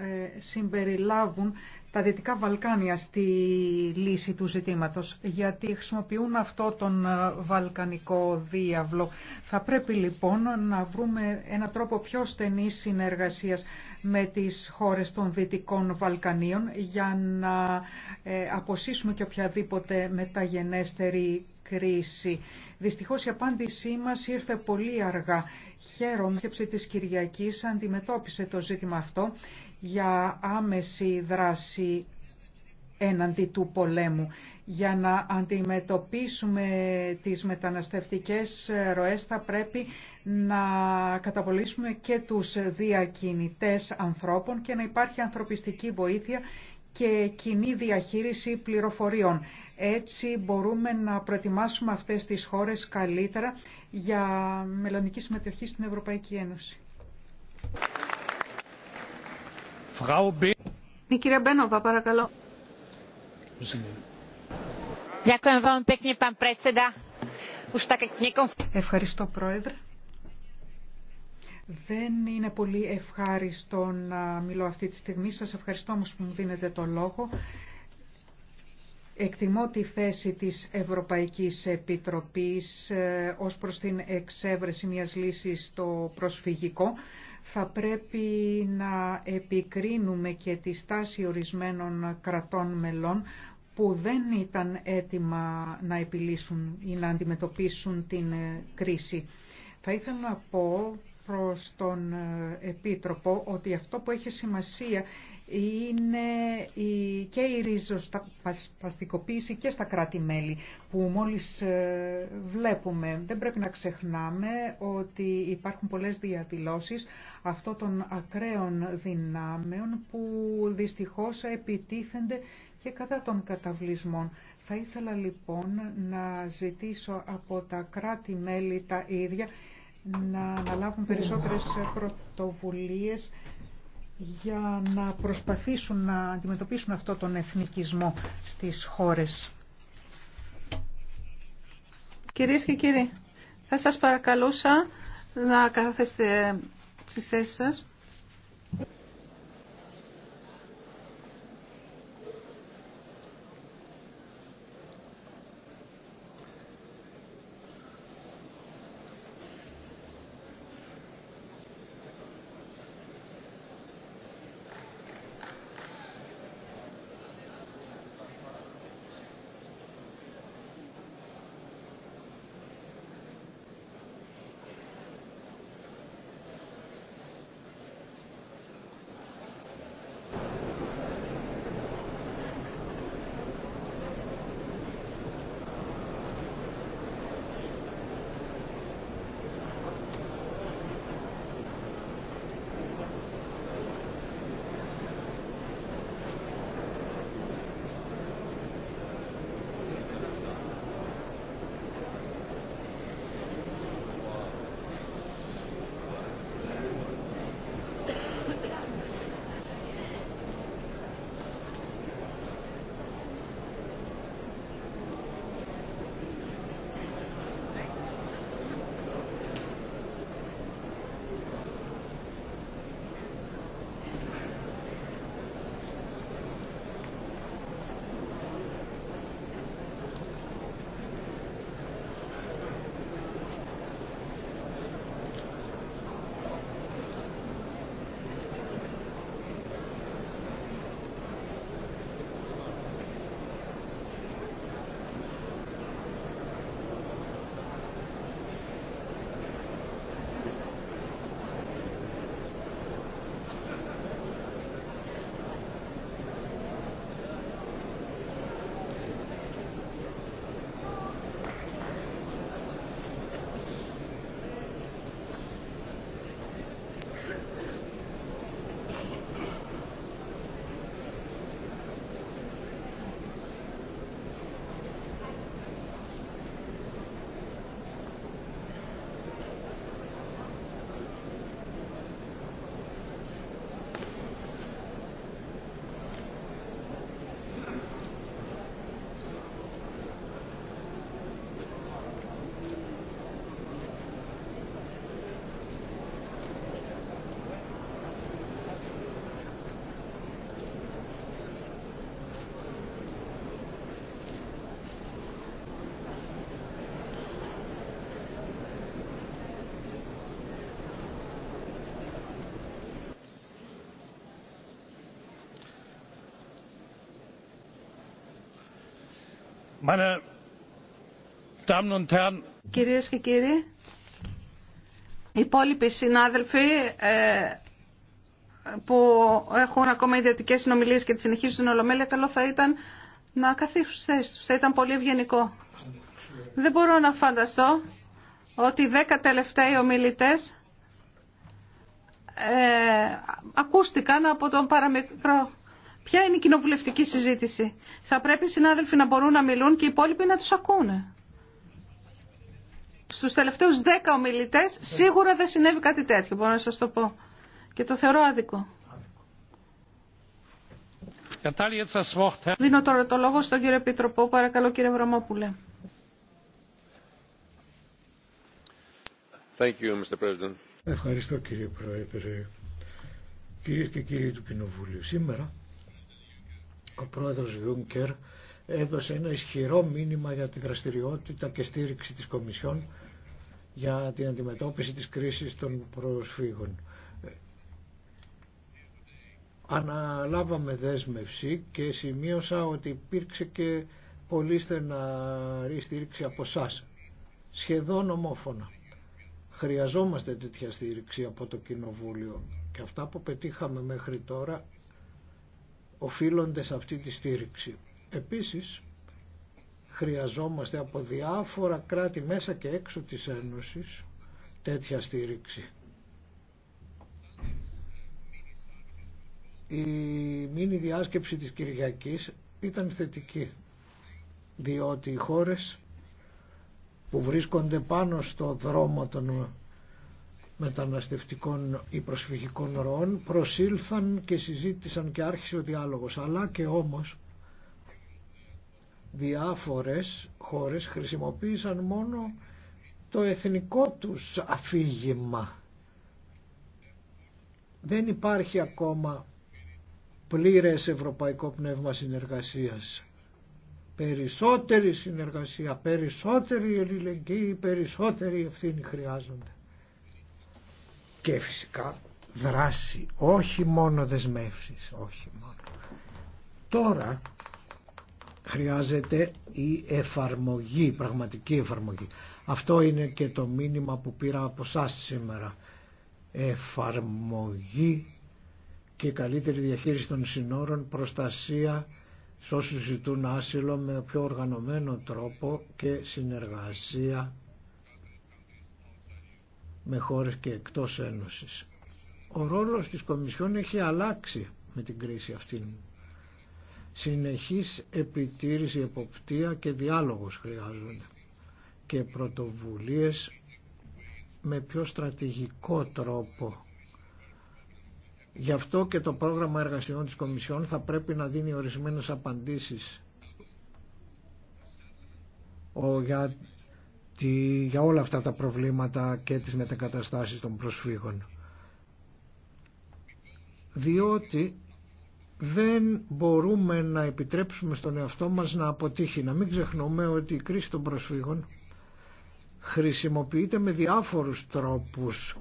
ε, συμπεριλάβουν τα Δυτικά Βαλκάνια στη λύση του ζητήματος, γιατί χρησιμοποιούν αυτό τον ε, βαλκανικό διάβλο. Θα πρέπει λοιπόν να βρούμε ένα τρόπο πιο στενής συνεργασίας με τις χώρες των Δυτικών Βαλκανίων για να ε, αποσύσουμε και οποιαδήποτε μεταγενέστερη κρίση. Δυστυχώς η απάντησή μας ήρθε πολύ αργά. Χαίρομαι, η σκέψη της αντιμετώπισε το ζήτημα αυτό για άμεση δράση έναντι του πολέμου. Για να αντιμετωπίσουμε τις μεταναστευτικές ροές θα πρέπει να καταπολύσουμε και τους διακινητές ανθρώπων και να υπάρχει ανθρωπιστική βοήθεια και κοινή διαχείριση πληροφοριών. Έτσι μπορούμε να προετοιμάσουμε αυτές τις χώρες καλύτερα για μελλοντική συμμετοχή στην Ευρωπαϊκή Ένωση. Ευχαριστώ, Πρόεδρε. Δεν είναι πολύ ευχάριστο να μιλώ αυτή τη στιγμή. Σας ευχαριστώ όμως που μου δίνετε το λόγο. Εκτιμώ τη θέση της Ευρωπαϊκής Επιτροπής ε, ως προς την εξέβρεση μιας λύσης στο προσφυγικό θα πρέπει να επικρίνουμε και τη στάση ορισμένων κρατών μελών που δεν ήταν έτοιμα να επιλύσουν ή να αντιμετωπίσουν την ε, κρίση. Θα ήθελα να πω προς τον ε, Επίτροπο ότι αυτό που έχει σημασία είναι η, και η ριζοσπαστικοποίηση και στα κράτη-μέλη που μόλις ε, βλέπουμε. Δεν πρέπει να ξεχνάμε ότι υπάρχουν πολλές διαδηλώσεις αυτών των ακραίων δυνάμεων που δυστυχώς επιτίθενται και κατά των καταβλισμών. Θα ήθελα λοιπόν να ζητήσω από τα κράτη-μέλη τα ίδια να αναλάβουν περισσότερες πρωτοβουλίες για να προσπαθήσουν να αντιμετωπίσουν αυτό τον εθνικισμό στις χώρες. Κυρίες και κύριοι, θα σας παρακαλούσα να καθέστε στις θέσεις σας. Meine Κυρίες και κύριοι, οι υπόλοιποι συνάδελφοι ε, που έχουν ακόμα ιδιωτικέ συνομιλίες και τις συνεχίζουν στην Ολομέλεια, καλό θα ήταν να καθίσουν στις θέσεις Θα ήταν πολύ ευγενικό. Δεν μπορώ να φανταστώ ότι οι δέκα τελευταίοι ομιλητές ε, ακούστηκαν από τον παραμικρό Ποια είναι η κοινοβουλευτική συζήτηση. Θα πρέπει οι συνάδελφοι να μπορούν να μιλούν και οι υπόλοιποι να τους ακούνε. Στους τελευταίους δέκα ομιλητές σίγουρα δεν συνέβη κάτι τέτοιο, μπορώ να σας το πω. Και το θεωρώ άδικο. Δίνω τώρα το λόγο στον κύριο Επίτροπο. Παρακαλώ κύριε Βραμόπουλε. Ευχαριστώ κύριε Πρόεδρε. Κυρίες και κύριοι του Κοινοβουλίου, σήμερα ο πρόεδρος Γιούνκερ έδωσε ένα ισχυρό μήνυμα για τη δραστηριότητα και στήριξη της Κομισιόν για την αντιμετώπιση της κρίσης των προσφύγων. Αναλάβαμε δέσμευση και σημείωσα ότι υπήρξε και πολύ στεναρή στήριξη από εσά. Σχεδόν ομόφωνα. Χρειαζόμαστε τέτοια στήριξη από το Κοινοβούλιο και αυτά που πετύχαμε μέχρι τώρα οφείλονται σε αυτή τη στήριξη. Επίσης, χρειαζόμαστε από διάφορα κράτη μέσα και έξω της Ένωσης τέτοια στήριξη. Η μήνυ διάσκεψη της Κυριακής ήταν θετική, διότι οι χώρες που βρίσκονται πάνω στο δρόμο των μεταναστευτικών ή προσφυγικών ροών προσήλθαν και συζήτησαν και άρχισε ο διάλογος αλλά και όμως διάφορες χώρες χρησιμοποίησαν μόνο το εθνικό τους αφήγημα δεν υπάρχει ακόμα πλήρες ευρωπαϊκό πνεύμα συνεργασίας περισσότερη συνεργασία περισσότερη ελληνική περισσότερη ευθύνη χρειάζονται και φυσικά δράση, όχι μόνο δεσμεύσεις, όχι μόνο. Τώρα χρειάζεται η εφαρμογή, η πραγματική εφαρμογή. Αυτό είναι και το μήνυμα που πήρα από εσά σήμερα. Εφαρμογή και καλύτερη διαχείριση των συνόρων, προστασία σε όσους ζητούν άσυλο με πιο οργανωμένο τρόπο και συνεργασία με χώρες και εκτός Ένωσης. Ο ρόλος της Κομισιόν έχει αλλάξει με την κρίση αυτήν. Συνεχής επιτήρηση, εποπτεία και διάλογος χρειάζονται και πρωτοβουλίες με πιο στρατηγικό τρόπο. Γι' αυτό και το πρόγραμμα εργασιών της Κομισιόν θα πρέπει να δίνει ορισμένες απαντήσεις ο, για για όλα αυτά τα προβλήματα και τις μετακαταστάσεις των προσφύγων. Διότι δεν μπορούμε να επιτρέψουμε στον εαυτό μας να αποτύχει. Να μην ξεχνούμε ότι η κρίση των προσφύγων χρησιμοποιείται με διάφορους τρόπους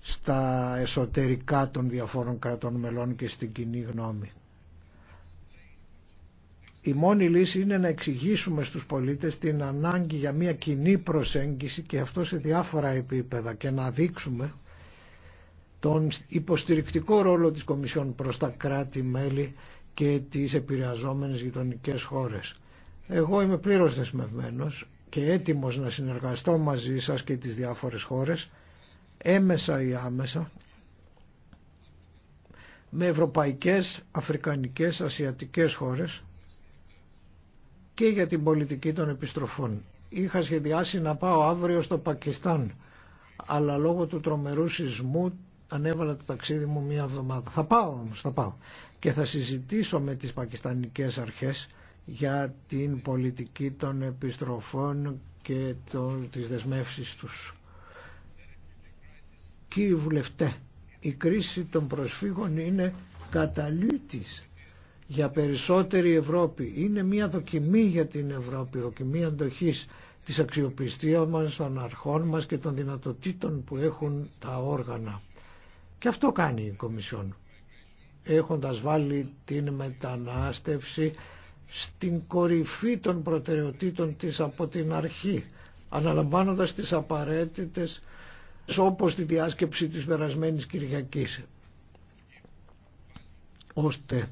στα εσωτερικά των διαφόρων κρατών μελών και στην κοινή γνώμη. Η μόνη λύση είναι να εξηγήσουμε στους πολίτες την ανάγκη για μια κοινή προσέγγιση και αυτό σε διάφορα επίπεδα και να δείξουμε τον υποστηρικτικό ρόλο της Κομισιόν προς τα κράτη-μέλη και τις επηρεαζόμενες γειτονικέ χώρες. Εγώ είμαι πλήρως δεσμευμένος και έτοιμος να συνεργαστώ μαζί σας και τις διάφορες χώρες έμεσα ή άμεσα με ευρωπαϊκές, αφρικανικές, ασιατικές χώρες και για την πολιτική των επιστροφών. Είχα σχεδιάσει να πάω αύριο στο Πακιστάν, αλλά λόγω του τρομερού σεισμού ανέβαλα το ταξίδι μου μία εβδομάδα. Θα πάω όμως, θα πάω. Και θα συζητήσω με τις πακιστανικές αρχές για την πολιτική των επιστροφών και των, τις δεσμεύσεις τους. Κύριοι βουλευτέ, η κρίση των προσφύγων είναι καταλήτης για περισσότερη Ευρώπη. Είναι μια δοκιμή για την Ευρώπη, δοκιμή αντοχής της αξιοπιστίας μας, των αρχών μας και των δυνατοτήτων που έχουν τα όργανα. Και αυτό κάνει η Κομισιόν, έχοντας βάλει την μετανάστευση στην κορυφή των προτεραιοτήτων της από την αρχή, αναλαμβάνοντας τις απαραίτητες όπως τη διάσκεψη της περασμένης Κυριακής ώστε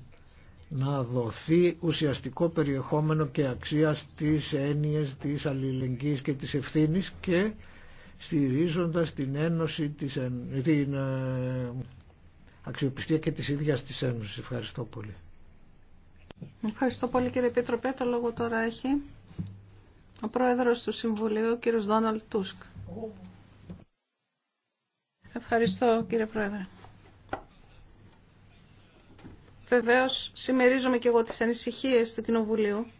να δοθεί ουσιαστικό περιεχόμενο και αξία στις έννοιες της αλληλεγγύης και της ευθύνης και στηρίζοντας την ένωση, της, την ε, αξιοπιστία και της ίδιας της Ένωσης. Ευχαριστώ πολύ. Ευχαριστώ πολύ κύριε Πίτροπε. Το λόγο τώρα έχει ο πρόεδρος του Συμβουλίου, κύριος Δόναλτ Τούσκ. Ευχαριστώ κύριε Πρόεδρε. Βεβαίως, συμμερίζομαι και εγώ τις ανησυχίες του Κοινοβουλίου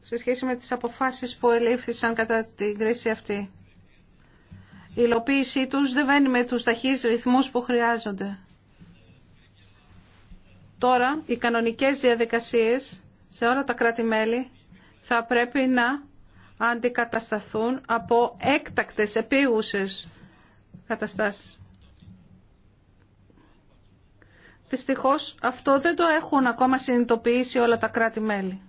σε σχέση με τις αποφάσεις που ελήφθησαν κατά την κρίση αυτή. Η υλοποίησή τους δεν βαίνει με τους ταχύς ρυθμούς που χρειάζονται. Τώρα, οι κανονικές διαδικασίες σε όλα τα κράτη-μέλη θα πρέπει να αντικατασταθούν από έκτακτες επίγουσες καταστάσεις. Δυστυχώς αυτό δεν το έχουν ακόμα συνειδητοποιήσει όλα τα κράτη-μέλη.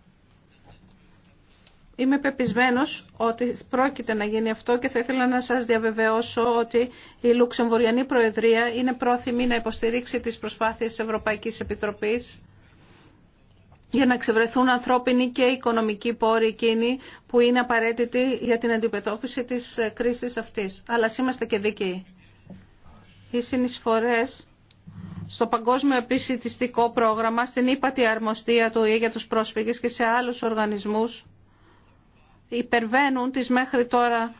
Είμαι πεπισμένος ότι πρόκειται να γίνει αυτό και θα ήθελα να σας διαβεβαιώσω ότι η Λουξεμβουριανή Προεδρία είναι πρόθυμη να υποστηρίξει τις προσπάθειες της Ευρωπαϊκής Επιτροπής για να ξεβρεθούν ανθρώπινοι και οικονομικοί πόροι εκείνοι που είναι απαραίτητοι για την αντιμετώπιση της κρίσης αυτής. Αλλά είμαστε και δίκαιοι. Οι συνεισφορές στο Παγκόσμιο Επισητιστικό Πρόγραμμα, στην ύπατη αρμοστία του ΙΕ για τους πρόσφυγες και σε άλλους οργανισμούς υπερβαίνουν τις μέχρι τώρα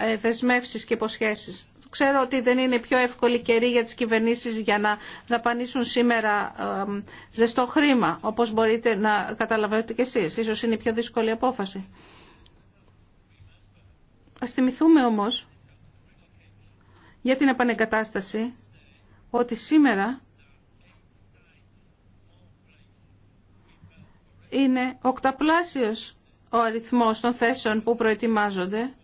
ε, δεσμεύσεις και υποσχέσεις. Ξέρω ότι δεν είναι πιο εύκολη καιρή για τις κυβερνήσεις για να δαπανίσουν σήμερα ζεστό χρήμα, όπως μπορείτε να καταλαβαίνετε κι εσείς. Ίσως είναι η πιο δύσκολη απόφαση. Ας θυμηθούμε όμως για την επανεγκατάσταση ότι σήμερα είναι οκταπλάσιος ο αριθμός των θέσεων που προετοιμάζονται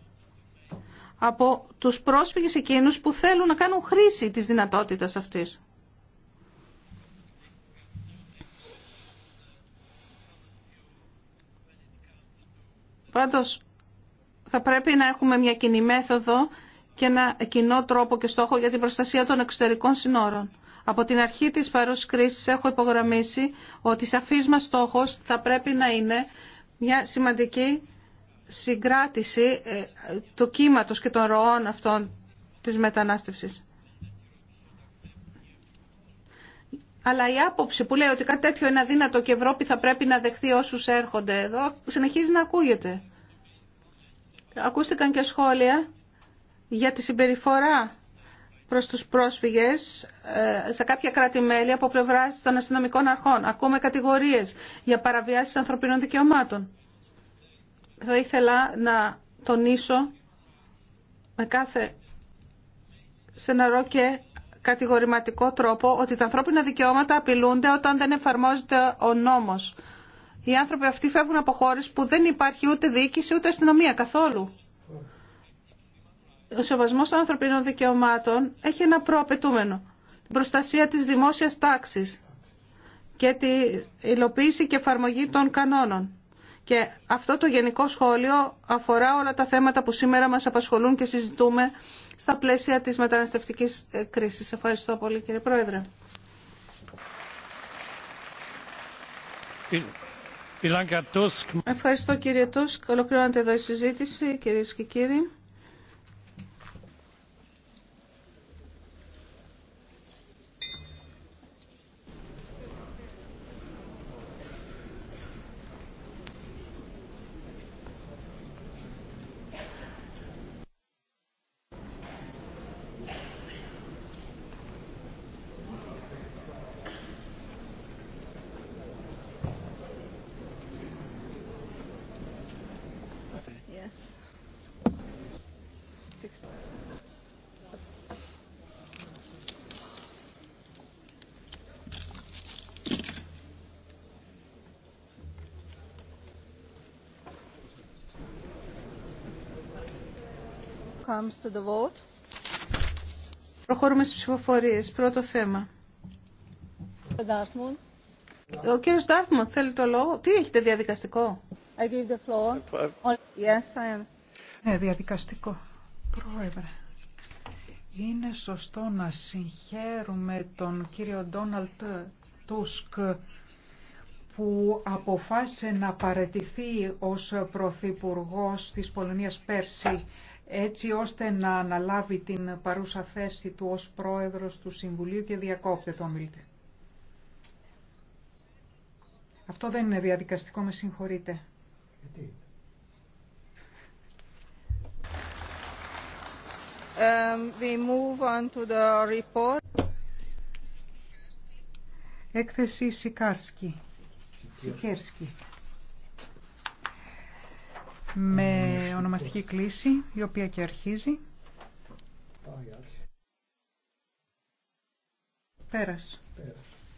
από τους πρόσφυγες εκείνους που θέλουν να κάνουν χρήση της δυνατότητας αυτής. Πάντως θα πρέπει να έχουμε μια κοινή μέθοδο και ένα κοινό τρόπο και στόχο για την προστασία των εξωτερικών συνόρων. Από την αρχή της παρούς κρίσης έχω υπογραμμίσει ότι σαφής μας στόχος θα πρέπει να είναι μια σημαντική συγκράτηση ε, του κύματος και των ροών αυτών της μετανάστευσης. Αλλά η άποψη που λέει ότι κάτι τέτοιο είναι αδύνατο και η Ευρώπη θα πρέπει να δεχθεί όσους έρχονται εδώ, συνεχίζει να ακούγεται. Ακούστηκαν και σχόλια για τη συμπεριφορά προς τους πρόσφυγες ε, σε κάποια κράτη-μέλη από πλευράς των αστυνομικών αρχών. Ακούμε κατηγορίες για παραβιάσεις ανθρωπίνων δικαιωμάτων. Θα ήθελα να τονίσω με κάθε στεναρό και κατηγορηματικό τρόπο ότι τα ανθρώπινα δικαιώματα απειλούνται όταν δεν εφαρμόζεται ο νόμος. Οι άνθρωποι αυτοί φεύγουν από χώρε που δεν υπάρχει ούτε διοίκηση ούτε αστυνομία καθόλου ο σεβασμό των ανθρωπίνων δικαιωμάτων έχει ένα προαπαιτούμενο. Την προστασία της δημόσιας τάξης και τη υλοποίηση και εφαρμογή των κανόνων. Και αυτό το γενικό σχόλιο αφορά όλα τα θέματα που σήμερα μας απασχολούν και συζητούμε στα πλαίσια της μεταναστευτικής ε, κρίσης. Ευχαριστώ πολύ κύριε Πρόεδρε. Ευχαριστώ κύριε Τούσκ. Ολοκληρώνεται εδώ η συζήτηση κυρίε και κύριοι. comes to the vote. Προχωρούμε στις ψηφοφορίες. Πρώτο θέμα. Ο κύριος Ντάρθμον, θέλει το λόγο. Τι έχετε διαδικαστικό. I give the floor. Yes, I am. Ε, διαδικαστικό. Πρόεδρε. Είναι σωστό να συγχαίρουμε τον κύριο Ντόναλτ Τούσκ που αποφάσισε να παραιτηθεί ως Πρωθυπουργός της Πολωνίας πέρσι έτσι ώστε να αναλάβει την παρούσα θέση του ως πρόεδρος του Συμβουλίου και διακόπτε το ομιλητή. Αυτό δεν είναι διαδικαστικό, με συγχωρείτε. Γιατί. Um, we move on to Έκθεση Σικάρσκι. Σικέρσκι με ονομαστική κλίση, η οποία και αρχίζει. Πέρας. Πέρας.